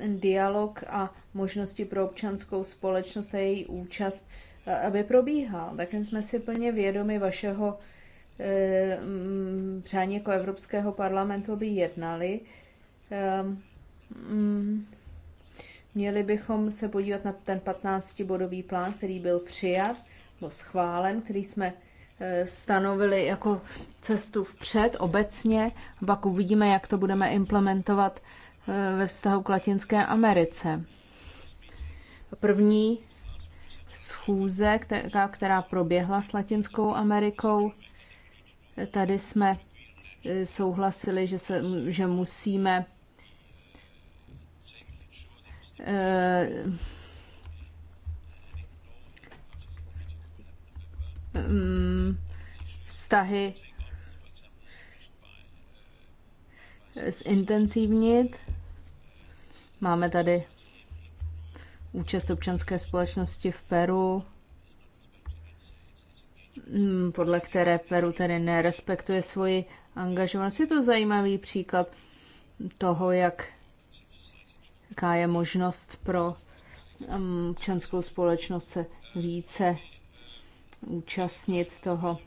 dialog a možnosti pro občanskou společnost a její účast, eh, aby probíhal. Také jsme si plně vědomi vašeho eh, mm, přání jako Evropského parlamentu, aby jednali. Ehm, mm, měli bychom se podívat na ten 15-bodový plán, který byl přijat, nebo schválen, který jsme eh, stanovili jako cestu vpřed obecně, pak uvidíme, jak to budeme implementovat Eh, ve vztahu k Latinské Americe. První schůze, která, proběhla s Latinskou Amerikou, tady jsme eh, souhlasili, že, se, že musíme eh, mm, vztahy zintenzivnit. Máme tady účast občanské společnosti v Peru, mm, podle které Peru tedy nerespektuje svoji angažovanost. Je to zajímavý příklad toho, jak, jaká je možnost pro mm, občanskou společnost se více účastnit toho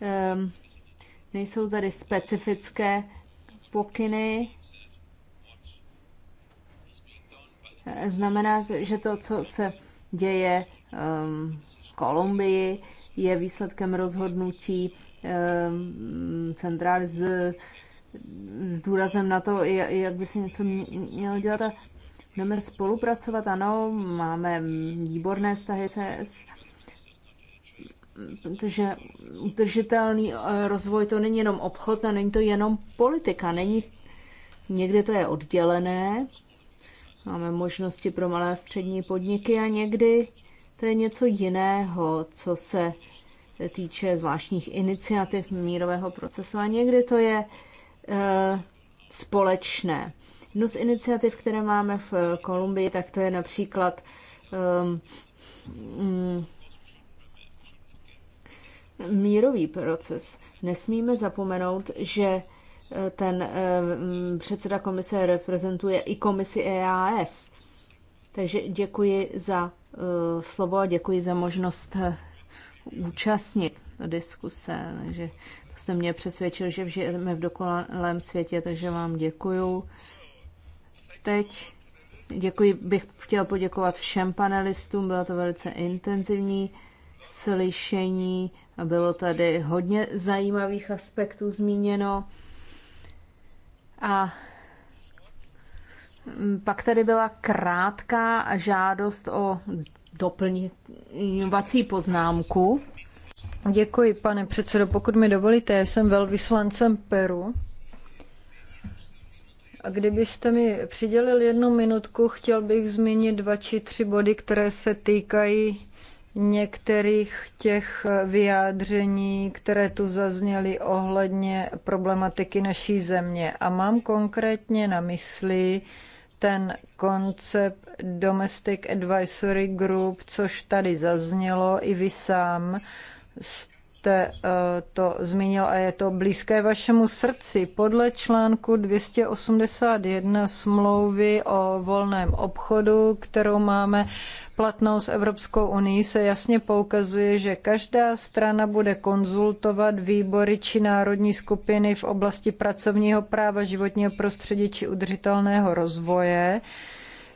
Ehm, nejsou tady specifické pokyny. Eh, znamená, že to, co se děje ehm, v Kolumbii, je výsledkem rozhodnutí ehm, centrály z, s důrazem na to, jak by se něco mělo dělat. budeme spolupracovat, ano, máme výborné vztahy se s protože udržitelný eh, rozvoj to není jenom obchod a není to jenom politika. Není, někde to je oddělené, máme možnosti pro malé a střední podniky a někdy to je něco jiného, co se týče zvláštních iniciativ mírového procesu a někdy to je e, společné. Jednu z iniciativ, které máme v Kolumbii, tak to je například um, mírový proces. Nesmíme zapomenout, že eh, ten eh, předseda komise reprezentuje i komisi EAS. Takže děkuji za eh, slovo a děkuji za možnost účastnit diskuse. Takže to jste mě přesvědčil, že žijeme v dokonalém světě, takže vám děkuju. Teď děkuji, bych chtěl poděkovat všem panelistům, bylo to velice intenzivní slyšení. A bylo tady hodně zajímavých aspektů zmíněno. A mm, pak tady byla krátká žádost o doplňovací poznámku. Děkuji, pane předsedo. Pokud mi dovolíte, já jsem velvyslancem Peru. A kdybyste mi přidělil jednu minutku, chtěl bych zmínit dva či tři body, které se týkají některých těch vyjádření, které tu zazněly ohledně problematiky naší země. A mám konkrétně na mysli ten koncept Domestic Advisory Group, což tady zaznělo, i vy sám jste eh, to zmínil a je to blízké vašemu srdci. Podle článku 281 smlouvy o volném obchodu, kterou máme platnou s Evropskou unii, se jasně poukazuje, že každá strana bude konzultovat výbory či národní skupiny v oblasti pracovního práva, životního prostředí či udržitelného rozvoje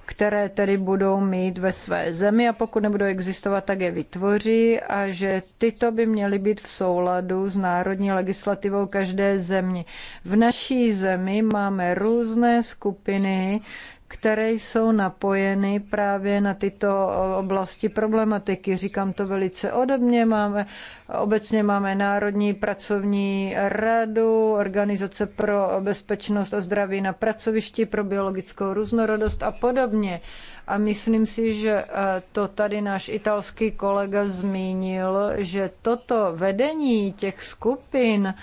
které tedy budou mít ve své zemi a pokud nebudou existovat, tak je vytvoří a že tyto by měly být v souladu s národní legislativou každé země. V naší zemi máme různé skupiny které jsou napojeny právě na tyto eh, oblasti problematiky. Říkám to velice odobně. Máme, obecně máme Národní pracovní radu, Organizace pro bezpečnost a zdraví na pracovišti, pro biologickou různorodost a podobně. A myslím si, že eh, to tady náš italský kolega zmínil, že toto vedení těch skupin,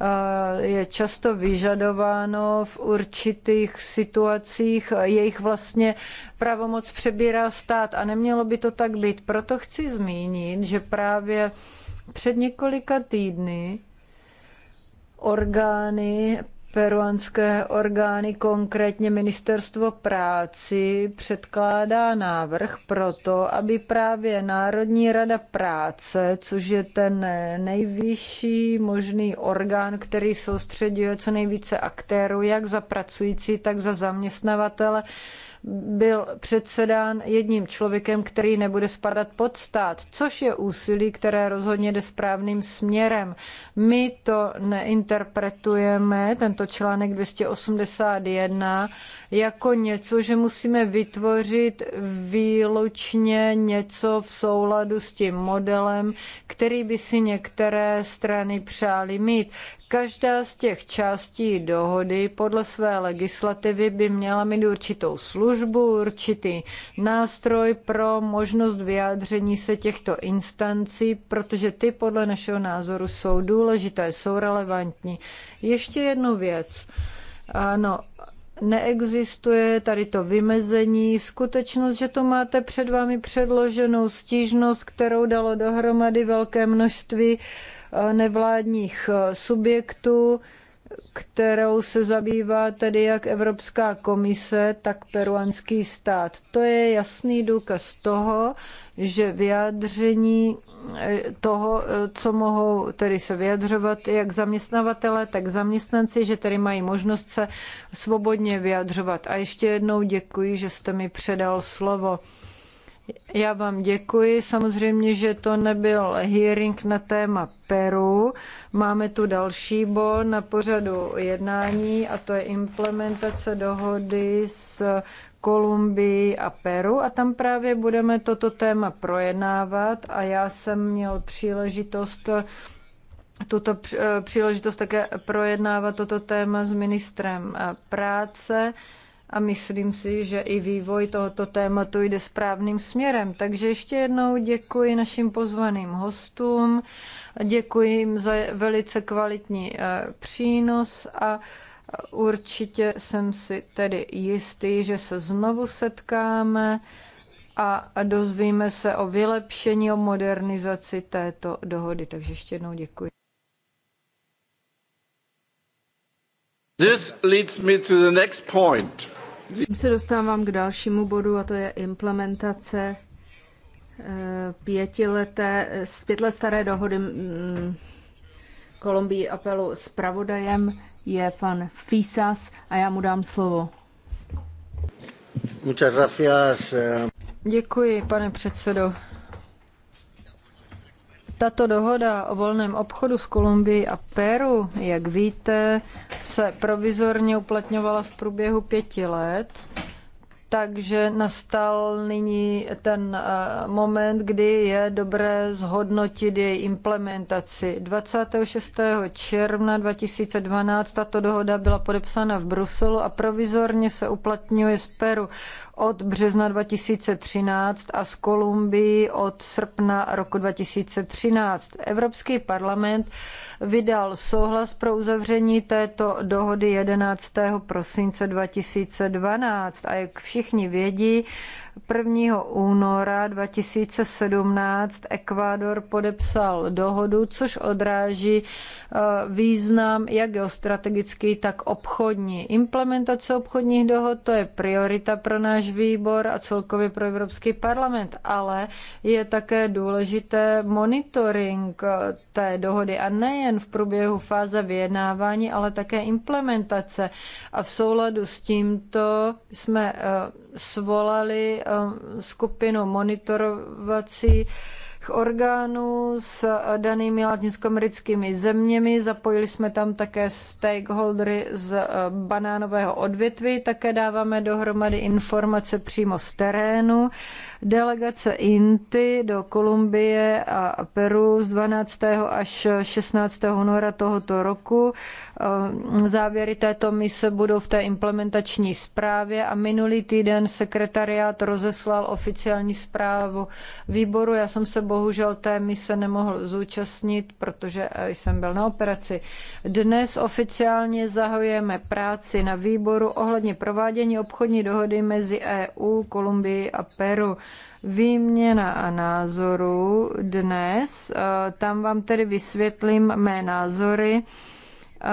Eh, je často vyžadováno v určitých situacích. Jejich vlastně pravomoc přebírá stát a nemělo by to tak být. Proto chci zmínit, že právě před několika týdny orgány peruanské orgány, konkrétně Ministerstvo práci, předkládá návrh pro to, aby právě Národní rada práce, což je ten nejvyšší možný orgán, který soustředuje co nejvíce aktérů, jak za pracující, tak za zaměstnavatele, byl předsedán jedním člověkem, který nebude spadat pod stát, což je úsilí, které rozhodně jde správným směrem. My to neinterpretujeme, tento článek 281, jako něco, že musíme vytvořit výlučně něco v souladu s tím modelem, který by si některé strany přáli mít. Každá z těch částí dohody podle své legislativy by měla mít určitou službu, určitý nástroj pro možnost vyjádření se těchto instancí, protože ty podle našeho názoru jsou důležité, jsou relevantní. Ještě jednu věc. Ano, neexistuje tady to vymezení, skutečnost, že to máte před vámi předloženou stížnost, kterou dalo dohromady velké množství uh, Eh, nevládních eh, subjektů, kterou se zabývá tedy jak Evropská komise, tak peruanský stát. To je jasný důkaz toho, že vyjádření eh, toho, co mohou tedy se vyjadřovat jak zaměstnavatele, tak zaměstnanci, že tedy mají možnost se svobodně vyjadřovat. A ještě jednou děkuji, že jste mi předal slovo. Já vám děkuji. Samozřejmě, že to nebyl hearing na téma Peru. Máme tu další bod na pořadu jednání a to je implementace dohody s Kolumbii a Peru a tam právě budeme toto téma projednávat a já jsem měl příležitost tuto eh, příležitost také projednávat toto téma s ministrem eh, práce a myslím si, že i vývoj tohoto tématu jde správným směrem. Takže ještě jednou děkuji našim pozvaným hostům, děkuji jim za velice kvalitní eh, přínos a určitě jsem si tedy jistý, že se znovu setkáme a dozvíme se o vylepšení, o modernizaci této dohody. Takže ještě jednou děkuji. This leads me to the next point. Tím se dostávám k dalšímu bodu a to je implementace eh, pětileté, z pět let staré dohody mm, Kolumbii apelu s pravodajem je pan Fisas a já mu dám slovo. Muchas gracias. Eh. Děkuji, pane předsedo. Tato dohoda o volném obchodu s Kolumbií a Peru, jak víte, se provizorně uplatňovala v průběhu pěti let, takže nastal nyní ten eh, moment, kdy je dobré zhodnotit její implementaci. 26. června 2012 tato dohoda byla podepsána v Bruselu a provizorně se uplatňuje z Peru od března 2013 a z Kolumbii od srpna roku 2013. Evropský parlament vydal souhlas pro uzavření této dohody 11. prosince 2012 a jak všichni vědí, 1. února 2017 Ekvádor podepsal dohodu, což odráží e, význam jak geostrategický, tak obchodní. Implementace obchodních dohod to je priorita pro náš výbor a celkově pro Evropský parlament, ale je také důležité monitoring e, té dohody a nejen v průběhu fáze vyjednávání, ale také implementace. A v souladu s tímto jsme e, svolali skupinu monitorovací orgánů s danými latinskoamerickými zeměmi. Zapojili jsme tam také stakeholdery z eh, banánového odvětví, také dáváme dohromady informace přímo z terénu Delegace INTY do Kolumbie a Peru z 12. až 16. února tohoto roku. Ehm, závěry této mise budou v té implementační zprávě a minulý týden sekretariát rozeslal oficiální zprávu výboru. Já jsem se bohužel té mise nemohl zúčastnit, protože jsem byl na operaci. Dnes oficiálně zahajujeme práci na výboru ohledně provádění obchodní dohody mezi EU, Kolumbií a Peru výměna názoru dnes. Eh, tam vám tedy vysvětlím mé názory eh,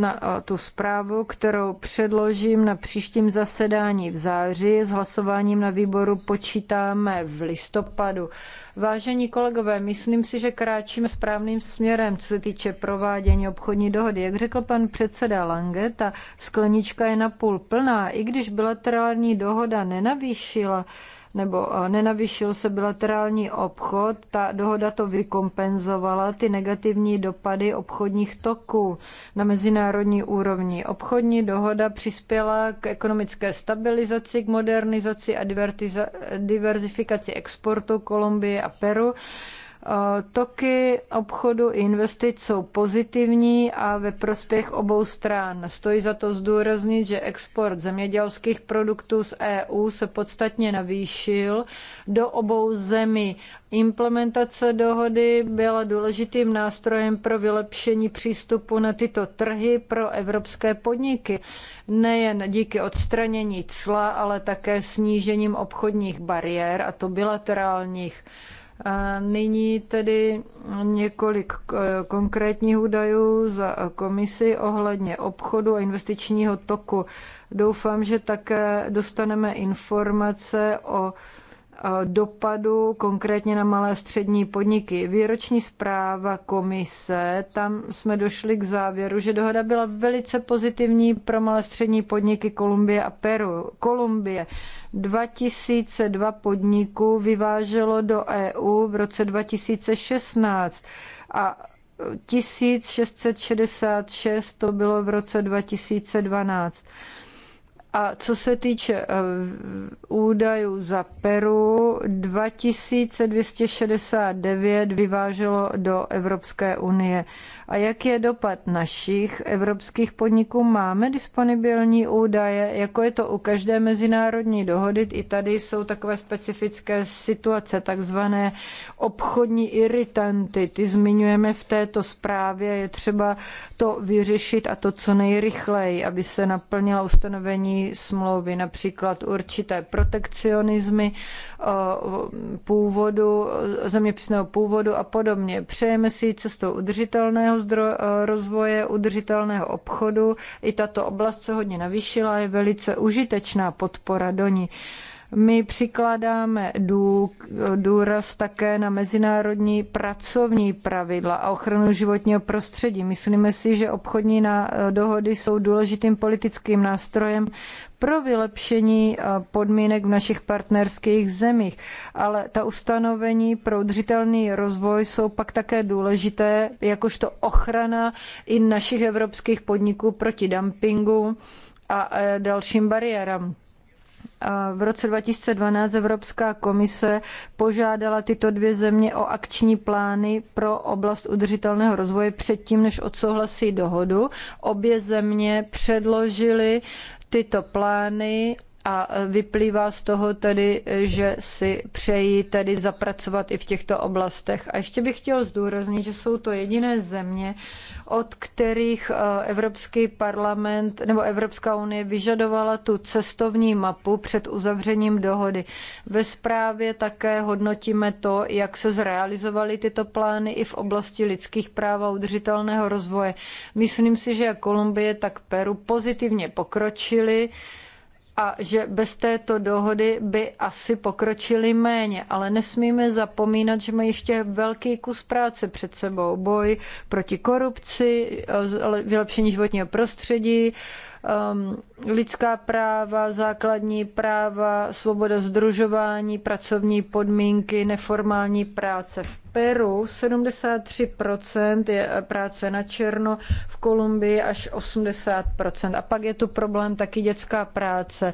na eh, tu zprávu, kterou předložím na příštím zasedání v září. S hlasováním na výboru počítáme v listopadu. Vážení kolegové, myslím si, že kráčíme správným směrem, co se týče provádění obchodní dohody. Jak řekl pan předseda Lange, ta sklenička je napůl plná. I když bilaterální dohoda nenavýšila nebo eh, nenavyšil se bilaterální obchod, ta dohoda to vykompenzovala, ty negativní dopady obchodních toků na mezinárodní úrovni. Obchodní dohoda přispěla k ekonomické stabilizaci, k modernizaci a diverzifikaci exportu Kolumbie a Peru Eh, toky obchodu i investic jsou pozitivní a ve prospěch obou stran. Stojí za to zdůraznit, že export zemědělských produktů z EU se podstatně navýšil do obou zemí. Implementace dohody byla důležitým nástrojem pro vylepšení přístupu na tyto trhy pro evropské podniky, nejen díky odstranění cla, ale také snížením obchodních bariér a to bilaterálních nyní tedy několik eh, konkrétních údajů za eh, komisi ohledně obchodu a investičního toku. Doufám, že také dostaneme informace o Eh, dopadu konkrétně na malé střední podniky. Výroční zpráva komise, tam jsme došli k závěru, že dohoda byla velice pozitivní pro malé střední podniky Kolumbie a Peru. Kolumbie 2002 podniků vyváželo do EU v roce 2016 a 1666 to bylo v roce 2012. A co se týče eh, údajů za Peru, 2269 vyváželo do Evropské unie. A jak je dopad našich evropských podniků? Máme disponibilní údaje, jako je to u každé mezinárodní dohody. I tady jsou takové specifické situace, takzvané obchodní irritanty. Ty zmiňujeme v této zprávě. Je třeba to vyřešit a to co nejrychleji, aby se naplnila ustanovení smlouvy, například určité protekcionizmy původu, zeměpisného původu a podobně. Přejeme si cestou udržitelného udržitelného eh, rozvoje, udržitelného obchodu. I tato oblast se hodně navýšila, je velice užitečná podpora do ní. My přikládáme důraz také na mezinárodní pracovní pravidla a ochranu životního prostředí. Myslíme si, že obchodní dohody jsou důležitým politickým nástrojem pro vylepšení eh, podmínek v našich partnerských zemích. Ale ta ustanovení pro udržitelný rozvoj jsou pak také důležité, jakožto ochrana i našich evropských podniků proti dumpingu a eh, dalším bariérám. V roce 2012 Evropská komise požádala tyto dvě země o akční plány pro oblast udržitelného rozvoje předtím, než odsouhlasí dohodu. Obě země předložily tyto plány a vyplývá z toho tedy, že si přejí tedy zapracovat i v těchto oblastech. A ještě bych chtěl zdůraznit, že jsou to jediné země, od kterých eh, Evropský parlament nebo Evropská unie vyžadovala tu cestovní mapu před uzavřením dohody. Ve zprávě také hodnotíme to, jak se zrealizovaly tyto plány i v oblasti lidských práv a udržitelného rozvoje. Myslím si, že jak Kolumbie, tak Peru pozitivně pokročili a že bez této dohody by asi pokročili méně, ale nesmíme zapomínat, že mají ještě velký kus práce před sebou. Boj proti korupci, vylepšení životního prostředí, Um, lidská práva, základní práva, svoboda združování, pracovní podmínky, neformální práce. V Peru 73% je eh, práce na černo, v Kolumbii až 80%. A pak je tu problém taky dětská práce.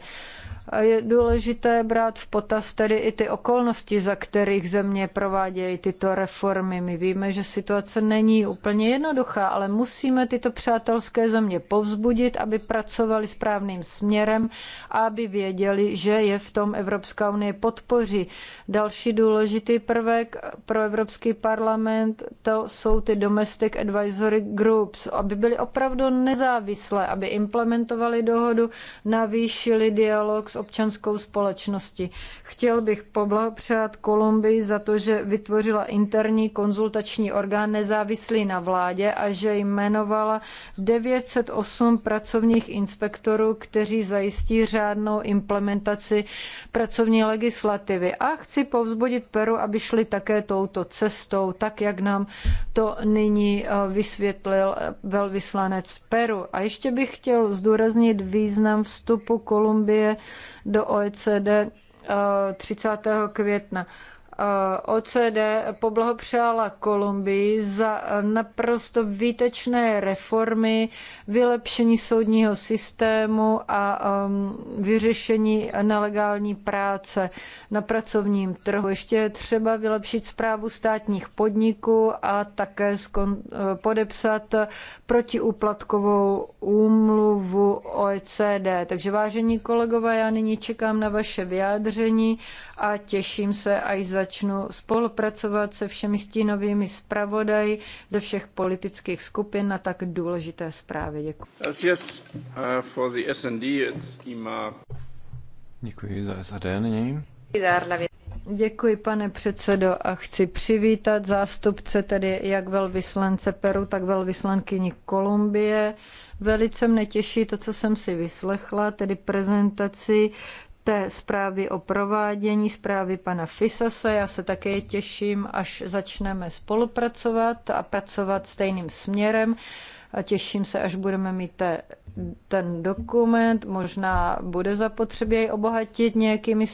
Je důležité brát v potaz tedy i ty okolnosti, za kterých země provádějí tyto reformy. My víme, že situace není úplně jednoduchá, ale musíme tyto přátelské země povzbudit, aby pracovali správným směrem a aby věděli, že je v tom Evropská unie podpoří. Další důležitý prvek pro Evropský parlament to jsou ty domestic advisory groups, aby byly opravdu nezávislé, aby implementovali dohodu, navýšili dialog s občanskou společností. Chtěl bych poblahopřát Kolumbii za to, že vytvořila interní konzultační orgán nezávislý na vládě a že jmenovala 908 pracovních inspektorů, kteří zajistí řádnou implementaci pracovní legislativy. A chci povzbudit Peru, aby šli také touto cestou, tak jak nám to nyní eh, vysvětlil velvyslanec Peru. A ještě bych chtěl zdůraznit význam vstupu Kolumbie do OECD 30. Eh, května. Eh, OCD poblahopřála Kolumbii za naprosto výtečné reformy, vylepšení soudního systému a vyřešení nelegální práce na pracovním trhu. Ještě je třeba vylepšit zprávu státních podniků a také eh, podepsat protiúplatkovou úmluvu OECD. Takže vážení kolegové, já nyní čekám na vaše vyjádření a těším se, až začne začnu spolupracovat se všemi stínovými zpravodaji ze všech politických skupin na tak důležité zprávě. Děkuji. Yes, eh, for the SND, it's Ima. Děkuji za SAD, nyní. Děkuji, pane předsedo, a chci přivítat zástupce tedy jak velvyslance Peru, tak velvyslankyni Kolumbie. Velice mne těší to, co jsem si vyslechla, tedy prezentaci té zprávy o provádění, zprávy pana Fisase. Já se také těším, až začneme spolupracovat a pracovat stejným směrem. A těším se, až budeme mít te, ten dokument. Možná bude zapotřebí jej obohatit nějakými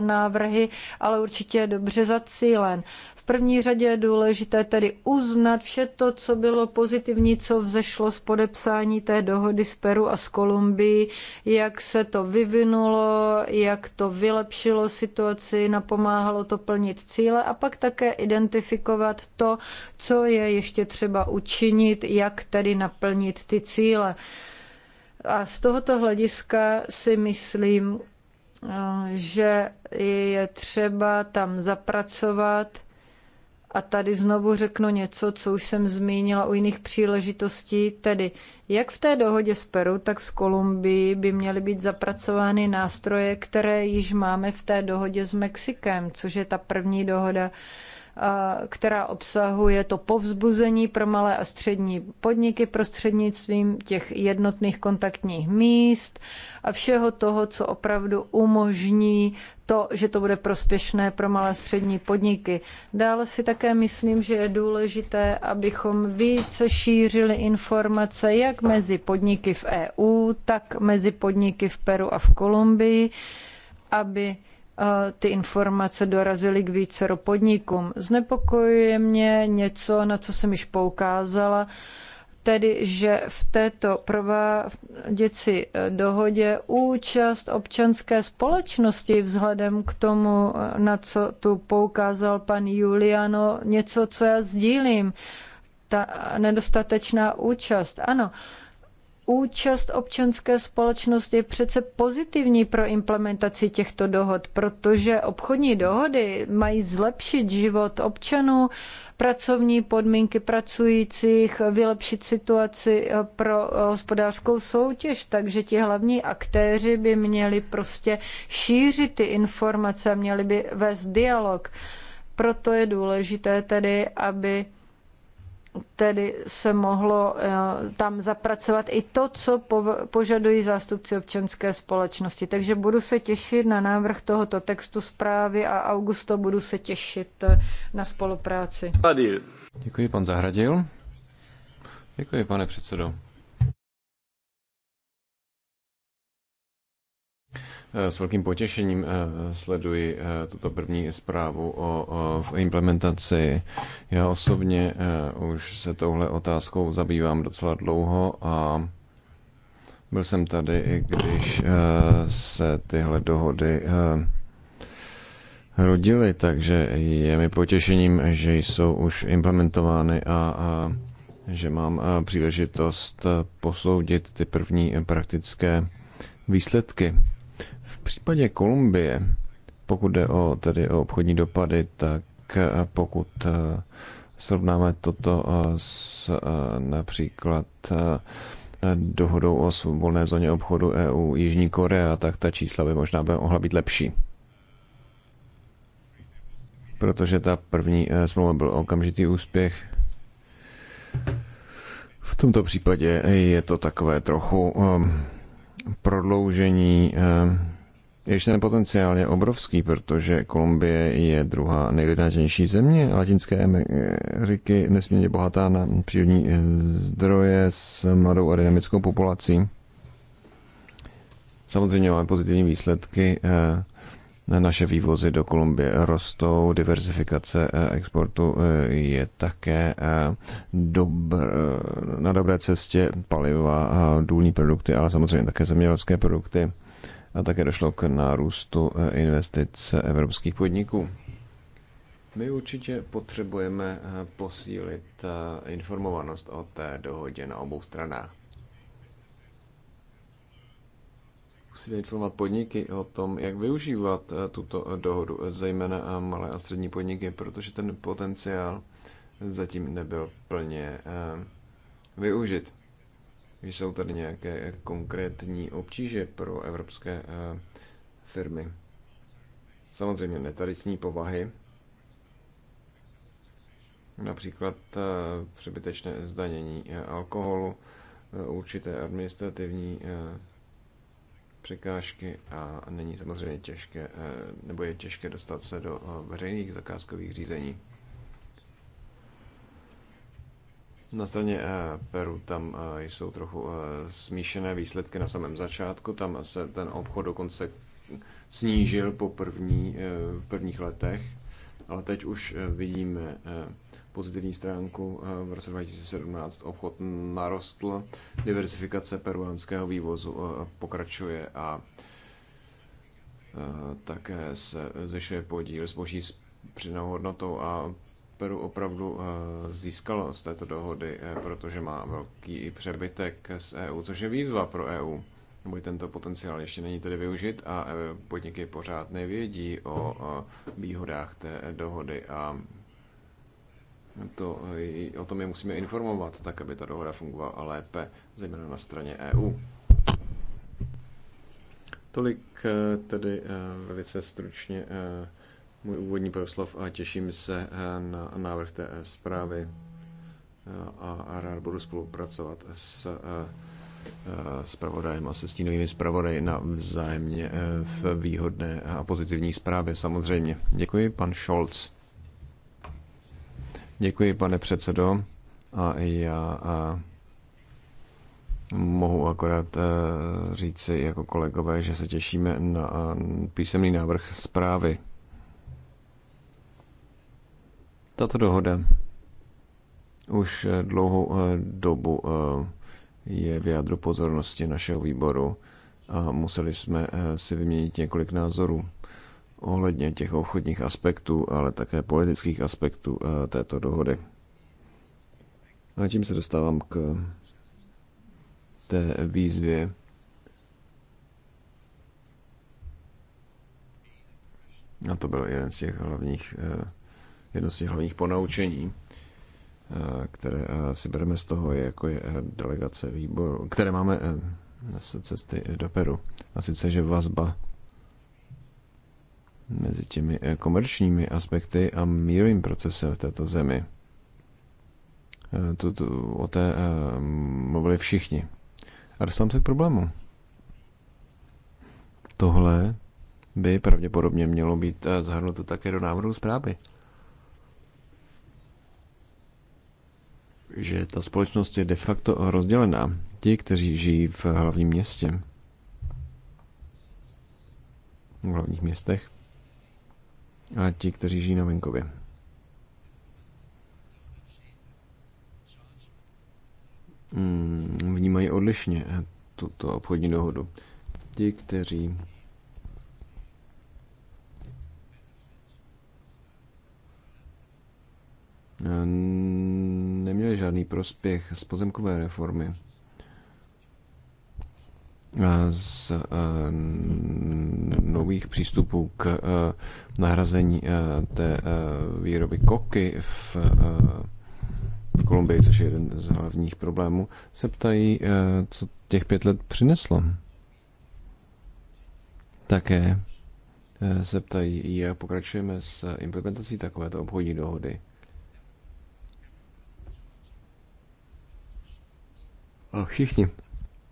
návrhy, ale určitě je dobře zacílen. V první řadě je důležité tedy uznat vše to, co bylo pozitivní, co vzešlo z podepsání té dohody s Peru a s Kolumbii, jak se to vyvinulo, jak to vylepšilo situaci, napomáhalo to plnit cíle a pak také identifikovat to, co je ještě třeba učinit, jak tedy naplnit ty cíle. A z tohoto hlediska si myslím, eh, že je třeba tam zapracovat a tady znovu řeknu něco, co už jsem zmínila u jiných příležitostí, tedy jak v té dohodě s Peru, tak s Kolumbií by měly být zapracovány nástroje, které již máme v té dohodě s Mexikem, což je ta první dohoda, která obsahuje to povzbuzení pro malé a střední podniky prostřednictvím těch jednotných kontaktních míst a všeho toho, co opravdu umožní to, že to bude prospěšné pro malé a střední podniky. Dále si také myslím, že je důležité, abychom více šířili informace jak mezi podniky v EU, tak mezi podniky v Peru a v Kolumbii, aby ty informace dorazily k více podnikům. Znepokojuje mě něco, na co jsem již poukázala, tedy, že v této prováděcí eh, dohodě účast občanské společnosti vzhledem k tomu, eh, na co tu poukázal pan Juliano, něco, co já sdílím, ta nedostatečná účast. Ano, účast občanské společnosti je přece pozitivní pro implementaci těchto dohod, protože obchodní dohody mají zlepšit život občanů, pracovní podmínky pracujících, vylepšit situaci eh, pro eh, hospodářskou soutěž, takže ti hlavní aktéři by měli prostě šířit ty informace, měli by vést dialog. Proto je důležité tedy, aby tedy se mohlo eh, tam zapracovat i to, co požadují zástupci občanské společnosti. Takže budu se těšit na návrh tohoto textu zprávy a Augusto budu se těšit eh, na spolupráci. Děkuji, pan Zahradil. Děkuji, pane předsedo. Eh, s velkým potěšením eh, sleduji eh, tuto první zprávu o implementaci. Já osobně už se touhle otázkou zabývám docela dlouho a byl jsem tady, i když se tyhle dohody rodily, takže je mi potěšením, že jsou už implementovány a, a že mám příležitost posoudit ty první praktické výsledky. V případě Kolumbie, pokud jde o, tedy o obchodní dopady, tak eh, pokud eh, srovnáme toto eh, s například dohodou o volné zóně obchodu EU Jižní Korea, tak ta čísla by možná by mohla být lepší. Protože ta první smlouva byl okamžitý úspěch. V tomto případě je to takové trochu prodloužení Jež ten potenciál je obrovský, protože Kolumbie je druhá nejlidnatější země Latinské Ameriky, nesmírně bohatá na přírodní eh, zdroje s mladou a dynamickou populací. Samozřejmě máme pozitivní výsledky. Eh, naše vývozy do Kolumbie rostou, diversifikace eh, exportu je také dobr, na dobré cestě paliva, důlní produkty, ale samozřejmě také zemědělské produkty a také došlo k nárůstu eh, investic evropských podniků. My určitě potřebujeme eh, posílit eh, informovanost o té dohodě na obou stranách. Musíme informovat podniky o tom, jak využívat tuto dohodu, zejména malé a střední podniky, protože ten potenciál zatím nebyl plně využit jsou tady nějaké konkrétní obtíže pro evropské eh, firmy. Samozřejmě netaritní povahy, například eh, přebytečné zdanění eh, alkoholu, určité administrativní překážky a není samozřejmě těžké, nebo je těžké dostat se do veřejných zakázkových řízení. Na straně eh, Peru tam eh, jsou trochu eh, smíšené výsledky na samém začátku. Tam se ten obchod dokonce snížil po první, v prvních letech, ale teď už vidíme pozitivní stránku. V roce 2017 obchod narostl, diversifikace peruánského vývozu pokračuje a také se zvyšuje podíl zboží s přidanou hodnotou a Peru opravdu eh, získalo z této dohody, eh, protože má velký přebytek z EU, což je výzva pro EU. Můj tento potenciál ještě není tedy využit a eh, podniky pořád nevědí o výhodách té dohody a to, o tom je musíme informovat, tak aby ta dohoda fungovala lépe, zejména na straně EU. Tolik tedy velice stručně můj úvodní proslov a těším se eh, na návrh té eh, zprávy eh, a rád budu spolupracovat s zpravodajem a se stínovými zpravodaji na vzájemně v výhodné a pozitivní zprávě samozřejmě. Děkuji, pan Scholz. Děkuji, pane předsedo. A já a mohu akorát říci jako kolegové, že se těšíme na písemný návrh zprávy. Tato dohoda už eh, dlouhou eh, dobu eh, je v jádru pozornosti našeho výboru a museli jsme si vyměnit několik názorů ohledně těch obchodních aspektů, ale také politických aspektů této dohody. A tím se dostávám k té výzvě, a to byl jeden z těch hlavních jedno z těch hlavních ponaučení, eh, které eh, si bereme z toho, je, jako je eh, delegace výboru, které máme z cesty do Peru. A sice, že vazba mezi těmi komerčními aspekty a mírovým procesem v této zemi. Tu, tu, o té mluvili všichni. A dostám se k problému. Tohle by pravděpodobně mělo být zahrnuto také do návrhu zprávy. že ta společnost je de facto rozdělená. Ti, kteří žijí v hlavním městě, v hlavních městech, a ti, kteří žijí na venkově. Mm, vnímají odlišně tuto obchodní dohodu. Ti, kteří žádný prospěch z pozemkové reformy, z nových přístupů k nahrazení té výroby koky v v Kolumbii, což je jeden z hlavních problémů, se ptají, co těch pět let přineslo. Také se ptají, jak pokračujeme s implementací takovéto obchodní dohody. A všichni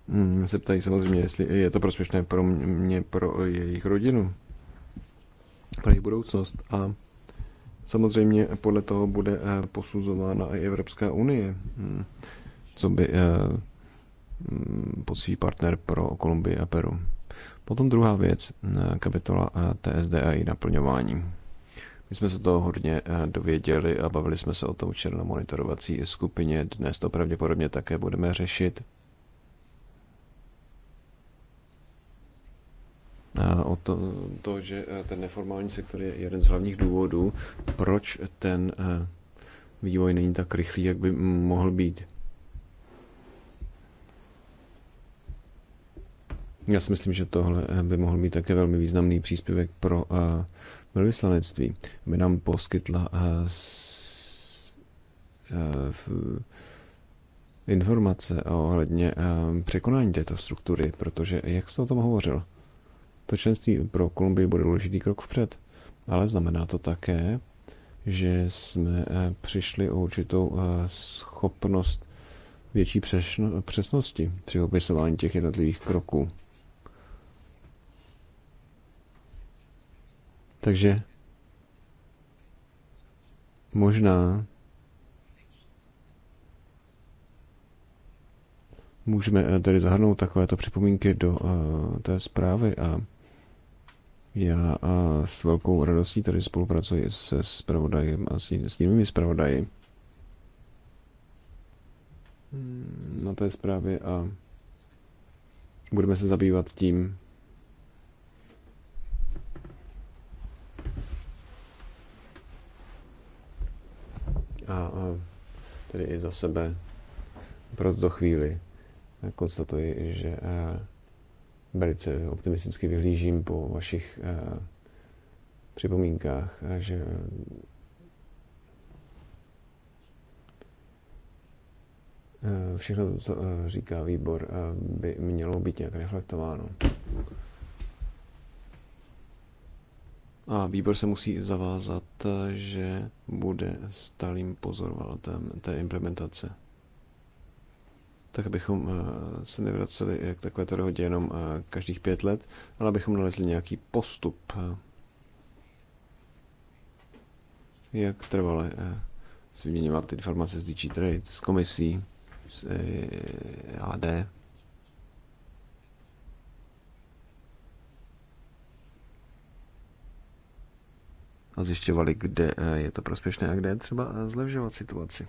hmm, se ptají samozřejmě, jestli je to prospěšné pro mě, pro jejich rodinu, pro jejich budoucnost. A samozřejmě podle toho bude eh, posuzována i Evropská unie, hmm, co by eh, hmm, poctivý partner pro Kolumbii a Peru. Potom druhá věc, eh, kapitola TSD a její naplňování. My jsme se toho hodně eh, dověděli a bavili jsme se o tom včera na monitorovací skupině. Dnes to pravděpodobně také budeme řešit. o to, to, že eh, ten neformální sektor je jeden z hlavních důvodů, proč ten eh, vývoj není tak rychlý, jak by mohl být. Já si myslím, že tohle by mohl být také velmi významný příspěvek pro velvyslanectví, mi nám poskytla eh, eh, informace ohledně eh, překonání této struktury, protože, jak jste o tom hovořil, to členství pro Kolumbii bude důležitý krok vpřed, ale znamená to také, že jsme přišli o určitou schopnost větší přesnosti při opisování těch jednotlivých kroků. Takže možná můžeme eh, tady zahrnout takovéto připomínky do eh, té zprávy a já a eh, s velkou radostí tady spolupracuji se zpravodajem a s, s jinými zpravodaji hmm, na té zprávě a budeme se zabývat tím, a tedy i za sebe pro tuto chvíli konstatuji, že eh, velice optimisticky vyhlížím po vašich eh, připomínkách, že eh, všechno, co říká výbor, by mělo být nějak reflektováno. A výbor se musí zavázat, že bude stálým pozorovatelem té implementace. Tak abychom eh, se nevraceli k takové dohodě jenom eh, každých pět let, ale abychom nalezli nějaký postup, eh, jak trvale si vyměňovat informace z Trade, s komisí, s AD, a zjišťovali, kde eh, je to prospěšné a kde je třeba eh, zlevžovat situaci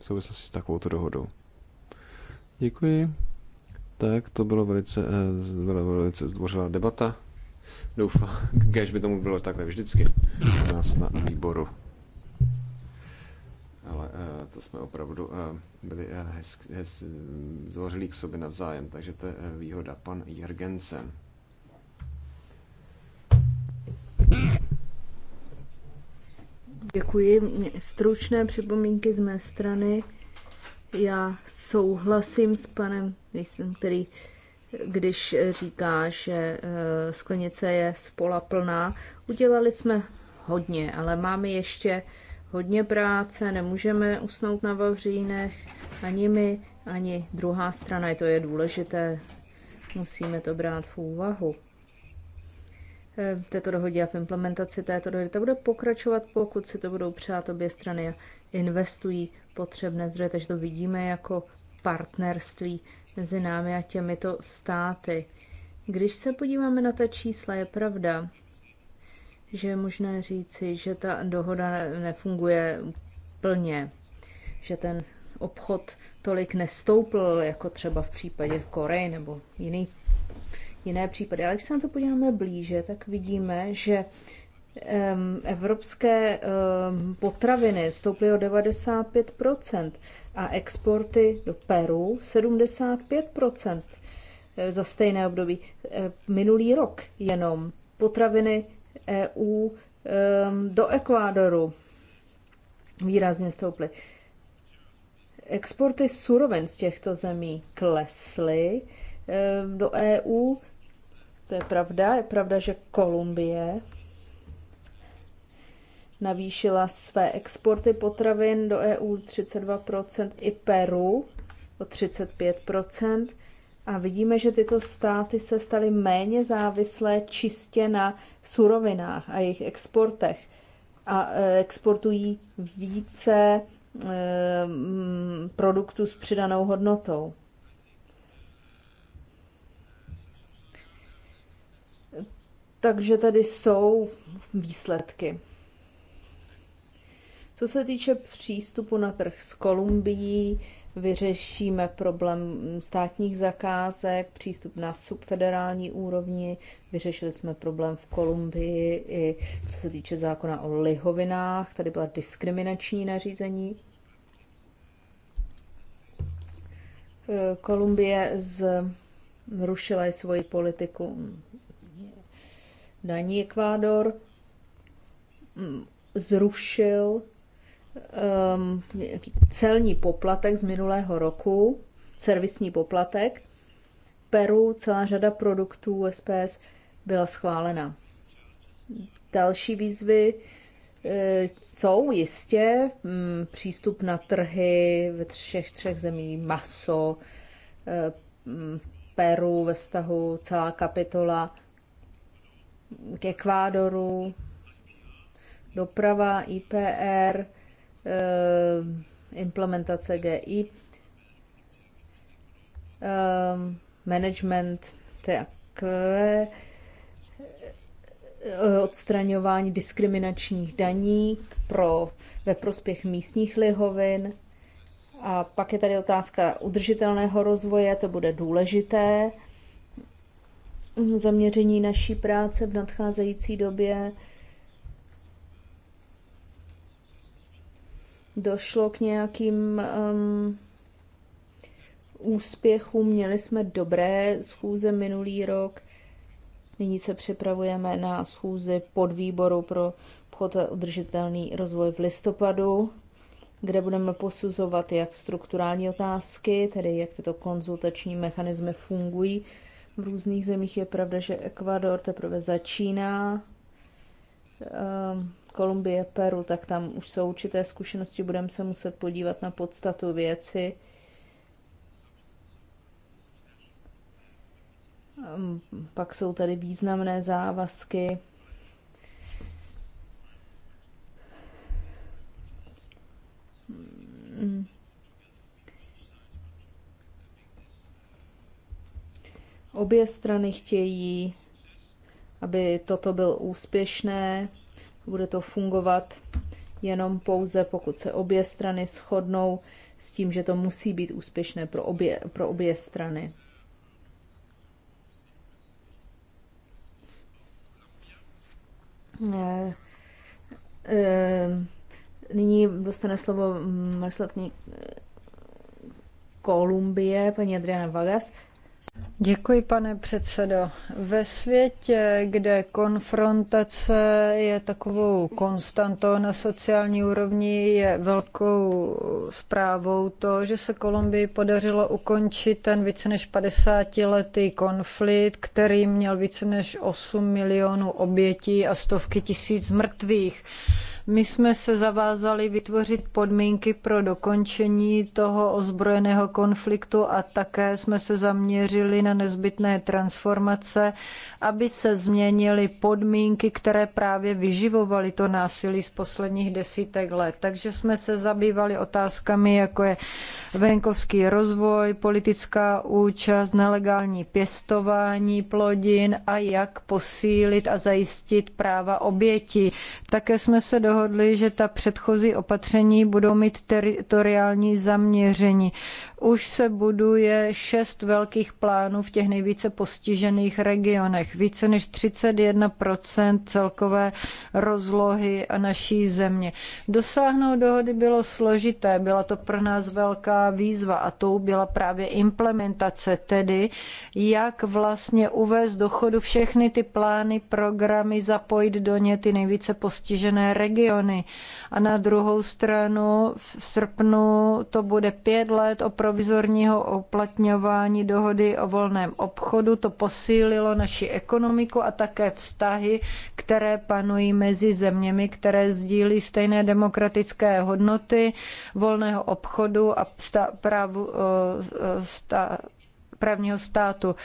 v souvislosti s takovouto dohodou. Děkuji. Tak to bylo velice, eh, byla velice zdvořilá debata. Doufám, kež by tomu bylo takhle vždycky u nás na výboru. Ale to jsme opravdu byli hez, zdvořilí k sobě navzájem, takže to je výhoda pan Jergensen. Děkuji. Stručné připomínky z mé strany. Já souhlasím s panem, který když říká, že eh, sklenice je spola plná. Udělali jsme hodně, ale máme ještě hodně práce, nemůžeme usnout na Vavřínech, ani my, ani druhá strana, je to je důležité, musíme to brát v úvahu. Eh, této dohodě a v implementaci této dohody. To bude pokračovat, pokud si to budou přát obě strany a investují potřebné zdroje, takže to vidíme jako partnerství mezi námi a těmito státy. Když se podíváme na ta čísla, je pravda, že je možné říci, že ta dohoda nefunguje plně, že ten obchod tolik nestoupl, jako třeba v případě Koreji nebo jiných jiné případy. Ale když se na to podíváme blíže, tak vidíme, že evropské potraviny stouply o 95 a exporty do Peru 75 eh, za stejné období. Eh, minulý rok jenom potraviny EU do Ekvádoru výrazně stouply. Exporty surovin z těchto zemí klesly do EU to je pravda. Je pravda, že Kolumbie navýšila své exporty potravin do EU 32%, i Peru o 35%. A vidíme, že tyto státy se staly méně závislé čistě na surovinách a jejich exportech a e, exportují více e, produktů s přidanou hodnotou. Takže tady jsou výsledky. Co se týče přístupu na trh s Kolumbií, vyřešíme problém státních zakázek, přístup na subfederální úrovni, vyřešili jsme problém v Kolumbii i co se týče zákona o lihovinách, tady byla diskriminační nařízení. Kolumbie zrušila i svoji politiku ní Ekvádor mm, zrušil um, celní poplatek z minulého roku, servisní poplatek. Peru celá řada produktů SPS byla schválena. Další výzvy eh, jsou jistě mm, přístup na trhy ve všech třech zemí, maso, eh, mm, Peru ve vztahu celá kapitola k Ekvádoru, doprava, IPR, eh, implementace GI, eh, management tak eh, odstraňování diskriminačních daní pro, ve prospěch místních lihovin. A pak je tady otázka udržitelného rozvoje, to bude důležité zaměření naší práce v nadcházející době. Došlo k nějakým um, úspěchům, měli jsme dobré schůze minulý rok, nyní se připravujeme na schůzi podvýboru pro obchod a udržitelný rozvoj v listopadu, kde budeme posuzovat, jak strukturální otázky, tedy jak tyto konzultační mechanismy fungují, v různých zemích. Je pravda, že Ekvador teprve začíná, ehm, Kolumbie, Peru, tak tam už jsou určité zkušenosti, budeme se muset podívat na podstatu věci. Ehm, pak jsou tady významné závazky. Mm. Obě strany chtějí, aby toto bylo úspěšné. Bude to fungovat jenom pouze, pokud se obě strany shodnou s tím, že to musí být úspěšné pro obě, pro obě strany. Eh, eh, nyní dostane slovo mm, Marcel Kolumbie, paní Adriana Vagas. Děkuji, pane předsedo. Ve světě, kde konfrontace je takovou konstantou na sociální úrovni, je velkou zprávou to, že se Kolumbii podařilo ukončit ten více než 50-letý konflikt, který měl více než 8 milionů obětí a stovky tisíc mrtvých. My jsme se zavázali vytvořit podmínky pro dokončení toho ozbrojeného konfliktu a také jsme se zaměřili na nezbytné transformace, aby se změnily podmínky, které právě vyživovaly to násilí z posledních desítek let. Takže jsme se zabývali otázkami, jako je venkovský rozvoj, politická účast, nelegální pěstování plodin a jak posílit a zajistit práva obětí. Také jsme se do dohodli, že ta předchozí opatření budou mít teritoriální zaměření. Už se buduje šest velkých plánů v těch nejvíce postižených regionech. Více než 31% celkové rozlohy naší země. Dosáhnout dohody bylo složité, byla to pro nás velká výzva a tou byla právě implementace, tedy jak vlastně uvést do chodu všechny ty plány, programy, zapojit do ně ty nejvíce postižené regiony regiony. A na druhou stranu v srpnu to bude pět let o provizorního oplatňování dohody o volném obchodu. To posílilo naši ekonomiku a také vztahy, které panují mezi zeměmi, které sdílí stejné demokratické hodnoty volného obchodu a právu právního státu.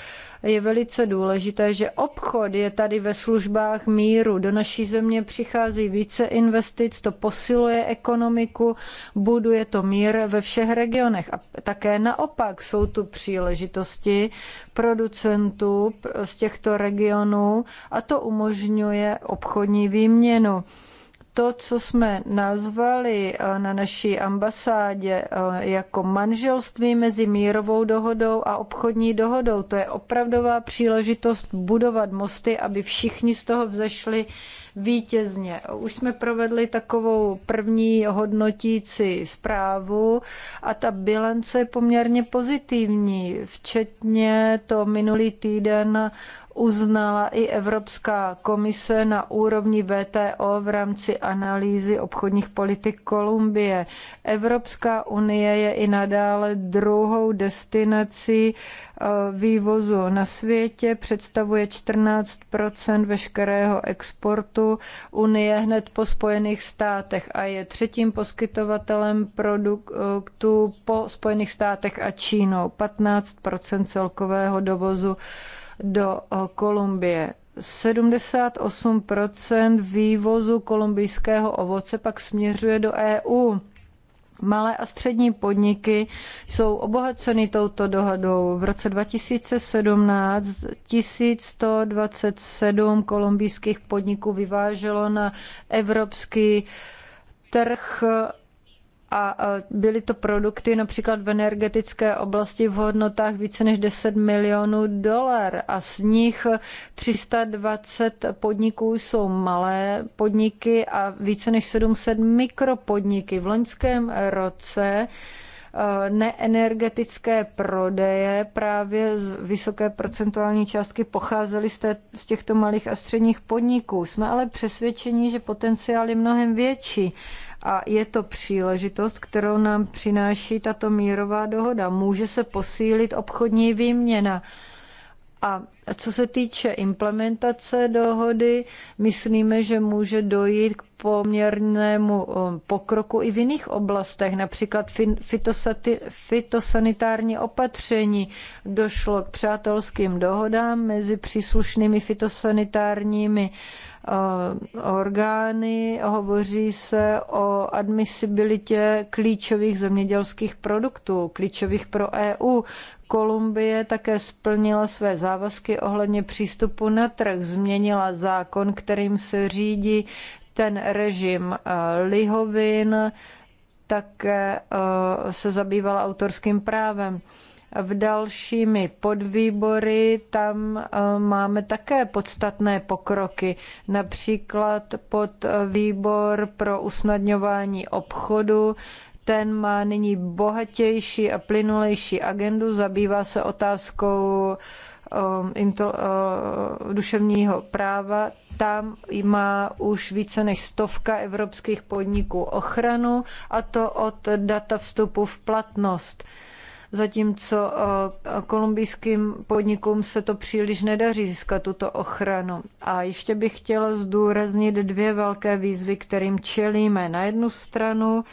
Je velice důležité, že obchod je tady ve službách míru. Do naší země přichází více investic, to posiluje ekonomiku, buduje to mír ve všech regionech. A také naopak jsou tu příležitosti producentů z těchto regionů a to umožňuje obchodní výměnu to, co jsme nazvali eh, na naší ambasádě eh, jako manželství mezi mírovou dohodou a obchodní dohodou, to je opravdová příležitost budovat mosty, aby všichni z toho vzešli vítězně. Už jsme provedli takovou první hodnotící zprávu a ta bilance je poměrně pozitivní, včetně to minulý týden uznala i Evropská komise na úrovni VTO v rámci analýzy obchodních politik Kolumbie. Evropská unie je i nadále druhou destinací eh, vývozu na světě, představuje 14 veškerého exportu Unie hned po Spojených státech a je třetím poskytovatelem produktů po Spojených státech a Čínou, 15 celkového dovozu do eh, Kolumbie. 78 vývozu kolumbijského ovoce pak směřuje do EU. Malé a střední podniky jsou obohaceny touto dohodou. V roce 2017 1127 kolumbijských podniků vyváželo na evropský trh a e, byly to produkty například v energetické oblasti v hodnotách více než 10 milionů dolar a z nich 320 podniků jsou malé podniky a více než 700 mikropodniky. V loňském roce Eh, neenergetické prodeje právě z vysoké procentuální částky pocházely z, té, z těchto malých a středních podniků. Jsme ale přesvědčeni, že potenciál je mnohem větší a je to příležitost, kterou nám přináší tato mírová dohoda. Může se posílit obchodní výměna a co se týče implementace dohody, myslíme, že může dojít k poměrnému eh, pokroku i v jiných oblastech, například fitosanitární opatření. Došlo k přátelským dohodám mezi příslušnými fitosanitárními eh, orgány. Hovoří se o admisibilitě klíčových zemědělských produktů, klíčových pro EU. Kolumbie také splnila své závazky ohledně přístupu na trh, změnila zákon, kterým se řídí ten režim eh, lihovin, také eh, se zabývala autorským právem. V dalšími podvýbory tam eh, máme také podstatné pokroky, například pod výbor pro usnadňování obchodu, ten má nyní bohatější a plynulejší agendu, zabývá se otázkou um, uh, duševního práva. Tam má už více než stovka evropských podniků ochranu a to od data vstupu v platnost. Zatímco uh, kolumbijským podnikům se to příliš nedaří získat tuto ochranu. A ještě bych chtěla zdůraznit dvě velké výzvy, kterým čelíme. Na jednu stranu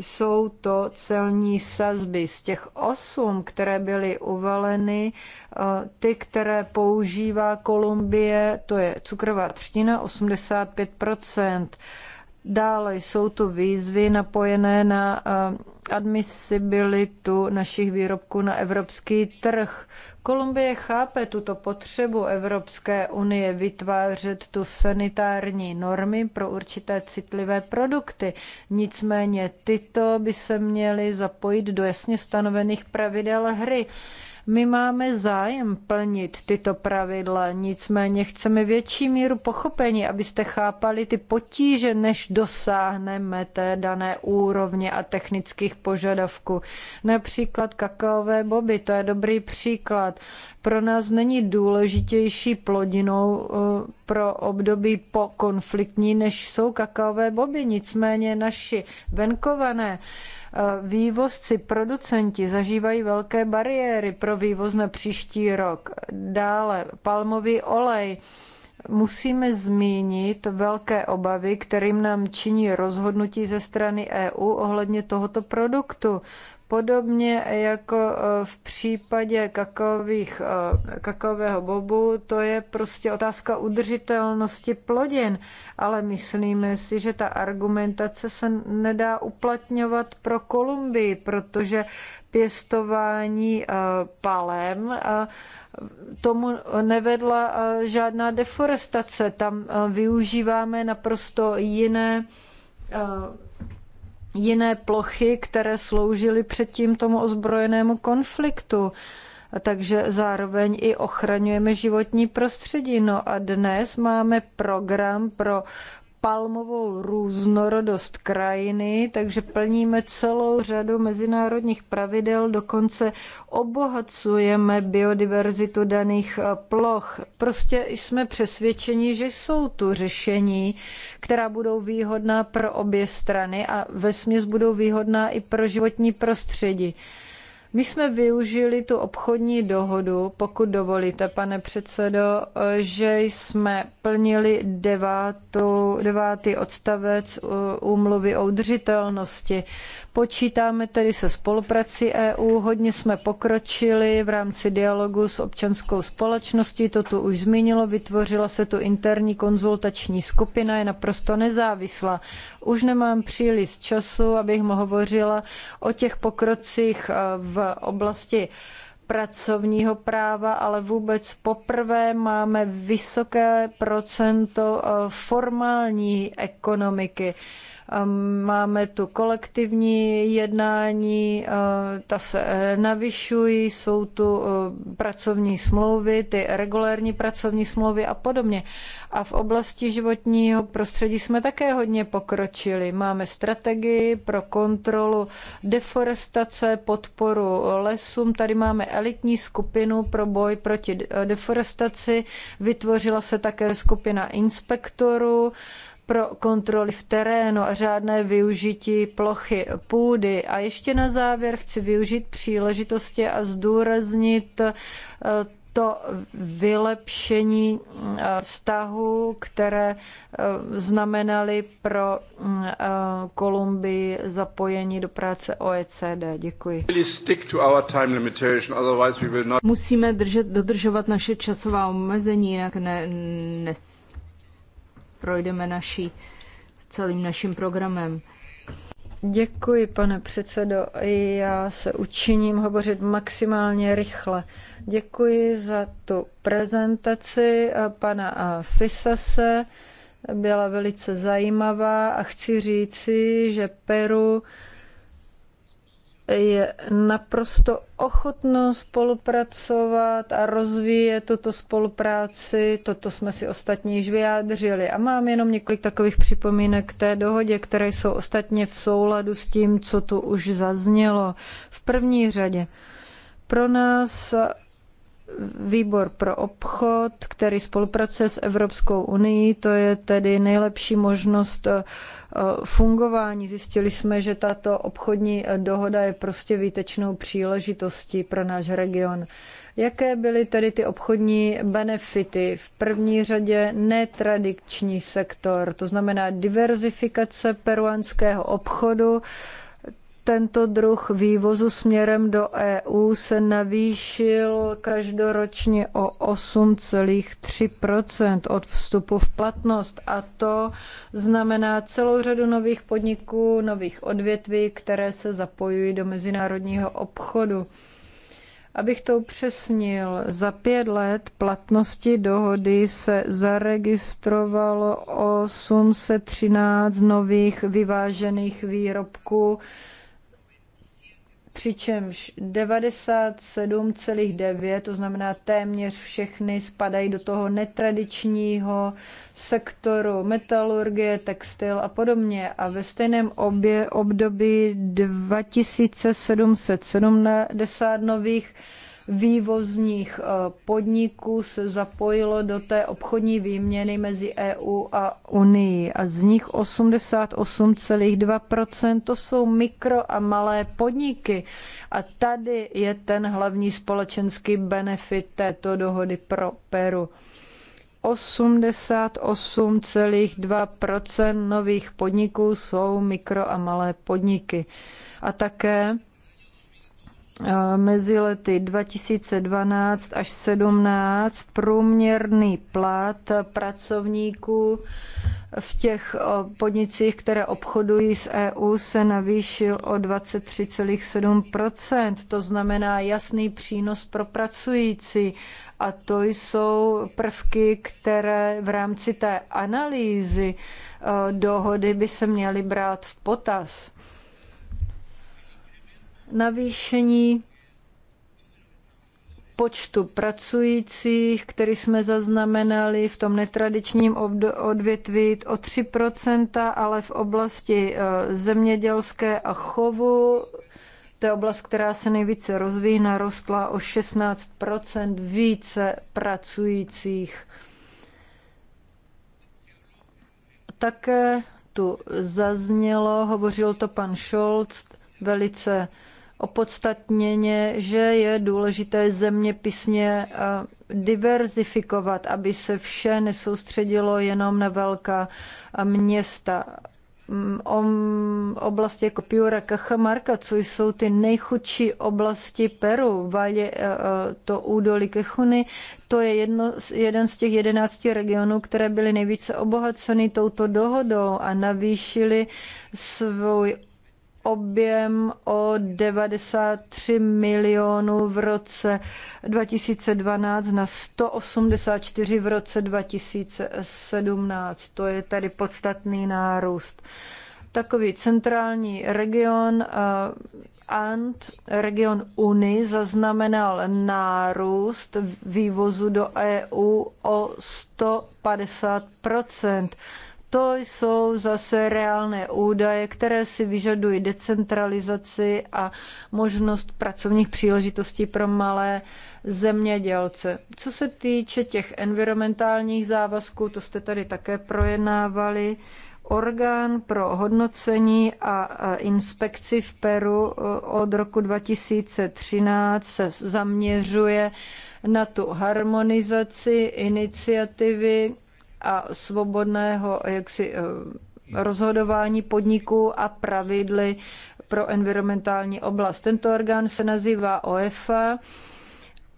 jsou to celní sazby. Z těch osm, které byly uvaleny, eh, ty, které používá Kolumbie, to je cukrová třtina 85 Dále jsou tu výzvy napojené na eh, admisibilitu našich výrobků na evropský trh. Kolumbie chápe tuto potřebu Evropské unie vytvářet tu sanitární normy pro určité citlivé produkty. Nicméně tyto by se měly zapojit do jasně stanovených pravidel hry. My máme zájem plnit tyto pravidla, nicméně chceme větší míru pochopení, abyste chápali ty potíže, než dosáhneme té dané úrovně a technických požadavků. Například kakaové boby, to je dobrý příklad. Pro nás není důležitější plodinou eh, pro období po konfliktní, než jsou kakaové boby. Nicméně naši venkované Eh, vývozci, producenti zažívají velké bariéry pro vývoz na příští rok. Dále palmový olej. Musíme zmínit velké obavy, kterým nám činí rozhodnutí ze strany EU ohledně tohoto produktu. Podobně jako e, v případě kakových, e, kakového bobu, to je prostě otázka udržitelnosti plodin, ale myslíme si, že ta argumentace se nedá uplatňovat pro Kolumbii, protože pěstování e, palem tomu nevedla žádná deforestace. Tam využíváme naprosto jiné jiné plochy, které sloužily předtím tomu ozbrojenému konfliktu. A takže zároveň i ochraňujeme životní prostředí. No a dnes máme program pro palmovou různorodost krajiny, takže plníme celou řadu mezinárodních pravidel, dokonce obohacujeme biodiverzitu daných eh, ploch. Prostě jsme přesvědčeni, že jsou tu řešení, která budou výhodná pro obě strany a vesměs budou výhodná i pro životní prostředí. My jsme využili tu obchodní dohodu, pokud dovolíte, pane předsedo, že jsme plnili devátou, devátý odstavec uh, úmluvy o udržitelnosti. Počítáme tedy se spoluprací EU, hodně jsme pokročili v rámci dialogu s občanskou společností, to tu už zmínilo, vytvořila se tu interní konzultační skupina, je naprosto nezávislá. Už nemám příliš času, abych hovořila o těch pokrocích eh, v oblasti pracovního práva, ale vůbec poprvé máme vysoké procento eh, formální ekonomiky. Ehm, máme tu kolektivní jednání, eh, ta se eh, navyšují, jsou tu eh, pracovní smlouvy, ty regulérní pracovní smlouvy a podobně. A v oblasti životního prostředí jsme také hodně pokročili. Máme strategii pro kontrolu deforestace, podporu lesům. Tady máme elitní skupinu pro boj proti deforestaci. Vytvořila se také skupina inspektorů pro kontroly v terénu a řádné využití plochy půdy. A ještě na závěr chci využít příležitosti a zdůraznit eh, to vylepšení eh, vztahu, které eh, znamenaly pro mm, Kolumbii zapojení do práce OECD. Děkuji. Musíme držet, dodržovat naše časová omezení, jinak ne, projdeme naší, celým naším programem. Děkuji, pane předsedo. Já se učiním hovořit maximálně rychle. Děkuji za tu prezentaci pana Fisase. Byla velice zajímavá a chci říci, že Peru je naprosto ochotno spolupracovat a rozvíjet tuto spolupráci. Toto jsme si ostatně již vyjádřili. A mám jenom několik takových připomínek k té dohodě, které jsou ostatně v souladu s tím, co tu už zaznělo. V první řadě pro nás výbor pro obchod, který spolupracuje s Evropskou unii, to je tedy nejlepší možnost eh, fungování. Zjistili jsme, že tato obchodní eh, dohoda je prostě výtečnou příležitostí pro náš region. Jaké byly tedy ty obchodní benefity? V první řadě netradiční sektor, to znamená diverzifikace peruánského obchodu, tento druh vývozu směrem do EU se navýšil každoročně o 8,3 od vstupu v platnost a to znamená celou řadu nových podniků, nových odvětví, které se zapojují do mezinárodního obchodu. Abych to upřesnil, za pět let platnosti dohody se zaregistrovalo 813 nových vyvážených výrobků přičemž 97,9, to znamená téměř všechny, spadají do toho netradičního sektoru metalurgie, textil a podobně. A ve stejném obě, období 2770 nových vývozních eh, podniků se zapojilo do té obchodní výměny mezi EU a Unii a z nich 88,2% to jsou mikro a malé podniky a tady je ten hlavní společenský benefit této dohody pro Peru. 88,2% nových podniků jsou mikro a malé podniky. A také Eh, mezi lety 2012 až 17 průměrný plat pracovníků v těch podnicích, které obchodují s EU, se navýšil o 23,7 To znamená jasný přínos pro pracující. A to jsou prvky, které v rámci té analýzy eh, dohody by se měly brát v potaz navýšení počtu pracujících, který jsme zaznamenali v tom netradičním odvětví o 3%, ale v oblasti eh, zemědělské a chovu, to je oblast, která se nejvíce rozvíjí, narostla o 16% více pracujících. Také tu zaznělo, hovořil to pan Scholz, velice opodstatněně, že je důležité zeměpisně eh, diverzifikovat, aby se vše nesoustředilo jenom na velká eh, města. Mm, oblasti jako Piura Cajamarca, co jsou ty nejchudší oblasti Peru, Valle, eh, to údolí Kechuny, to je jedno, jeden z těch jedenácti regionů, které byly nejvíce obohaceny touto dohodou a navýšily svůj objem o 93 milionů v roce 2012 na 184 v roce 2017. To je tady podstatný nárůst. Takový centrální region eh, Ant, region Uni, zaznamenal nárůst vývozu do EU o 150 to jsou zase reálné údaje, které si vyžadují decentralizaci a možnost pracovních příležitostí pro malé zemědělce. Co se týče těch environmentálních závazků, to jste tady také projednávali, orgán pro hodnocení a inspekci v Peru e, od roku 2013 se zaměřuje na tu harmonizaci iniciativy a svobodného eh, jaksi, eh, rozhodování podniků a pravidly pro environmentální oblast. Tento orgán se nazývá OEFA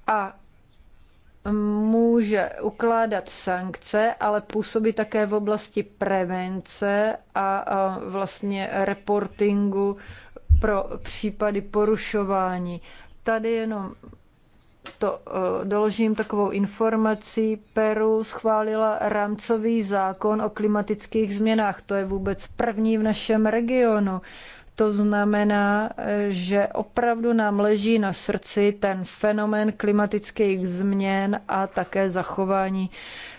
a může ukládat sankce, ale působí také v oblasti prevence a eh, vlastně reportingu pro případy porušování. Tady jenom to eh, doložím takovou informací. Peru schválila rámcový zákon o klimatických změnách. To je vůbec první v našem regionu. To znamená, eh, že opravdu nám leží na srdci ten fenomén klimatických změn a také zachování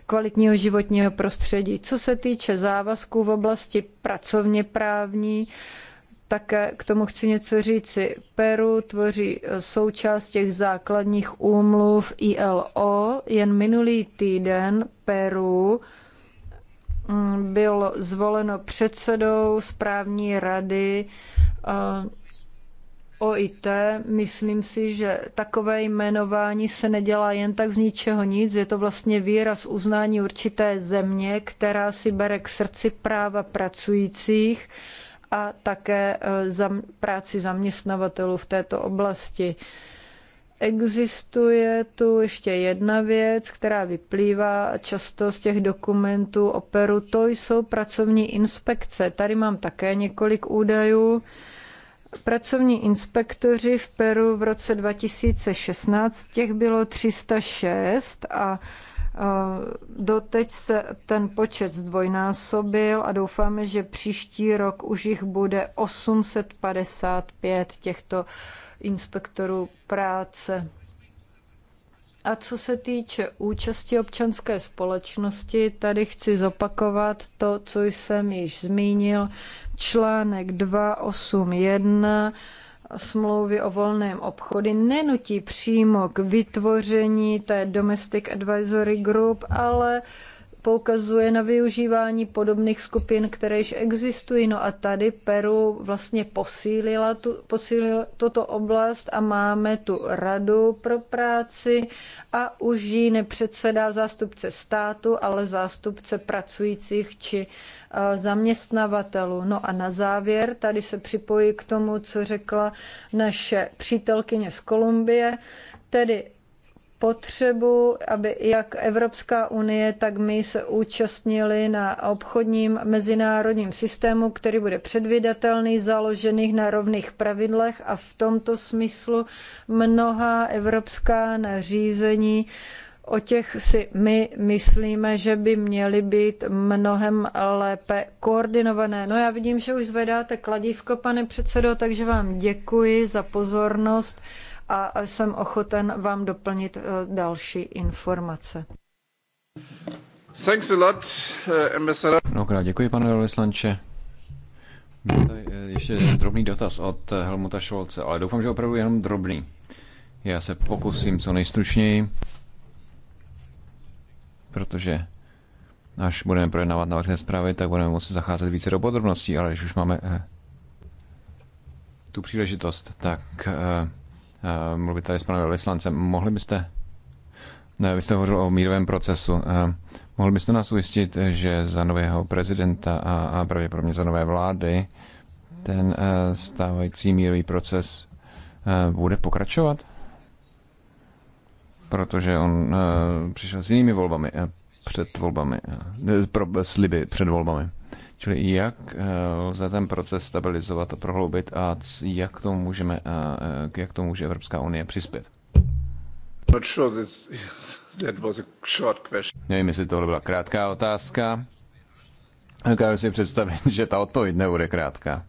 kvalitního životního prostředí. Co se týče závazků v oblasti pracovně právní, také k tomu chci něco říci. Peru tvoří eh, součást těch základních úmluv ILO. Jen minulý týden Peru mm, byl zvoleno předsedou správní rady eh, OIT. Myslím si, že takové jmenování se nedělá jen tak z ničeho nic. Je to vlastně výraz uznání určité země, která si bere k srdci práva pracujících a také e, za práci zaměstnavatelů v této oblasti. Existuje tu ještě jedna věc, která vyplývá často z těch dokumentů o Peru, to jsou pracovní inspekce. Tady mám také několik údajů. Pracovní inspektoři v Peru v roce 2016, těch bylo 306 a Eh, doteď se ten počet zdvojnásobil a doufáme, že příští rok už jich bude 855 těchto inspektorů práce. A co se týče účasti občanské společnosti, tady chci zopakovat to, co jsem již zmínil. Článek 281 smlouvy o volném obchodu nenutí přímo k vytvoření té Domestic Advisory Group, ale uh, poukazuje na využívání podobných skupin, které již existují. No a tady Peru vlastně posílila, tu, posílila toto oblast a máme tu radu pro práci a už ji nepředsedá zástupce státu, ale zástupce pracujících či eh, zaměstnavatelů. No a na závěr, tady se připojí k tomu, co řekla naše přítelkyně z Kolumbie, tedy potřebu, aby jak Evropská unie, tak my se účastnili na obchodním mezinárodním systému, který bude předvydatelný, založený na rovných pravidlech a v tomto smyslu mnoha evropská nařízení O těch si my myslíme, že by měly být mnohem lépe koordinované. No já vidím, že už zvedáte kladívko, pane předsedo, takže vám děkuji za pozornost a jsem ochoten vám doplnit eh, další informace. Thanks a lot, eh, Mnohokrát děkuji, pane velvyslanče. Eh, ještě drobný dotaz od Helmuta Šolce, ale doufám, že opravdu jenom drobný. Já se pokusím co nejstručněji, protože až budeme projednávat návrhné zprávy, tak budeme moci zacházet více do podrobností, ale když už máme tu příležitost, tak Eh, mluvit tady s panem velvyslancem. Mohli byste, ne, vy jste hovořil o mírovém procesu, eh, mohli byste nás ujistit, že za nového prezidenta a, a pravděpodobně za nové vlády ten eh, stávající mírový proces bude pokračovat? Protože on přišel s jinými volbami před volbami, pro, sliby před volbami. Čili jak eh, lze ten proces stabilizovat a prohloubit a jak to můžeme, eh, eh, jak to může Evropská unie přispět? Nevím, jestli tohle byla krátká otázka. Dokážu si představit, že ta odpověď nebude krátká.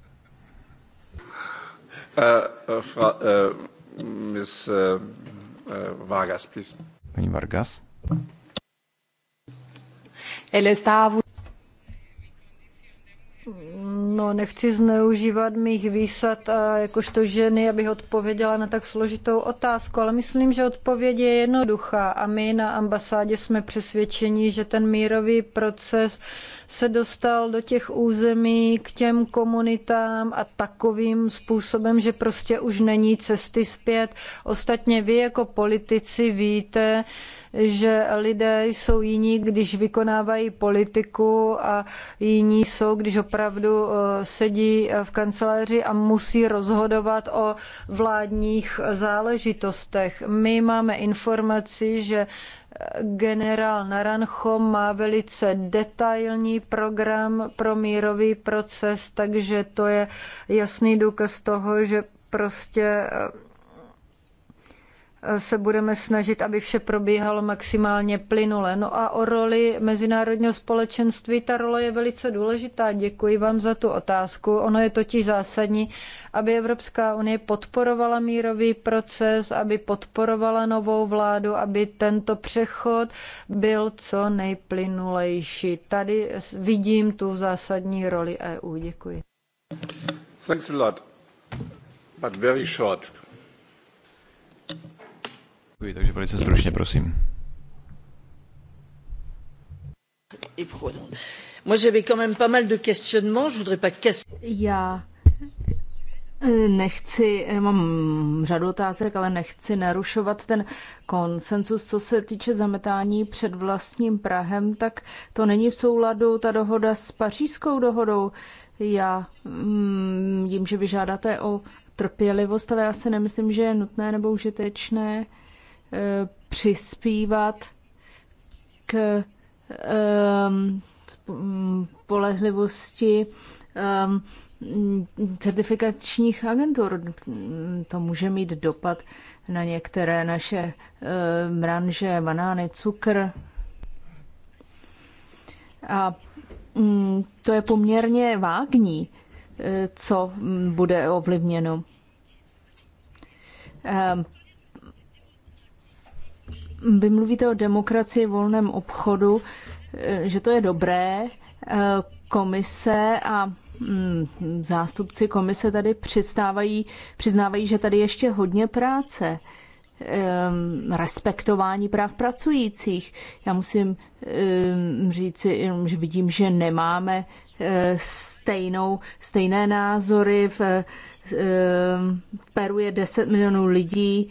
miss, Vargas, please. Paní Vargas. Ele está No, nechci zneužívat mých výsad a eh, jakožto ženy, abych odpověděla na tak složitou otázku, ale myslím, že odpověď je jednoduchá a my na ambasádě jsme přesvědčeni, že ten mírový proces se dostal do těch území k těm komunitám a takovým způsobem, že prostě už není cesty zpět. Ostatně vy jako politici víte, že lidé jsou jiní, když vykonávají politiku a jiní jsou, když opravdu eh, sedí eh, v kanceláři a musí rozhodovat o vládních eh, záležitostech. My máme informaci, že Generál Naranjo má velice detailní program pro mírový proces, takže to je jasný důkaz toho, že prostě se budeme snažit, aby vše probíhalo maximálně plynule. No a o roli mezinárodního společenství, ta role je velice důležitá. Děkuji vám za tu otázku. Ono je totiž zásadní, aby Evropská unie podporovala mírový proces, aby podporovala novou vládu, aby tento přechod byl co nejplynulejší. Tady vidím tu zásadní roli EU. Děkuji. Thanks a lot, but very short. Děkuji, takže velice stručně, prosím. Já eh, nechci, eh, mám řadu otázek, ale nechci narušovat ten konsensus, co se týče zametání před vlastním Prahem, tak to není v souladu ta dohoda s pařížskou dohodou. Já mm, vím, že vy žádáte o trpělivost, ale já si nemyslím, že je nutné nebo užitečné Eh, přispívat k ehm, mm, spolehlivosti ehm, certifikačních agentur. To může mít dopad na některé naše ehm, branže, banány, cukr. A mm, to je poměrně vágní, eh, co bude ovlivněno vy mluvíte o demokracii, volném obchodu, eh, že to je dobré. Eh, komise a mm, zástupci komise tady přistávají, přiznávají, že tady ještě hodně práce ehm, respektování práv pracujících. Já musím ehm, říci, že vidím, že nemáme eh, stejnou, stejné názory. V ehm, Peru je 10 milionů lidí,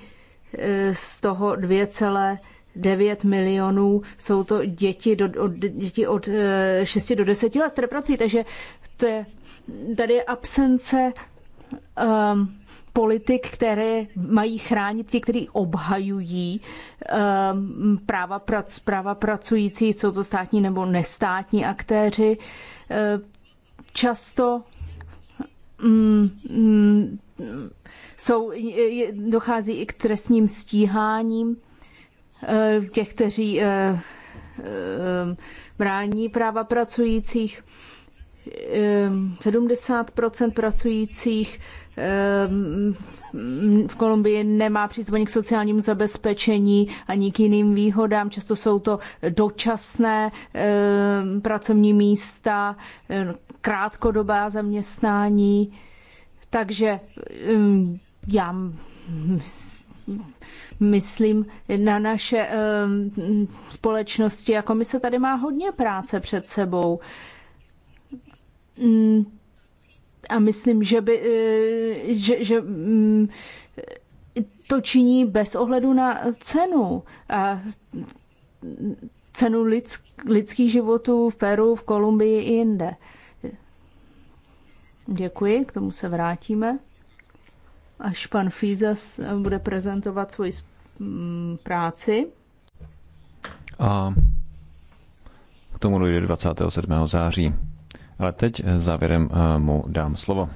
z toho 2,9 milionů jsou to děti, do, od, děti od 6 eh, do 10 let, které pracují. Takže to je, tady je absence um, politik, které mají chránit ti, kteří obhajují um, práva, prac, práva pracující, jsou to státní nebo nestátní aktéři. Um, často um, jsou, dochází i k trestním stíháním eh, těch, kteří eh, eh, brání práva pracujících. 70 pracujících v Kolumbii nemá přístup k sociálnímu zabezpečení ani k jiným výhodám. Často jsou to dočasné pracovní místa, krátkodobá zaměstnání takže um, já myslím na naše um, společnosti jako my se tady má hodně práce před sebou. Mm, a myslím, že by, uh, že, že mm, to činí bez ohledu na cenu. A cenu lidsk, lidských životů v Peru, v Kolumbii i jinde. Děkuji, k tomu se vrátíme. Až pan Fízas bude prezentovat svoji práci. A k tomu dojde 27. září. Ale teď eh, závěrem eh, mu dám slovo.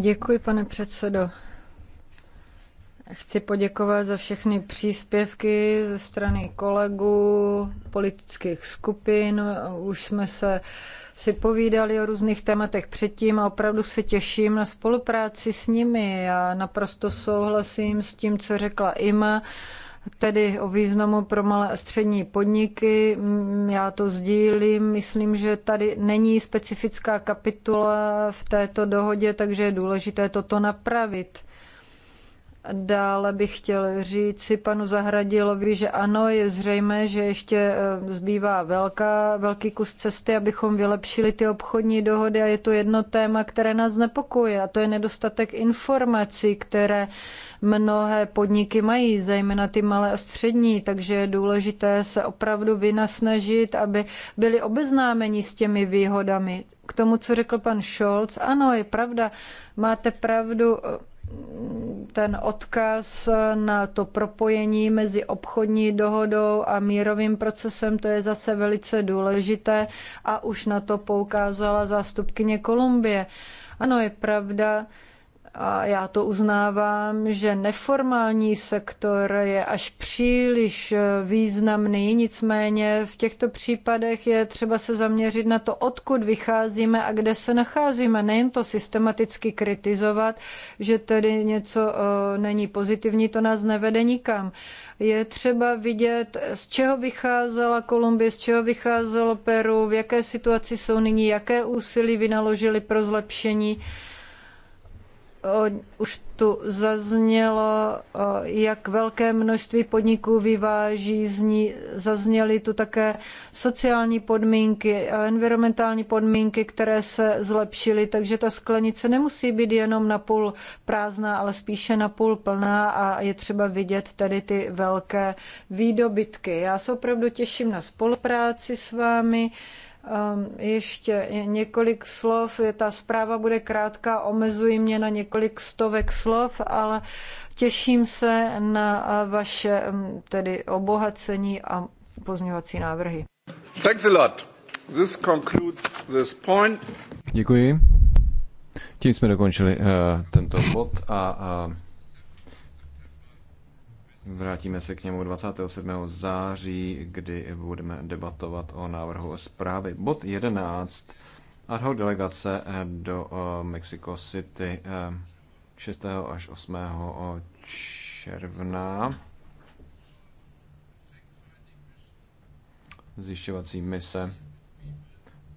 Děkuji, pane předsedo. Chci poděkovat za všechny příspěvky ze strany kolegů, politických skupin. Už jsme se uh, si povídali o různých tématech předtím a opravdu se těším na spolupráci s nimi. Já naprosto souhlasím s tím, co řekla Ima tedy o významu pro malé a střední podniky. Mm, já to sdílím. Myslím, že tady není specifická kapitula v této dohodě, takže je důležité toto napravit. Dále bych chtěl říct si panu Zahradilovi, že ano, je zřejmé, že ještě e, zbývá velká, velký kus cesty, abychom vylepšili ty obchodní dohody a je to jedno téma, které nás nepokuje a to je nedostatek informací, které mnohé podniky mají, zejména ty malé a střední, takže je důležité se opravdu vynasnažit, aby byli obeznámeni s těmi výhodami. K tomu, co řekl pan Scholz, ano, je pravda, máte pravdu, ten odkaz na to propojení mezi obchodní dohodou a mírovým procesem, to je zase velice důležité a už na to poukázala zástupkyně Kolumbie. Ano, je pravda, a já to uznávám, že neformální sektor je až příliš eh, významný, nicméně v těchto případech je třeba se zaměřit na to, odkud vycházíme a kde se nacházíme. Nejen to systematicky kritizovat, že tedy něco eh, není pozitivní, to nás nevede nikam. Je třeba vidět, z čeho vycházela Kolumbie, z čeho vycházelo Peru, v jaké situaci jsou nyní, jaké úsilí vynaložili pro zlepšení už tu zaznělo, jak velké množství podniků vyváží, zní, zazněly tu také sociální podmínky a environmentální podmínky, které se zlepšily, takže ta sklenice nemusí být jenom napůl prázdná, ale spíše napůl plná a je třeba vidět tady ty velké výdobytky. Já se opravdu těším na spolupráci s vámi. Ehm, ještě několik slov. Ta zpráva bude krátká, omezuji mě na několik stovek slov, ale těším se na eh, vaše ehm, tedy obohacení a pozměňovací návrhy. Thanks a lot. This concludes this point. Děkuji. Tím jsme dokončili uh, tento bod a uh... Vrátíme se k němu 27. září, kdy budeme debatovat o návrhu zprávy. Bod 11. Ad hoc delegace eh, do eh, Mexico City 6. Eh, až 8. června. Zjišťovací mise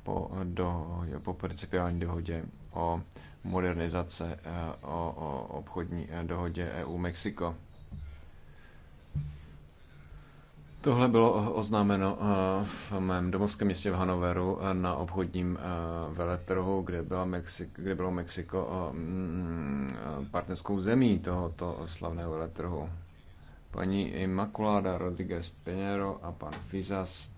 po, do, po principiální dohodě o modernizace o, o obchodní dohodě EU-Mexiko. Tohle bylo oznámeno eh, v mém domovském městě v Hanoveru eh, na obchodním eh, veletrhu, kde, byla Mexik, kde bylo Mexiko mm, partnerskou zemí tohoto slavného veletrhu. Paní Immaculada Rodriguez Pinero a pan Fizas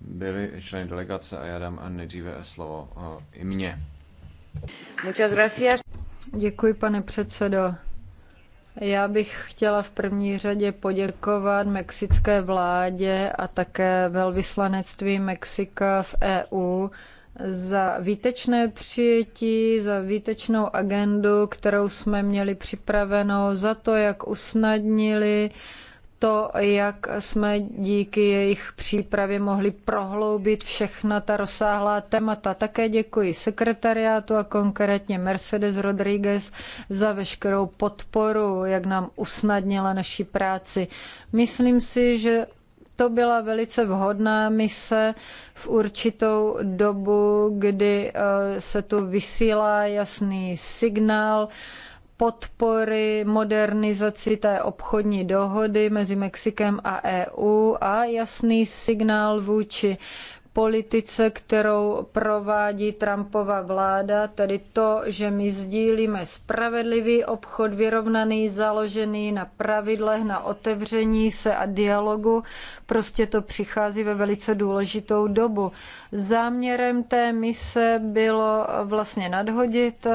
byli členy delegace a já dám nejdříve slovo i mně. Děkuji, pane předsedo. Já bych chtěla v první řadě poděkovat mexické vládě a také velvyslanectví Mexika v EU za výtečné přijetí, za výtečnou agendu, kterou jsme měli připravenou, za to, jak usnadnili uh, to, jak jsme díky jejich přípravě mohli prohloubit všechna ta rozsáhlá témata. Také děkuji sekretariátu a konkrétně Mercedes Rodriguez za veškerou podporu, jak nám usnadnila naši práci. Myslím si, že to byla velice vhodná mise v určitou dobu, kdy eh, se tu vysílá jasný signál, podpory modernizaci té obchodní dohody mezi Mexikem a EU a jasný signál vůči politice, kterou provádí Trumpova vláda, tedy to, že my sdílíme spravedlivý obchod, vyrovnaný, založený na pravidlech, na otevření se a dialogu, prostě to přichází ve velice důležitou dobu. Záměrem té mise bylo vlastně nadhodit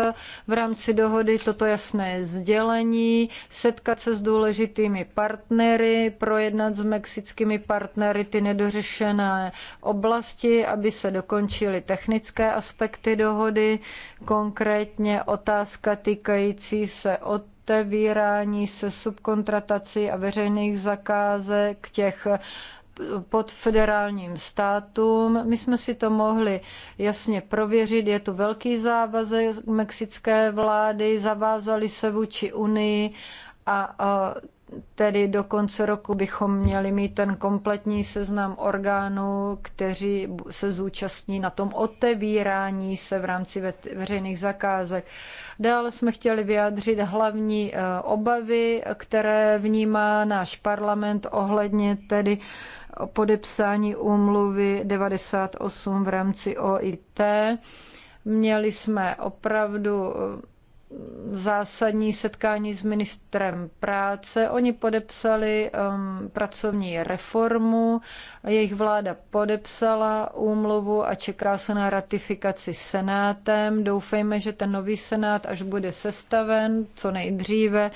v rámci dohody toto jasné sdělení, setkat se s důležitými partnery, projednat s mexickými partnery ty nedořešené oblasti, části, aby se dokončily technické aspekty dohody, konkrétně otázka týkající se od otevírání se subkontratací a veřejných zakázek těch pod federálním státům. My jsme si to mohli jasně prověřit. Je tu velký závazek mexické vlády, zavázali se vůči Unii a, a tedy do konce roku bychom měli mít ten kompletní seznam orgánů, kteří se zúčastní na tom otevírání se v rámci veřejných zakázek. Dále jsme chtěli vyjádřit hlavní eh, obavy, které vnímá náš parlament ohledně tedy podepsání úmluvy 98 v rámci OIT. Měli jsme opravdu eh, zásadní setkání s ministrem práce. Oni podepsali um, pracovní reformu, jejich vláda podepsala úmluvu a čeká se na ratifikaci senátem. Doufejme, že ten nový senát, až bude sestaven co nejdříve,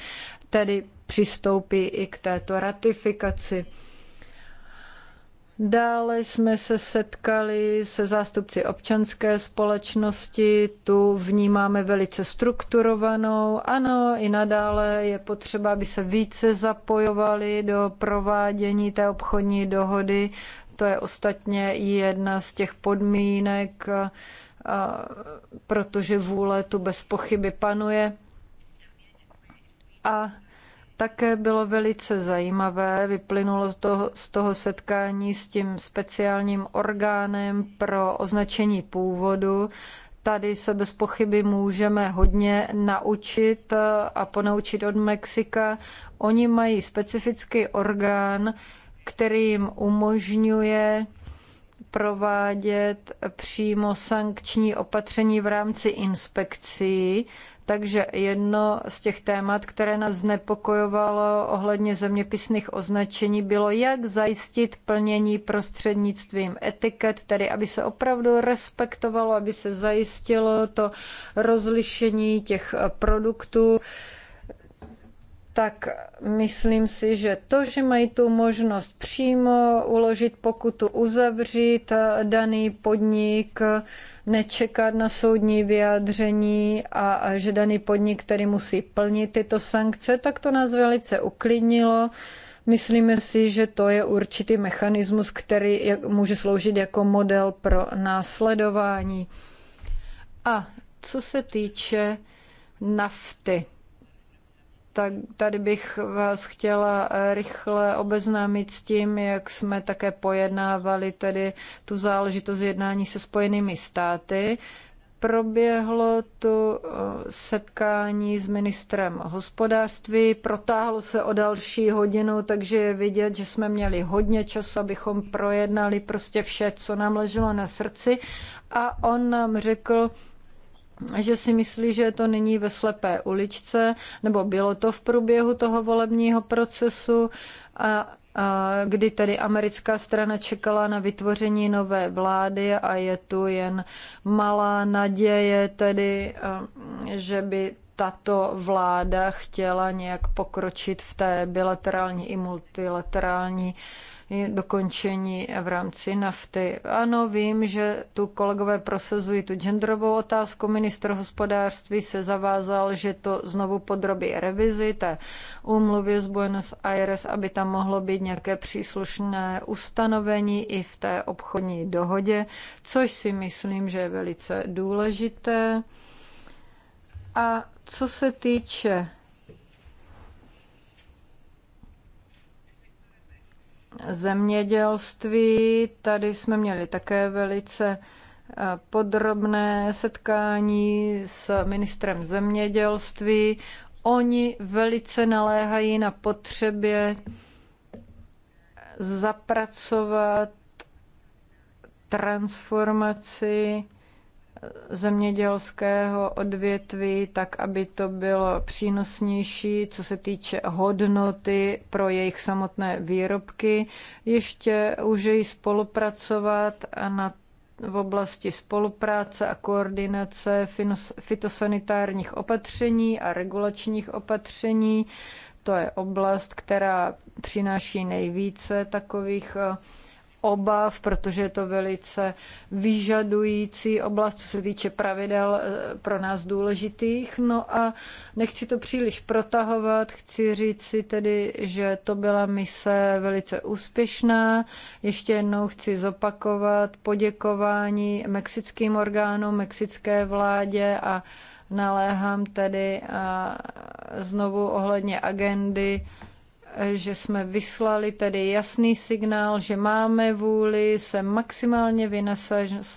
tedy přistoupí i k této ratifikaci. Dále jsme se setkali se zástupci občanské společnosti, tu vnímáme velice strukturovanou. Ano, i nadále je potřeba, aby se více zapojovali do provádění té obchodní dohody. To je ostatně i jedna z těch podmínek, protože vůle tu bez pochyby panuje. A také bylo velice zajímavé, vyplynulo z toho, z toho setkání s tím speciálním orgánem pro označení původu, tady se bez pochyby můžeme hodně naučit eh, a ponaučit od Mexika. Oni mají specifický orgán, který jim umožňuje provádět přímo sankční opatření v rámci inspekcí takže jedno z těch témat, které nás znepokojovalo ohledně zeměpisných označení, bylo, jak zajistit plnění prostřednictvím etiket, tedy aby se opravdu respektovalo, aby se zajistilo to rozlišení těch produktů, tak myslím si, že to, že mají tu možnost přímo uložit pokutu, uzavřít eh, daný podnik, nečekat na soudní vyjádření a, a že daný podnik, který musí plnit tyto sankce, tak to nás velice uklidnilo. Myslíme si, že to je určitý mechanismus, který může sloužit jako model pro následování. A co se týče nafty, tak tady bych vás chtěla eh, rychle obeznámit s tím, jak jsme také pojednávali tedy tu záležitost jednání se Spojenými státy. Proběhlo tu eh, setkání s ministrem hospodářství, protáhlo se o další hodinu, takže je vidět, že jsme měli hodně času, abychom projednali prostě vše, co nám leželo na srdci. A on nám řekl, že si myslí, že to není ve slepé uličce, nebo bylo to v průběhu toho volebního procesu, a, a kdy tedy americká strana čekala na vytvoření nové vlády a je tu jen malá naděje tedy, a, že by tato vláda chtěla nějak pokročit v té bilaterální i multilaterální dokončení v rámci nafty. Ano, vím, že tu kolegové prosazují tu genderovou otázku. Ministr hospodářství se zavázal, že to znovu podrobí revizi té úmluvy z Buenos Aires, aby tam mohlo být nějaké příslušné ustanovení i v té obchodní dohodě, což si myslím, že je velice důležité. A co se týče zemědělství. Tady jsme měli také velice eh, podrobné setkání s ministrem zemědělství. Oni velice naléhají na potřebě zapracovat transformaci zemědělského odvětví, tak aby to bylo přínosnější, co se týče hodnoty pro jejich samotné výrobky. Ještě užeji spolupracovat na v oblasti spolupráce a koordinace fitosanitárních opatření a regulačních opatření. To je oblast, která přináší nejvíce takových eh, obav, protože je to velice vyžadující oblast, co se týče pravidel eh, pro nás důležitých. No a nechci to příliš protahovat, chci říct si tedy, že to byla mise velice úspěšná. Ještě jednou chci zopakovat poděkování mexickým orgánům, mexické vládě a naléhám tedy a znovu ohledně agendy že jsme vyslali tedy jasný signál, že máme vůli se maximálně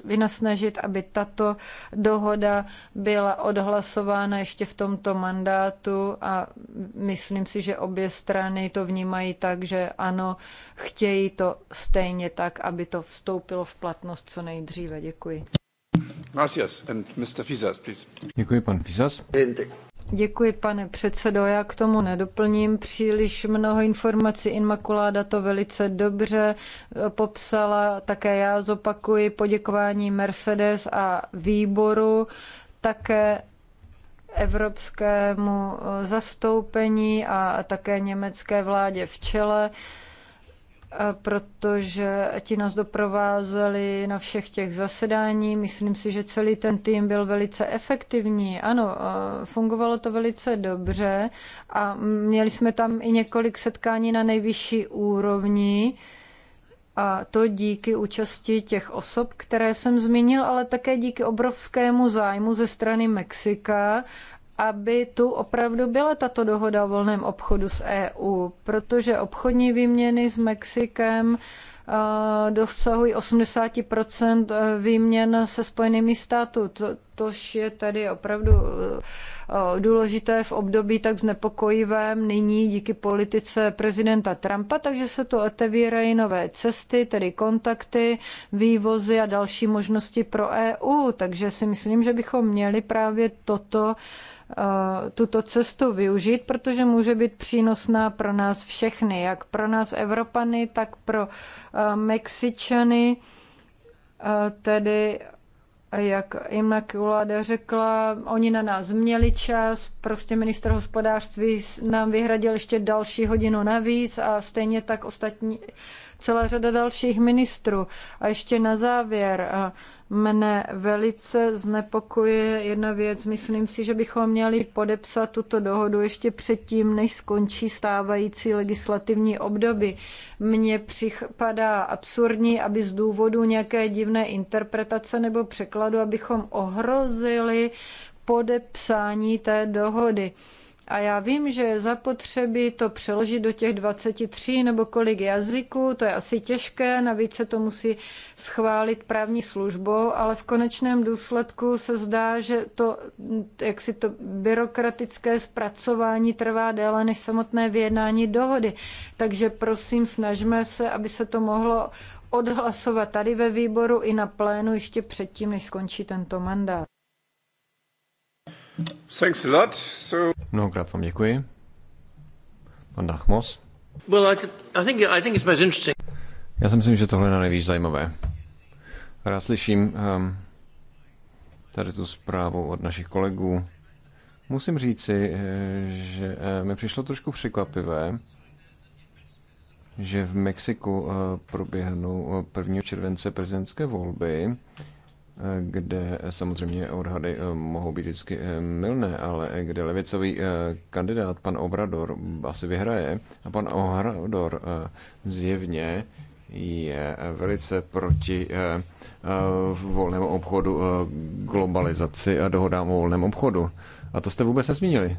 vynasnažit, aby tato dohoda byla odhlasována ještě v tomto mandátu a myslím si, že obě strany to vnímají tak, že ano, chtějí to stejně tak, aby to vstoupilo v platnost co nejdříve. Děkuji. Gracias. And Mr. please. Děkuji, pan Fizas. Děkuji, pane předsedo. Já k tomu nedoplním příliš mnoho informací. Inmakuláda to velice dobře eh, popsala. Také já zopakuji poděkování Mercedes a výboru. Také evropskému eh, zastoupení a také německé vládě v čele protože ti nás doprovázeli na všech těch zasedání. Myslím si, že celý ten tým byl velice efektivní. Ano, fungovalo to velice dobře a měli jsme tam i několik setkání na nejvyšší úrovni. A to díky účasti těch osob, které jsem zmínil, ale také díky obrovskému zájmu ze strany Mexika aby tu opravdu byla tato dohoda o volném obchodu s EU, protože obchodní výměny s Mexikem eh, dosahují 80 eh, výměn se Spojenými státy, tož je tedy opravdu eh, důležité v období tak znepokojivém nyní díky politice prezidenta Trumpa, takže se tu otevírají nové cesty, tedy kontakty, vývozy a další možnosti pro EU. Takže si myslím, že bychom měli právě toto Eh, tuto cestu využít, protože může být přínosná pro nás všechny, jak pro nás Evropany, tak pro eh, Mexičany, eh, tedy jak Immaculada řekla, oni na nás měli čas, prostě minister hospodářství nám vyhradil ještě další hodinu navíc a stejně tak ostatní celá řada dalších ministrů. A ještě na závěr, mne velice znepokuje jedna věc. Myslím si, že bychom měli podepsat tuto dohodu ještě předtím, než skončí stávající legislativní období. Mně připadá absurdní, aby z důvodu nějaké divné interpretace nebo překladu, abychom ohrozili podepsání té dohody a já vím, že je zapotřebí to přeložit do těch 23 nebo kolik jazyků, to je asi těžké, navíc se to musí schválit právní službou, ale v konečném důsledku se zdá, že to, jak si to byrokratické zpracování trvá déle než samotné vyjednání dohody. Takže prosím, snažme se, aby se to mohlo odhlasovat tady ve výboru i na plénu ještě předtím, než skončí tento mandát. Thanks a lot. So... Mnohokrát vám děkuji. Pan Dachmos. Well, I, I, think, I think it's most interesting. Já si myslím, že tohle je na nejvíc zajímavé. Rád slyším um, tady tu zprávu od našich kolegů. Musím říci, eh, že eh, mi přišlo trošku překvapivé, že v Mexiku eh, proběhnou 1. července prezidentské volby kde samozřejmě odhady eh, mohou být vždycky eh, milné, ale kde levicový eh, kandidát pan Obrador asi vyhraje a pan Obrador zjevně je velice proti volnému obchodu, globalizaci a dohodám o volném obchodu. A to jste vůbec nezmínili.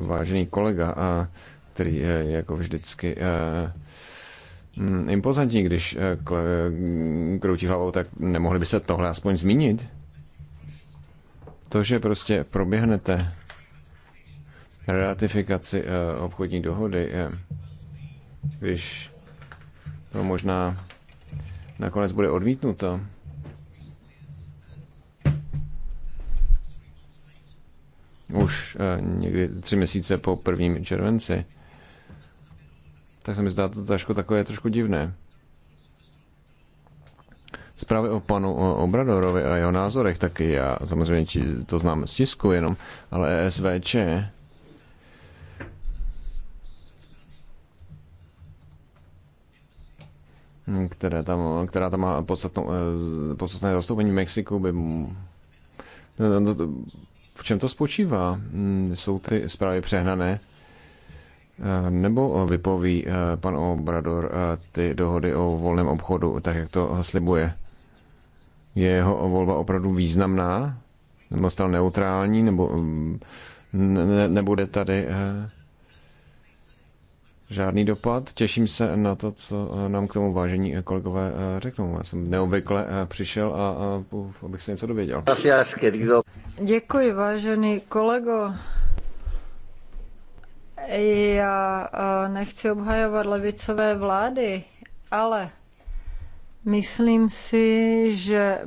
Vážený kolega, který jako vždycky Hmm, impozantní, když eh, mm, kroutí hlavou, tak nemohli by se tohle aspoň zmínit? To, že prostě proběhnete ratifikaci eh, obchodní dohody, eh, když to možná nakonec bude odmítnuto, už někdy tři měsíce po prvním červenci, tak se mi zdá to trošku takové trošku divné. Zprávy o panu Obradorovi a jeho názorech taky já samozřejmě to znám z tisku jenom, ale SVČ které tam, která tam má podstatnou, eh, podstatné zastoupení v Mexiku, by no, no, no, v čem to spočívá? Hmm, jsou ty zprávy přehnané? Eh, nebo eh, vypoví eh, pan Obrador ty dohody o volném obchodu, tak jak to slibuje? Je jeho volba opravdu významná? Nebo stal neutrální? Nebo mm, ne, nebude tady žádný dopad? Těším se na to, co nám k tomu vážení kolegové řeknou. Já jsem neobvykle přišel a abych se něco dověděl. Děkuji, vážený kolego. Já eh, nechci obhajovat levicové vlády, ale myslím si, že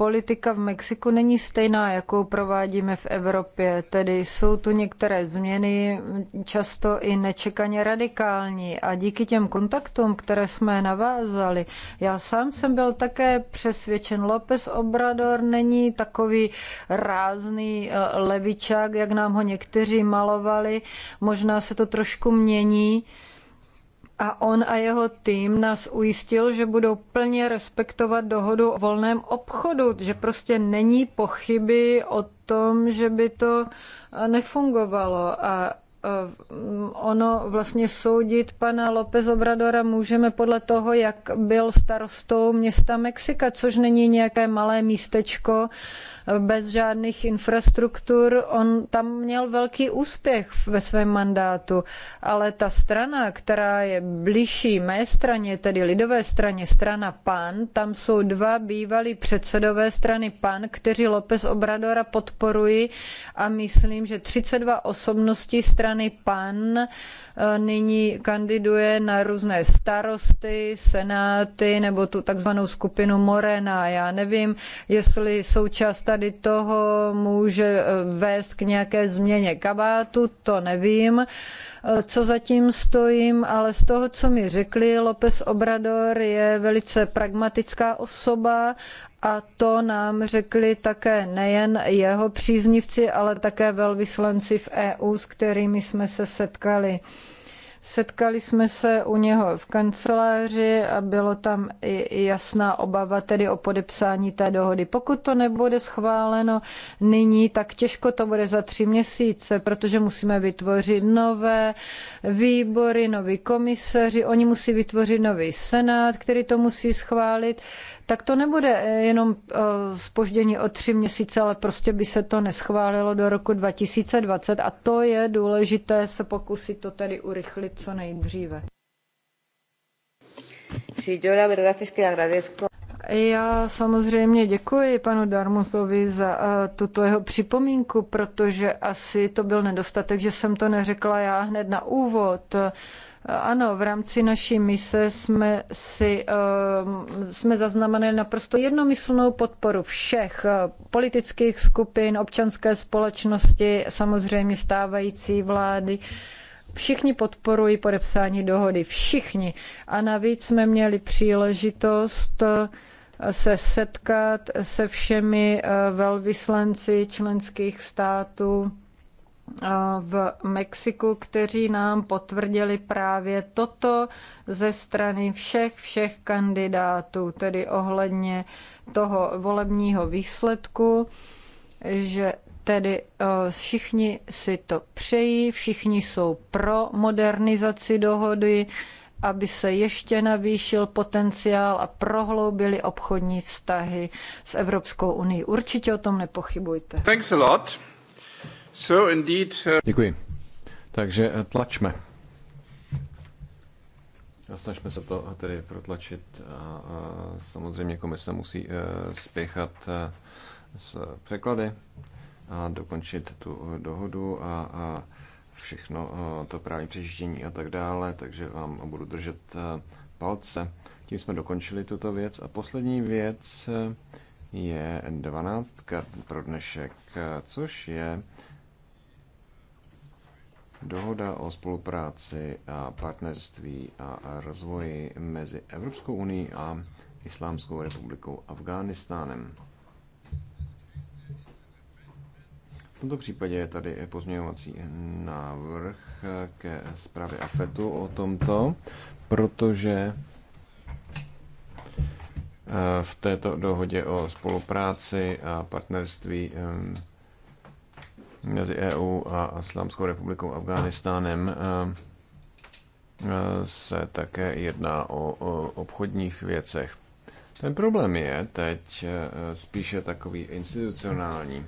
politika v Mexiku není stejná, jakou provádíme v Evropě. Tedy jsou tu některé změny, často i nečekaně radikální. A díky těm kontaktům, které jsme navázali, já sám jsem byl také přesvědčen. López Obrador není takový rázný eh, levičák, jak nám ho někteří malovali. Možná se to trošku mění a on a jeho tým nás ujistil, že budou plně respektovat dohodu o volném obchodu, že prostě není pochyby o tom, že by to eh, nefungovalo. A eh, ono vlastně soudit pana López Obradora můžeme podle toho, jak byl starostou města Mexika, což není nějaké malé místečko, bez žádných infrastruktur. On tam měl velký úspěch ve svém mandátu, ale ta strana, která je bližší mé straně, tedy lidové straně, strana PAN, tam jsou dva bývalí předsedové strany PAN, kteří López Obradora podporují a myslím, že 32 osobností strany PAN eh, nyní kandiduje na různé starosty, senáty nebo tu takzvanou skupinu Morena. Já nevím, jestli součást tady toho může eh, vést k nějaké změně kabátu, to nevím, eh, co zatím stojím, ale z toho, co mi řekli, López Obrador je velice pragmatická osoba a to nám řekli také nejen jeho příznivci, ale také velvyslanci v EU, s kterými jsme se setkali. Setkali jsme se u něho v kanceláři a bylo tam i jasná obava tedy o podepsání té dohody. Pokud to nebude schváleno nyní, tak těžko to bude za tři měsíce, protože musíme vytvořit nové výbory, noví komisaři, oni musí vytvořit nový senát, který to musí schválit tak to nebude eh, jenom spoždění eh, o tři měsíce, ale prostě by se to neschválilo do roku 2020 a to je důležité se pokusit to tedy urychlit co nejdříve. Já samozřejmě děkuji panu Darmusovi za eh, tuto jeho připomínku, protože asi to byl nedostatek, že jsem to neřekla já hned na úvod. Ano, v rámci naší mise jsme, si, eh, jsme zaznamenali naprosto jednomyslnou podporu všech eh, politických skupin, občanské společnosti, samozřejmě stávající vlády. Všichni podporují podepsání dohody, všichni. A navíc jsme měli příležitost eh, se setkat se všemi velvyslanci členských států Eh, v Mexiku, kteří nám potvrdili právě toto ze strany všech, všech kandidátů, tedy ohledně toho volebního výsledku, že tedy eh, všichni si to přejí, všichni jsou pro modernizaci dohody, aby se ještě navýšil potenciál a prohloubili obchodní vztahy s Evropskou unii. Určitě o tom nepochybujte. Thanks a lot. Uh, Děkuji. Takže eh, tlačme. A snažme se to tedy protlačit. A, a samozřejmě komise musí e, spěchat e, s překlady a dokončit tu dohodu a, a všechno e, to právní přežití a tak dále, takže vám budu držet e, palce. Tím jsme dokončili tuto věc. A poslední věc je 12 pro dnešek, což je Dohoda o spolupráci a partnerství a rozvoji mezi Evropskou unii a Islámskou republikou Afghánistánem. V tomto případě je tady pozměňovací návrh ke zprávě AFETu o tomto, protože eh, v této dohodě o spolupráci a partnerství eh, mezi EU a Islámskou republikou Afghánistánem eh, eh, se také jedná o, o obchodních věcech. Ten problém je teď eh, spíše takový institucionální.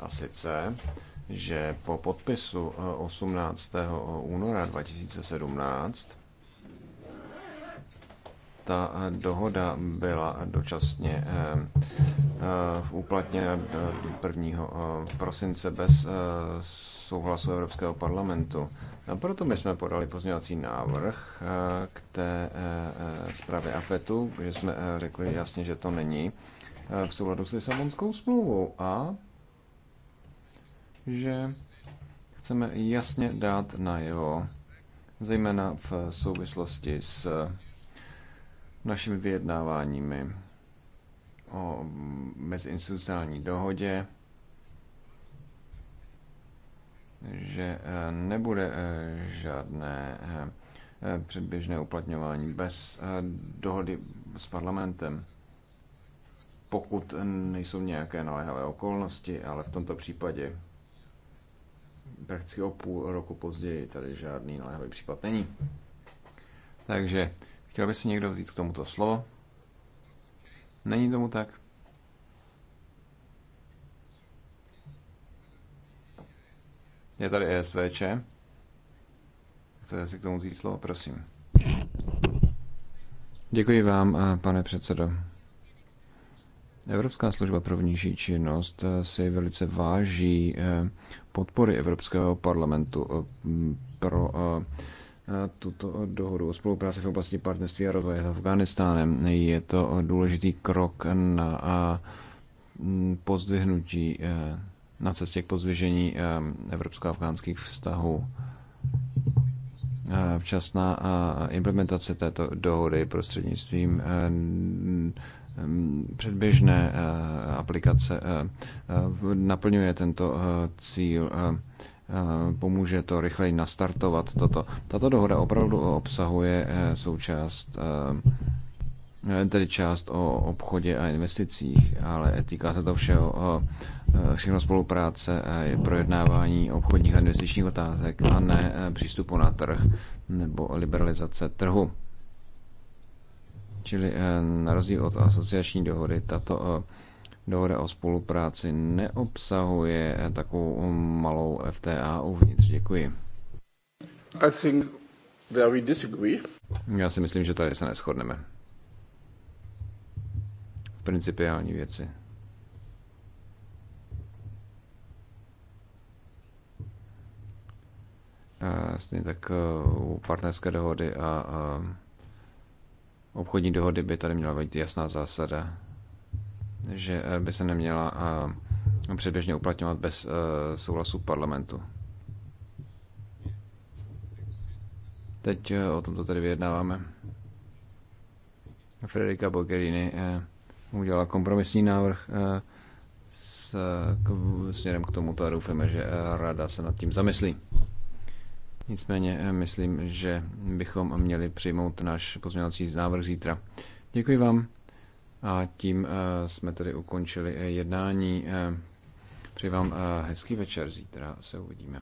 A sice, že po podpisu 18. února 2017 ta eh, dohoda byla dočasně eh, eh, uplatněna 1. prosince bez souhlasu Evropského parlamentu. A proto my jsme podali pozměňovací návrh k té zprávě AFETu, že jsme řekli jasně, že to není v souladu s Lisabonskou smlouvou a že chceme jasně dát najevo, zejména v souvislosti s našimi vyjednáváními o mezinstitucionální dohodě, že eh, nebude eh, žádné eh, předběžné uplatňování bez dohody s parlamentem, pokud nejsou nějaké naléhavé okolnosti, ale v tomto případě prakticky o půl roku později tady žádný naléhavý případ není. Takže Chtěl by si někdo vzít k tomuto slovo? Není tomu tak? Je tady ESVČ. Chcete si k tomu vzít slovo? Prosím. Děkuji vám, eh, pane předsedo. Evropská služba pro vnější činnost eh, si velice váží eh, podpory Evropského parlamentu pro tuto dohodu o spolupráci v oblasti partnerství a rozvoje s Afganistánem. Je to důležitý krok na pozdvihnutí, e, na cestě k pozdvižení e, evropsko-afgánských vztahů. E, včasná implementace této dohody prostřednictvím předběžné aplikace naplňuje tento cíl Eh, pomůže to rychleji nastartovat toto. Tato dohoda opravdu obsahuje eh, součást eh, tedy část o obchodě a investicích, ale týká se to všeho, všechno spolupráce, projednávání obchodních a investičních otázek a ne přístupu na trh nebo liberalizace trhu. Čili na rozdíl od asociační dohody, tato Dohoda o spolupráci neobsahuje takovou malou FTA uvnitř. Děkuji. I think that we disagree. Já si myslím, že tady se neschodneme. V principiální věci. Stejně tak eh, u partnerské dohody a obchodní dohody by tady měla být jasná zásada že eh, by se neměla eh, předběžně uplatňovat bez eh, souhlasu parlamentu. Teď o tomto tedy vyjednáváme. Federica Bogherini udělala kompromisní návrh s, k, směrem k tomuto a doufáme, že rada se nad tím zamyslí. Nicméně myslím, že bychom měli přijmout náš pozměňovací návrh zítra. Děkuji vám. A tím eh, jsme tedy ukončili eh, jednání. Eh, přeji vám hezký večer, zítra se uvidíme.